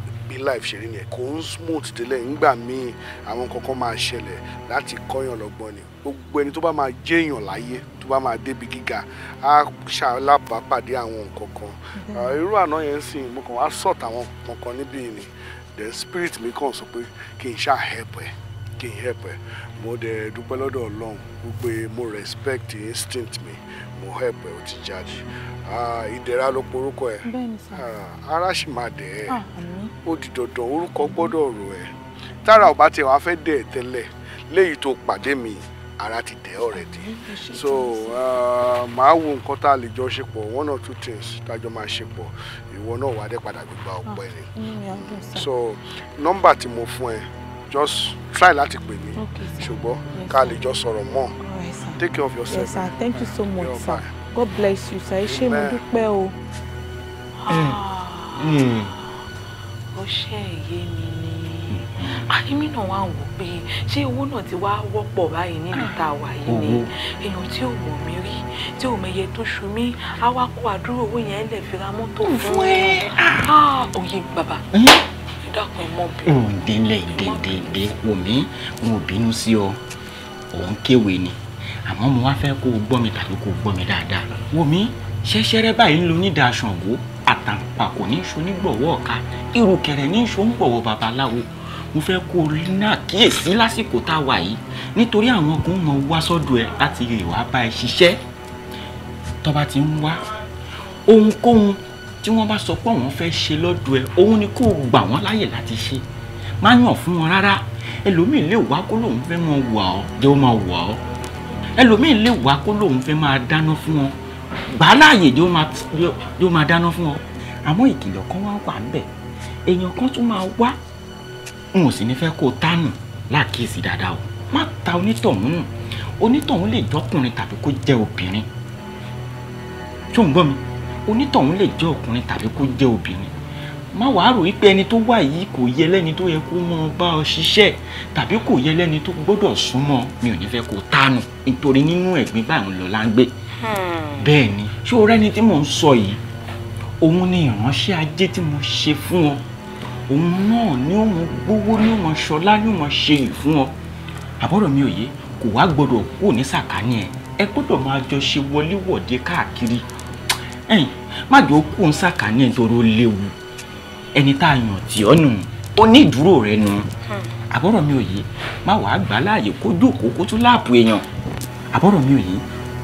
bí life ṣe rí nìyẹn kò ń smooth délẹ̀ ńgbà míì àwọn kankan máa ṣẹlẹ̀ láti kọ́yàn lọ́gbọ́n ni gbogbo ẹni tó bá máa jẹ́yàn láyé tó bá máa débi gíga á ṣàlábàápàdé àwọn nǹkankan irú àná yẹn ń sìn mo kàn wá sọ̀tà àwọn kankan níbí ni the spirit mi kàn sọ pé kí n ṣáà help ẹ kí n help ẹ mo dẹ̀ dúpẹ́ lọ́dọ̀ ọlọ́run wípé mo respect instinct mi mo ẹ o ti jáde ah, ìdẹ̀ra ló porúkọ ẹ ara sì máa dẹ̀ ẹ́ ó di dandan orúkọ gbọ́dọ̀ rò ẹ́ tára ọba tí wàá fẹ́ dẹ̀ tẹ́lẹ̀ léyìí tó pàdé mi ara ti dẹ̀ already so ah, màá wo nǹkan tá a lè jọ ṣe pọ̀ one or two things tájọ máa ṣe pọ̀ ìwọ náà wàá dé padà gbígba ọpẹ́ ni ah, so nọ́mbà tí mo fún ẹ just try láti pè mí ṣùgbọ́n ká lè jọ sọ̀rọ̀ mọ́ take care of yourself. Yes, sir. Thank you so much, You're sir. Bye. God bless you, sir. Ẹ ṣé mo dúpẹ́ o. Ó ṣe èyí mi ni. Àyẹ̀mí ah, náà wá wò pé ṣé owó náà ti wá wọ́pọ̀ báyìí níbi tá a wà yìí ni. Èèyàn tí ò mọ̀ mí rí, tí ò mẹyẹ tó ṣu mí, á wá kó àdúrà owó yẹn lẹ̀ fi ra mọ́tò fún ẹ. Òye ah, bàbá hmm. dákun mọ bí. Òǹdè ńlẹ̀ Omi, ìdè wò mí, mo bínú sí ọ, òun kéwèé ni àmọ́ mo wá fẹ́ kó o gbọ́ mi tàbí kó o gbọ́ mi dáadáa wò mí ṣẹ́ṣẹ́rẹ́ báyìí ń lo onídàáṣàngó àtàǹpàkò ní ṣo nígbọ̀wọ́ ọ̀ka irùkẹ̀rẹ̀ ní ṣo ń gbọ̀wọ́ babaláwo mo fẹ́ kó o rí náà kíyèsí lásìkò tá a wà yìí nítorí àwọn kan mọ wá sọ́dọ̀ ẹ láti lè wá bá ẹ ṣiṣẹ́ tó bá ti ń wá ohunkóhun tí wọ́n bá sọ pé wọ́n fẹ́ ṣe lọ́dọ̀ ẹ òun ni kó o gbà wọ́n láyè láti ṣe má yàn fún wọn rárá ẹlòmíì lè wá kó lóun fẹ́ mọ wà ọ́ jẹ́ ó máa wà ọ́ ẹlòmíì lè wá kó lòun fẹ́ máa dáná fún ọ gbà láàyè yóò máa dáná fún ọ àmọ́ ìkìlọ̀ kan wá wà níbẹ̀ èèyàn kan tún máa wá n ò sì ní fẹ́ kó o tánù láàkíyèsí dáadáa o má ta onítọ̀hún nù onítọ̀hún lè jọkùnrin tàbí kó jẹ́ obìnrin tó ń gbọ́ mi onítọ̀hún lè jẹ́ ọkùnrin tàbí kó jẹ́ obìnrin má wàá rò wípé ẹni tó wà yìí kò yẹ lẹ́ni tó yẹ kó mọ bá ọ ṣiṣẹ́ tàbí kò yẹ lẹ́ni tó gbọ́dọ̀ súnmọ́ mi ò ní fẹ́ kó tánu nítorí nínú ẹ̀gbin báyìí lọ láńgbé. Hmm. bẹ́ẹ̀ ni ṣé o rẹ́ni tí mò ń sọ yìí òun ni ìránṣẹ́ ajé tí mo ṣe fún ọ òun náà ni ó mọ gbówó ni ó mọ ṣọlá ni ó mọ ṣe yìí fún ọ àbọ̀rọ̀ mi ò yé kò wá gbọ́dọ̀ kú ní sàkání ẹ ẹ gbọ́dọ̀ máa jọ ṣe wọléwọ̀de káàkiri ẹ̀yìn má jọ kú ń sàkání ẹ nítorí ó léwu ẹni tá a yàn tí ọ́ nù onídùúró rẹ nù hmm. àbọ̀rọ̀ mi ò yé má wàá gbà láàyè kó jókòó kó tún láàpù èèyàn àbọ̀rọ̀ mi ò yé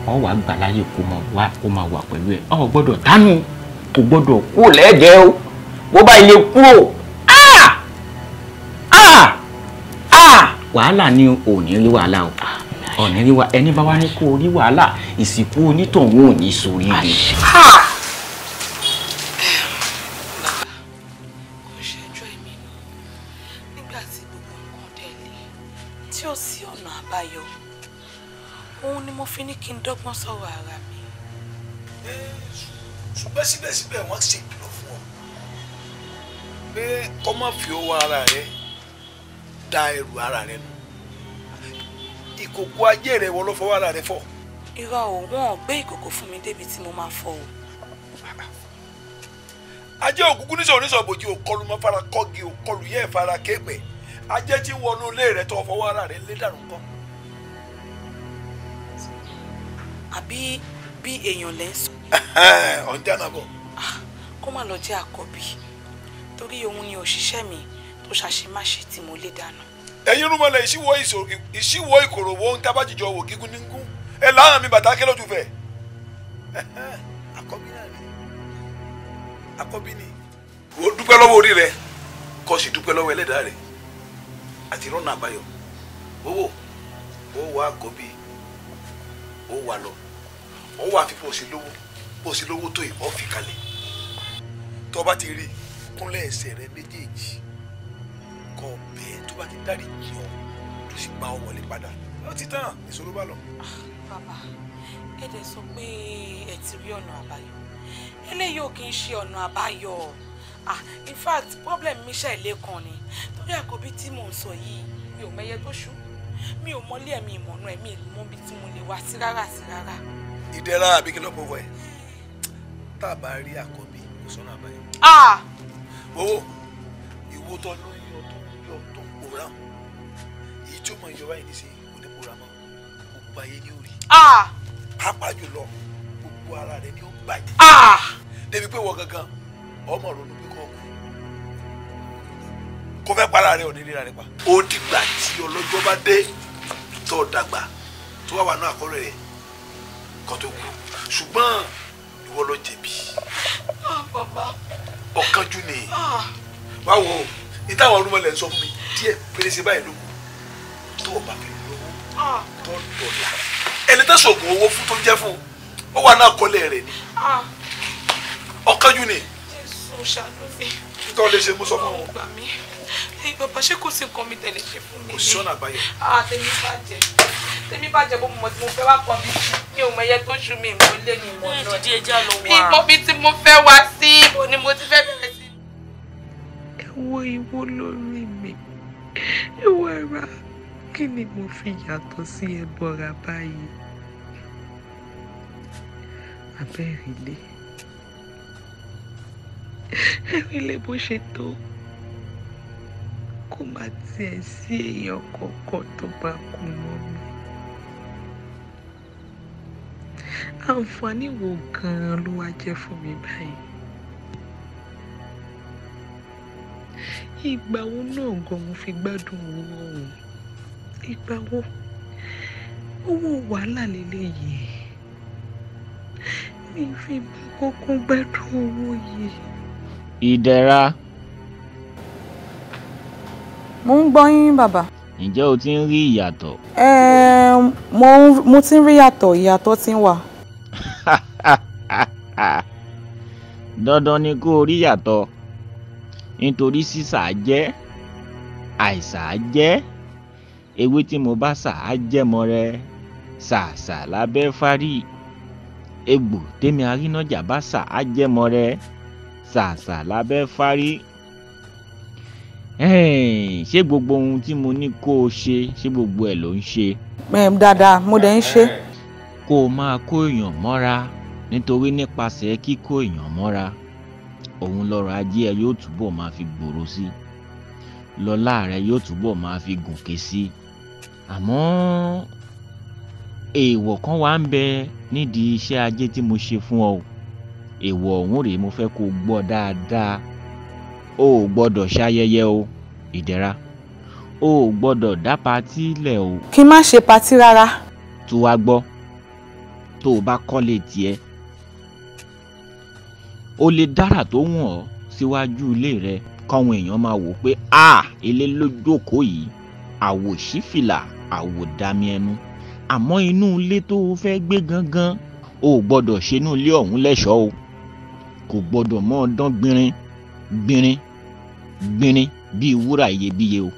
ọ wàá gbà láàyè kó máa wá kó máa wà pẹ̀lú ẹ ọ gbọ́dọ̀ dánú kò gbọ́dọ̀ kú lẹ́ẹ̀dẹ́ o bó bá ilé kúrò wàhálà ni ò ní rí wàhálà o ọ̀nà rí wàhálà ẹni bá wá ní kó rí wàhálà ìsìnkú onítọ̀hún ò ní sórí rẹ̀. ara rẹ da ẹrù ara rẹ nù ìkòkò ajé rẹ wọ́n ló fọwọ́ ara rẹ fọ. irọ́ o wọn ò gbé ìkòkò fún mi débi tí mo máa fọ o. ajé òkùnkùn níṣọ oníṣọ bòjì òkọlù mọ fara kọgi òkọlù yẹ ìfara kéèpẹ ajé tí wọnú ilé rẹ tó fọwọ́ ara rẹ lé dànù kan. àbí bí èèyàn lẹ́ ń sọ. ọ̀n dáná bọ̀. Ah, kó má lọ jẹ́ àkọ́bí torí òun ni òṣìṣẹ́ mi. tó ṣàṣemáṣe tí mo lé dànù. ẹ̀yin rúmọlẹ̀ ìṣíwọ́ ìkòròwò ohun tábàjìjọ wò gígùn nígún ẹ láhàn mi bàtà kélòjú fẹ̀. *laughs* àkọ́bí náà ni àkọ́bí ni. wo dúpẹ́ lọ́wọ́ orí rẹ kó sì dúpẹ́ lọ́wọ́ ẹlẹ́dàá rẹ àti rọ́nà àbáyọ owó ó wà àkọ́bí ó wà lọ ó wà fífò sí lówó bó sí lówó tó yìí ó fi kalẹ̀ tó ti rí kúnlẹ̀ ẹsẹ̀ rẹ méjèèjì bá ti dárí jì ọ tó sì gba ọ wọlé padà ó ti tán ìṣòro bá lọ. Ah, bàbá ẹ dẹ̀ sọ pé ẹ ti rí ọ̀nà àbáyọ eléyìí ò kì í ṣe ọ̀nà àbáyọ ah, in fact problem mi ṣe ilé kan ni torí àkọ́bí tí mò ń sọ yìí mi ò mẹyẹ tó ṣú mi ò mọlé ẹ̀mí ìmọ̀nà ẹ̀mí ìmọ̀bí tí mo lè wá sí rárá sí rárá. ìdẹ́ra àbí kí lọ́pọ̀ wẹ̀ tá a bá rí àkọ́bí kò sọ́nà àbáyọ. Ah! owó ìwo tó mọ̀ ìjọba yìí níṣe onípòrà mọ́ gbogbo ayé ni ó rí. pàápàá jùlọ gbogbo ara rẹ ni ó bàjẹ́. débi pé wọ gangan ọmọ ronú pé kọ́ ọkùnrin kó fẹ́ para rẹ òní ríra rẹ pa. ó dìgbà tí ọlọ́jọ́ bá dé tó dàgbà tó wà wà náà àkọ́rẹ́ rẹ kan tó kú ṣùgbọ́n ìwọ ló jẹ̀bi. ọ̀kanjú ni wá wo ìtàwọn ọdún mọ́lẹ̀ ń sọ fún mi díẹ̀ péré báyìí ló kù tó bá fi lówó tó ah, dọ̀là ẹni tó sògùn owó fún tó jẹ́ fún ó wà náà kọ́lé rẹ̀ ni ah. ọ̀kanjú ni. tó lè ṣe mú sọ fún bàbá ṣé kò sí nǹkan mi tẹ̀lé ṣe fún mi. kò sí ọ̀nà àbáyọ. Ah, tèmi bàjẹ́ tèmi bàjẹ́ bó mọ̀ tí mo fẹ́ wá pọ̀ bí mi ò mọ ẹyẹ tó ṣú mi ìmọ̀ ilé ni mo lọ. bí mo bí tí mo fẹ́ wá sí ibo ni mo ti fẹ́ bẹ̀rẹ̀ sí. ẹ wo ìwo lórí mi ẹ wo ẹ̀rọ kí ni mo fi yàtọ̀ sí ẹbọra báyìí abẹ́rìlé ẹ̀rìnlé bó ṣe tó kó má tiẹ̀ sí èèyàn kọ̀ọ̀kan tó bá kú mọ́ mi àǹfààní wo gan-an ló wá jẹ́ fún mi báyìí ìgbà wo náà gan mo fi gbádùn owó ọ̀hún ìgbà wo owó wàhálà lélẹ́yìí mi fi kókó gbẹ́dùn owó yìí. ìdẹ̀ra. mo ń gbọ́ yín bàbá. ǹjẹ́ o ti ń rí ìyàtọ̀. mo mo ti ń rí yàtọ̀ ìyàtọ̀ ti ń wà. *laughs* dandan ni kó o rí yàtọ̀ nítorí sísà jẹ́ àìsà jẹ́ ewé tí mo bá sà á jẹ́mọ rẹ sàṣà lábẹ́ fárí egbò tèmi arínájà bá sà á jẹ́mọ rẹ sàṣà lábẹ́ fárí ṣé gbogbo ohun tí mo ní kó o ṣe ṣé gbogbo ẹ̀ ló ń ṣe. dáadáa mo dẹ̀ ń ṣe. kó o máa kó èèyàn mọ́ra nítorí nípasẹ̀ kíkó èèyàn mọ́ra òun lọ́rọ̀ ajé ẹ yóò túbọ̀ máa fi gbòòrò sí i lọ́lá rẹ yóò túbọ̀ máa fi gòkè sí i àmọ́ èèwọ̀ kan wà ń bẹ nídìí iṣẹ́ ajé tí mo ṣe fún ọ o èèwọ̀ ọ̀hún rèé mo fẹ́ kó o gbọ́ dáadáa o ò gbọ́dọ̀ ṣayẹyẹ o ìdẹ̀ra o ò gbọ́dọ̀ dá patí lẹ̀ o. kí n má ṣe patí rárá. tó wá gbọ́ tó o bá kọ́lé tiẹ̀ o lè dára tó wọ̀n ọ́ síwájú ilé rẹ káwọn èèyàn máa wò pé a ilé ló jókòó yìí àwòṣífìlà. Si àwòdámi ẹnu àmọ́ inú ilé tó o fẹ́ gbé gangan o ò ṣe inú ilé ọ̀hún lẹ́ṣọ́ o kò gbọ́dọ̀ mọ́ dán gbinrin gbinrin gbinrin bíi wúrà iyebíye o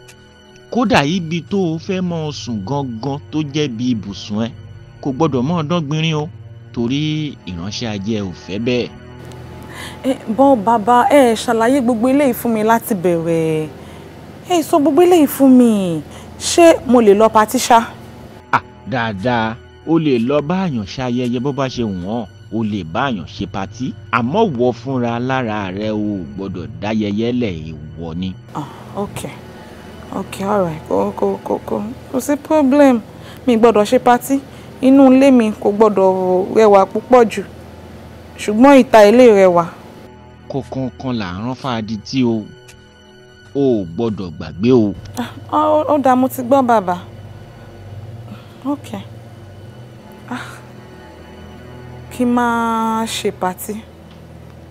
kódà ibi tó o fẹ́ mọ́ sùn gangan tó jẹ́ bí ibùsùn ẹ kò gbọ́dọ̀ mọ́ dán gbinrin o torí ìránṣẹ́ ajé ò fẹ́ bẹ́ẹ̀. ẹ bọ́n bàbá ẹ ṣàlàyé gbogbo eléyìí fún mi láti bẹ̀rẹ̀ ẹ sọ gbogbo eléyìí fún mi. Eh, ṣé mo lè lọ patí ṣá. à dáadáa o lè lọ bá àyàn ṣayẹyẹ bó bá ṣe wọ́n o lè bá àyàn ṣe patí àmọ́ wọ fúnra lára rẹ o gbọ́dọ̀ dáyẹyẹ lẹ̀ èèwọ̀ ni. ah ok ok alright kò kò kò kò kò sí problem mi gbọ́dọ̀ ṣe patí inú ilé mi kò gbọ́dọ̀ rẹwà púpọ̀ jù ṣùgbọ́n ìta ilé rẹwà. kọ̀ọ̀kan kan là ń rán fáadì tí o o ò gbọ́dọ̀ gbàgbé o. Ah, ó dáa mo ti gbọ́ bàbá ok ah, kí n máa ṣe pàtí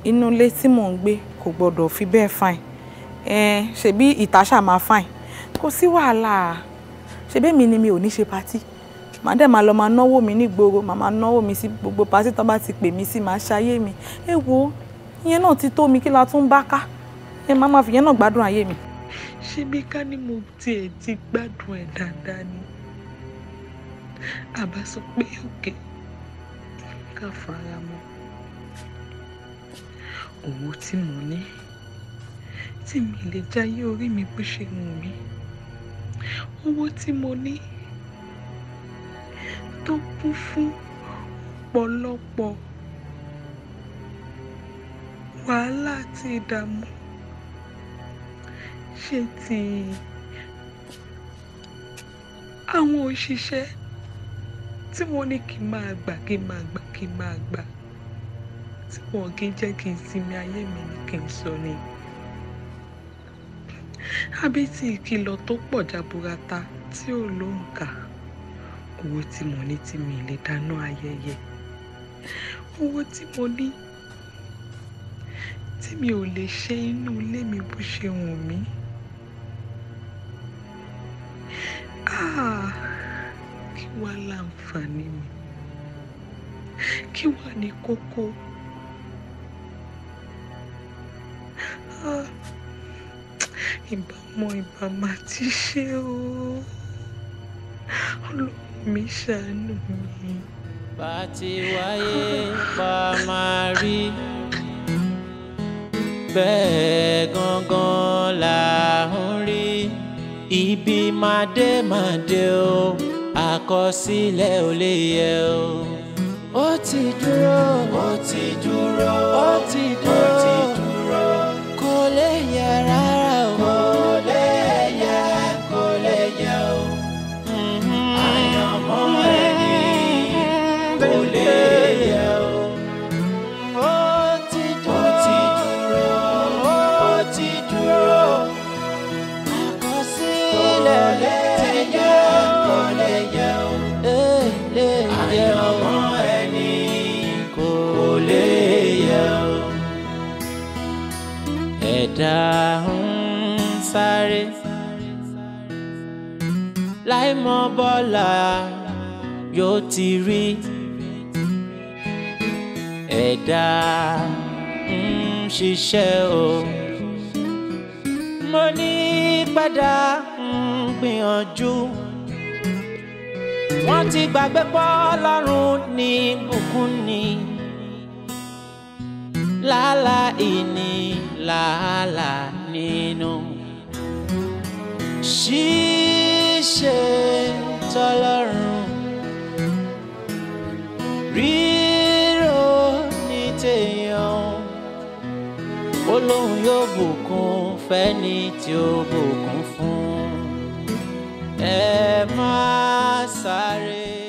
inú ilé tí mò ń gbé kò gbọ́dọ̀ fi bẹ́ẹ̀ fine ṣebí ìta ṣáà máa fine kò sí wàhálà ṣebí mi ni mi ò ní ṣe pàtí màá dẹ̀ máa lọ máa náwó mi nígboro màá máa náwó mi sí gbogbo pàtí tó bá ti pè mí sí màá ṣayé mi ẹ wo ìyẹn náà ti tó mi kí la tún bá ká ẹ má má fi yẹn náà gbádùn ayé mi. ṣebí ká ní mo tiẹ̀ ti gbádùn ẹ̀ dáadáa ni àbá sọ pé òkè ká fara mọ́ owó tí mo ní tí mi lè jáyé orí mi bó ṣe wù mí owó tí mo ní tó kún fún ọ̀pọ̀lọpọ̀ wàhálà àti ìdààmú ṣe ti àwọn òṣìṣẹ́ tí wọ́n ní kí n máa gbà kí n máa gbà kí n máa gbà tí wọ́n kì í jẹ́ kí n sinmi ayé mi ni kí n sọ ni àbí tí ìkìlọ̀ tó pọ̀ jaburata tí ò lóǹkà owó tí mo ní tí mi lè dáná ayẹyẹ owó tí mo ní tí mi ò lè ṣe inú ilé mi bó ṣe wù mí. kí wá láǹfààní mi kí wá ní kókó. Ah, ìbámu ìbámu ti ṣe o ọlọ́run mi ṣàánú mi. bá a ti wáyé pa máa rí bẹ́ẹ̀ gangan là ń rí ibi máa dé o àkọsílẹ̀ ò lè yẹ o. ó ti dúró ó ti dúró ó ti dúró kò lè yẹ rárá. Da ń sáré láì mọ̀ bọ́là yóò ti rí ẹ̀dá ń ṣiṣẹ́ o mo ní padà ń gbìyànjú wọ́n ti gbàgbé pọ́ lọ́rùn ní bùkún ni. Bukuni. Lala ini lala nínú ṣíṣe tọlọ́run rírò ní tèèyàn ó lóun yóò bùkún fẹ́ni tí ó bùkún fún ẹ máa sáré.